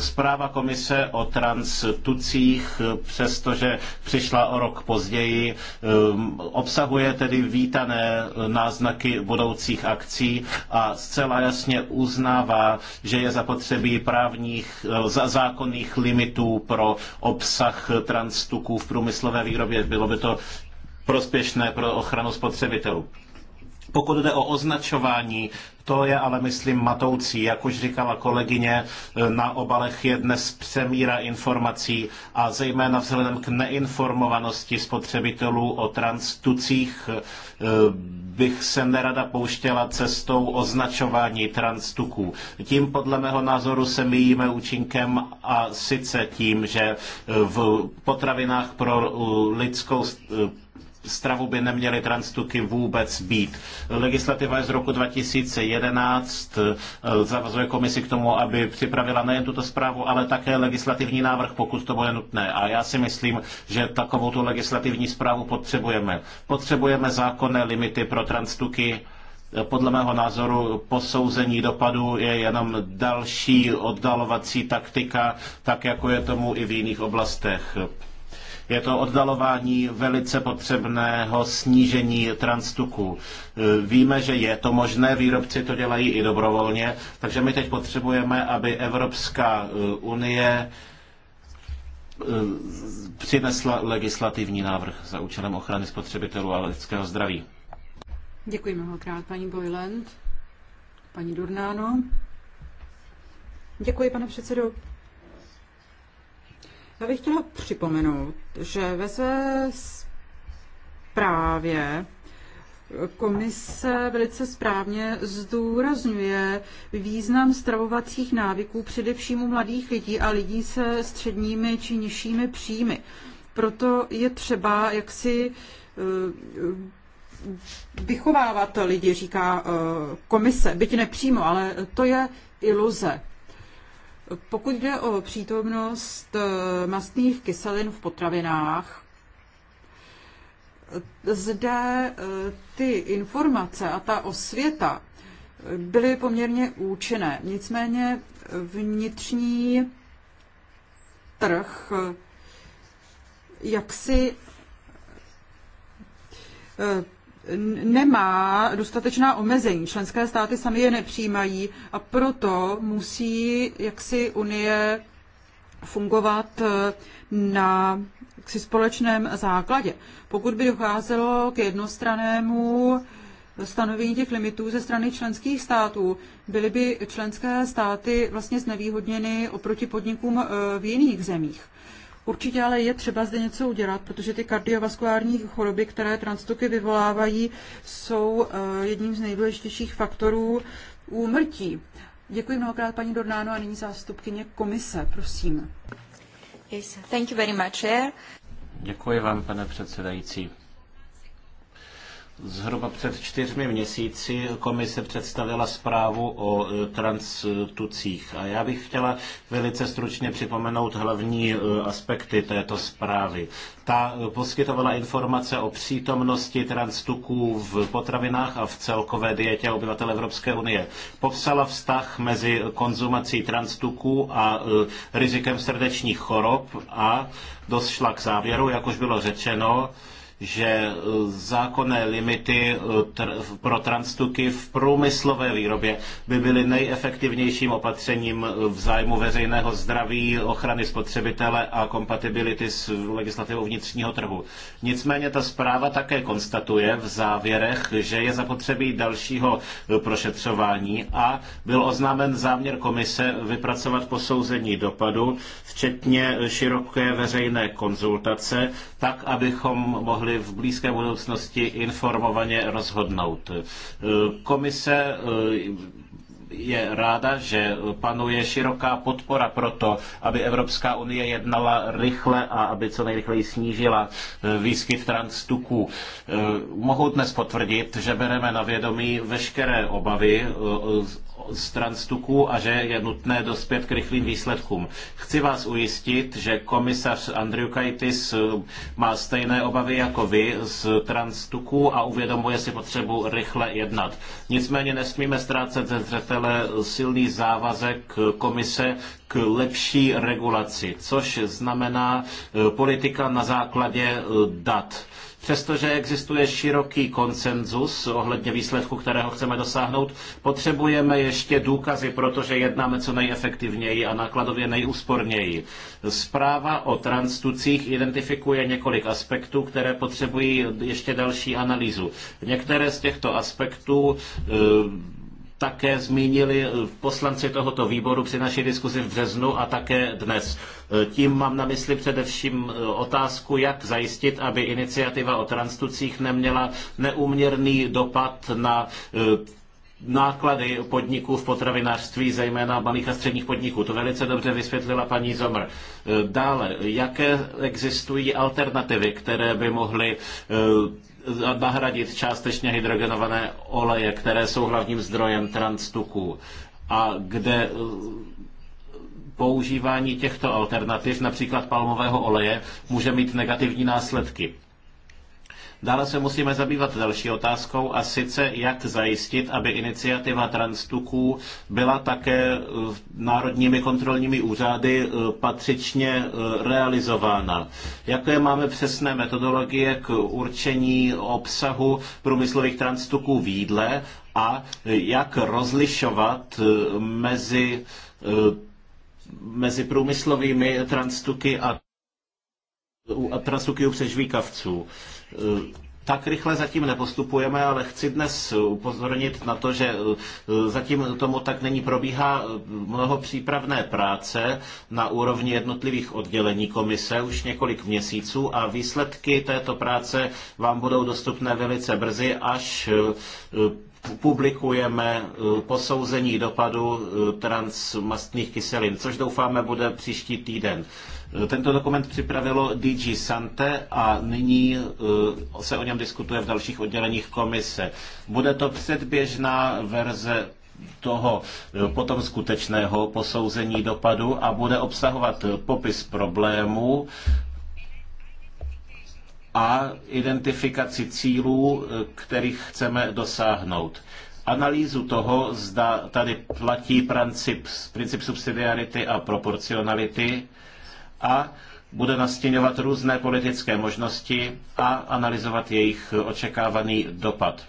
Speaker 1: zpráva komise o transtucích, e, přestože přišla o rok později, e, obsahuje tedy vítané náznaky budoucích akcí a zcela jasně uznává, že je zapotřebí právních, zákonných limitů pro obsah transtuků v průmyslové výrobě. Bylo by to prospěšné pro ochranu spotřebitelů. Pokud jde o označování to je ale, myslím, matoucí. Jak už říkala kolegyně, e, na obalech je dnes přemíra informací a zejména vzhledem k neinformovanosti spotřebitelů o transtucích e, bych se nerada pouštěla cestou označování transtuků. Tím podle mého názoru se míjíme účinkem a sice tím, že e, v potravinách pro lidskou stravu by neměly transtuky vůbec být. Legislativa z roku 2011 eh, zavazuje komisi k tomu, aby připravila nejen tuto zprávu, ale také legislativní návrh, pokud to bude nutné. A já si myslím, že takovou tu legislativní zprávu potřebujeme. Potřebujeme zákonné limity pro transtuky, podle mého názoru posouzení dopadu je jenom další oddalovací taktika, tak jako je tomu i v jiných oblastech. Je to oddalování velice potřebného snížení transtuků. E, víme, že je to možné, výrobci to dělají i dobrovolně, takže my teď potřebujeme, aby Evropská e, unie e, přinesla legislativní návrh za účelem ochrany spotřebitelů a lidského zdraví.
Speaker 2: Děkuji mnohokrát, paní Boyland. Paní Durnáno. Děkuji, pane předsedo. Já bych chtěla připomenout, že ve své zprávě Komise velice správně zdůrazňuje význam stravovacích návyků především u mladých lidí a lidí se středními či nižšími příjmy. Proto je třeba jaksi eh, vychovávat lidi, říká eh, komise, byť nepřímo, ale to je iluze. Pokud jde o přítomnost eh, mastných kyselin v potravinách, zde eh, ty informace a ta osvěta byly poměrně účinné. Nicméně vnitřní trh eh, jaksi nemá dostatečná omezení. Členské státy sami je nepřijímají a proto musí jaksi Unie fungovat eh, na jaksi společném základě. Pokud by docházelo k jednostranému stanovení těch limitů ze strany členských států, byly by členské státy vlastně znevýhodněny oproti podnikům eh, v jiných zemích. Určitě ale je třeba zde něco udělat, protože ty kardiovaskulární choroby, které transtuky vyvolávají, jsou eh, jedním z nejdůležitějších faktorů úmrtí. Děkuji mnohokrát paní Dornáno a nyní zástupkyně komise, prosím.
Speaker 3: Yes, thank you very much,
Speaker 1: Děkuji vám, pane předsedající. Zhruba před čtyřmi měsíci komise představila zprávu o e, transtucích a já bych chtěla velice stručně připomenout hlavní e, aspekty této zprávy. Ta e, poskytovala informace o přítomnosti transtuků v potravinách a v celkové dietě obyvatel Evropské unie. Popsala vztah mezi konzumací transtuků a rizikem srdečních chorob a došla k závěru, jak už bylo řečeno, že e, zákonné limity e, pro transtuky v průmyslové výrobě by byly nejefektivnějším opatřením e, v zájmu veřejného zdraví, ochrany spotřebitele a kompatibility s legislativou vnitřního trhu. Nicméně ta zpráva také konstatuje v závěrech, že je zapotřebí dalšího prošetřování a byl oznámen záměr komise vypracovat posouzení dopadu, včetně široké veřejné konzultace, tak, abychom mohli mohli v blízké budoucnosti informovaně rozhodnout. Komise je ráda, že panuje široká podpora pro to, aby Evropská unie jednala rychle a aby co nejrychleji snížila eh, výskyt transtuků. Eh, mohu dnes potvrdit, že bereme na vědomí veškeré obavy eh, z transtuků a že je nutné dospět k rychlým výsledkům. Chci vás ujistit, že komisař Andriukaitis má stejné obavy jako vy z transtuků a uvědomuje si potřebu rychle jednat. Nicméně nesmíme ztrácet ze zřetele předkladatele silný závazek komise k lepší regulaci, což znamená e, politika na základě e, dat. Přestože existuje široký konsenzus ohledně výsledku, kterého chceme dosáhnout, potřebujeme ještě důkazy, protože jednáme co nejefektivněji a nákladově nejúsporněji. Zpráva o transtucích identifikuje několik aspektů, které potřebují ještě další analýzu. Některé z těchto aspektů e, také zmínili eh, poslanci tohoto výboru při naší diskuzi v březnu a také dnes. Eh, tím mám na mysli především eh, otázku, jak zajistit, aby iniciativa o transtucích neměla neúměrný dopad na náklady podniků v potravinářství, zejména malých a středních podniků. To velice dobře vysvětlila paní Zomr. Dále, jaké existují alternativy, které by mohly nahradit částečně hydrogenované oleje, které jsou hlavním zdrojem transtuků a kde eh, používání těchto alternativ, například palmového oleje, může mít negativní následky. Dále se musíme zabývat další otázkou a sice jak zajistit, aby iniciativa Transtuků byla také e, národními kontrolními úřady e, patřičně e, realizována. Jaké máme přesné metodologie k určení obsahu průmyslových transtuků v jídle a jak rozlišovat mezi, mezi průmyslovými transtuky a, transtuky u přežvíkavců. Eh, tak rychle zatím nepostupujeme, ale chci dnes upozornit na to, že eh, zatím tomu tak není. Probíhá eh, mnoho přípravné práce na úrovni jednotlivých oddělení komise už několik měsíců a výsledky této práce vám budou dostupné velice brzy, až publikujeme posouzení dopadu transmastných kyselin, což doufáme bude příští týden. Tento dokument připravilo DG Sante a nyní eh, se o něm diskutuje v dalších odděleních komise. Bude to předběžná verze toho eh, potom skutečného posouzení dopadu a bude obsahovat eh, popis problémů a identifikaci cílů, kterých chceme dosáhnout analýzu toho, zda tady platí princip, princip subsidiarity a proporcionality a bude nastěňovat různé politické možnosti a analyzovat jejich očekávaný dopad.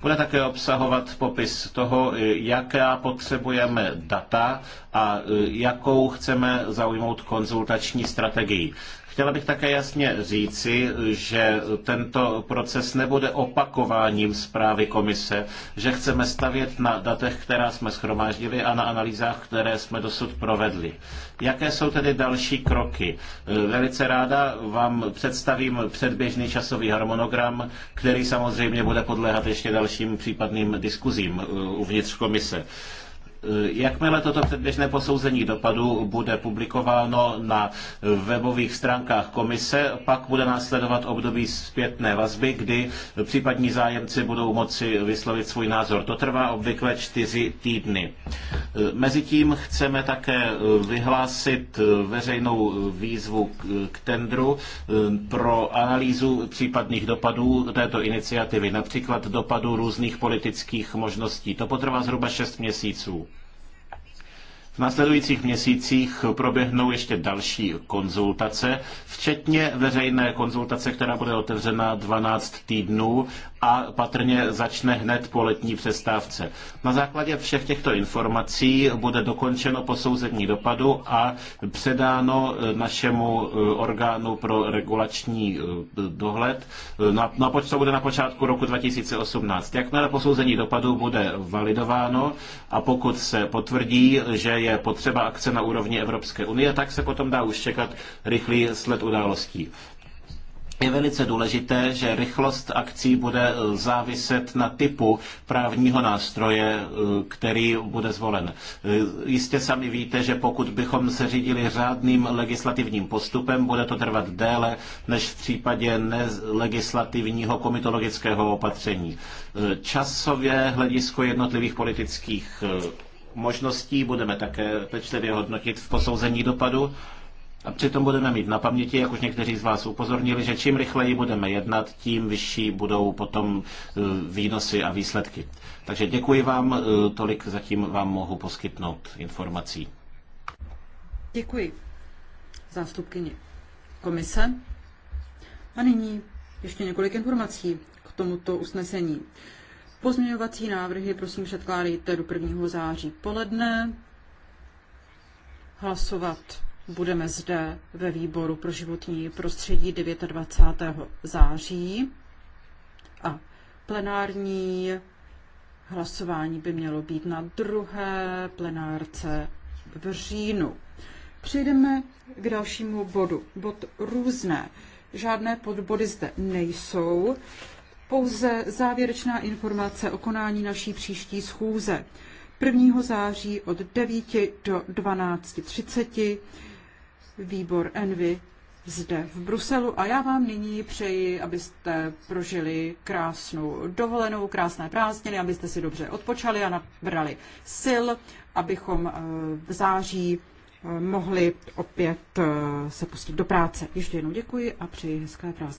Speaker 1: Bude také obsahovat popis toho, jaká potřebujeme data a jakou chceme zaujmout konzultační strategii. Chtěla bych také jasně říci, že tento proces nebude opakováním zprávy komise, že chceme stavět na datech, která jsme schromáždili a na analýzách, které jsme dosud provedli. Jaké jsou tedy další kroky? Velice ráda vám představím předběžný časový harmonogram, který samozřejmě bude podléhat ještě dalším případným diskuzím uvnitř komise. Eh, jakmile toto předběžné posouzení dopadu bude publikováno na webových stránkách komise, pak bude následovat období zpětné vazby, kdy případní zájemci budou moci vyslovit svůj názor. To trvá obvykle čtyři týdny. Eh, mezitím chceme také eh, vyhlásit veřejnou výzvu k tendru pro analýzu případných dopadů této iniciativy, například dopadu různých politických možností. To potrvá zhruba šest měsíců. V následujících měsících proběhnou ještě další konzultace, včetně veřejné konzultace, která bude otevřena 12 týdnů a patrně začne hned po letní přestávce. Na základě všech těchto informací bude dokončeno posouzení dopadu a předáno našemu eh, orgánu pro regulační eh, dohled. Na, na, to bude na počátku roku 2018. Jakmile posouzení dopadu bude validováno a pokud se potvrdí, že je je potřeba akce na úrovni Evropské unie, tak se potom dá už čekat rychlý sled událostí. Je velice důležité, že rychlost akcí bude eh, záviset na typu právního nástroje, eh, který bude zvolen. Eh, jistě sami víte, že pokud bychom se řídili řádným legislativním postupem, bude to trvat déle než v případě legislativního komitologického opatření. Časově hledisko jednotlivých politických možností budeme také pečlivě hodnotit v posouzení dopadu. A přitom budeme mít na paměti, jak už někteří z vás upozornili, že čím rychleji budeme jednat, tím vyšší budou potom e, výnosy a výsledky. Takže děkuji vám, e, tolik zatím vám mohu poskytnout informací.
Speaker 2: Děkuji. Zástupkyni komise. A nyní ještě několik informací k tomuto usnesení. Pozměňovací návrhy prosím předkládejte do 1. září poledne. Hlasovat budeme zde ve výboru pro životní prostředí 29. září a plenární hlasování by mělo být na druhé plenárce v říjnu. Přejdeme k dalšímu bodu. Bod různé. Žádné podbody zde nejsou, pouze závěrečná informace o konání naší příští schůze. 1. září od 9 do 12.30 výbor Envy zde v Bruselu a já vám nyní přeji, abyste prožili krásnou dovolenou, krásné prázdniny, abyste si dobře odpočali a nabrali sil, abychom eh, v září eh, mohli opět eh, se pustit do práce. Ještě jednou děkuji a přeji hezké prázdniny.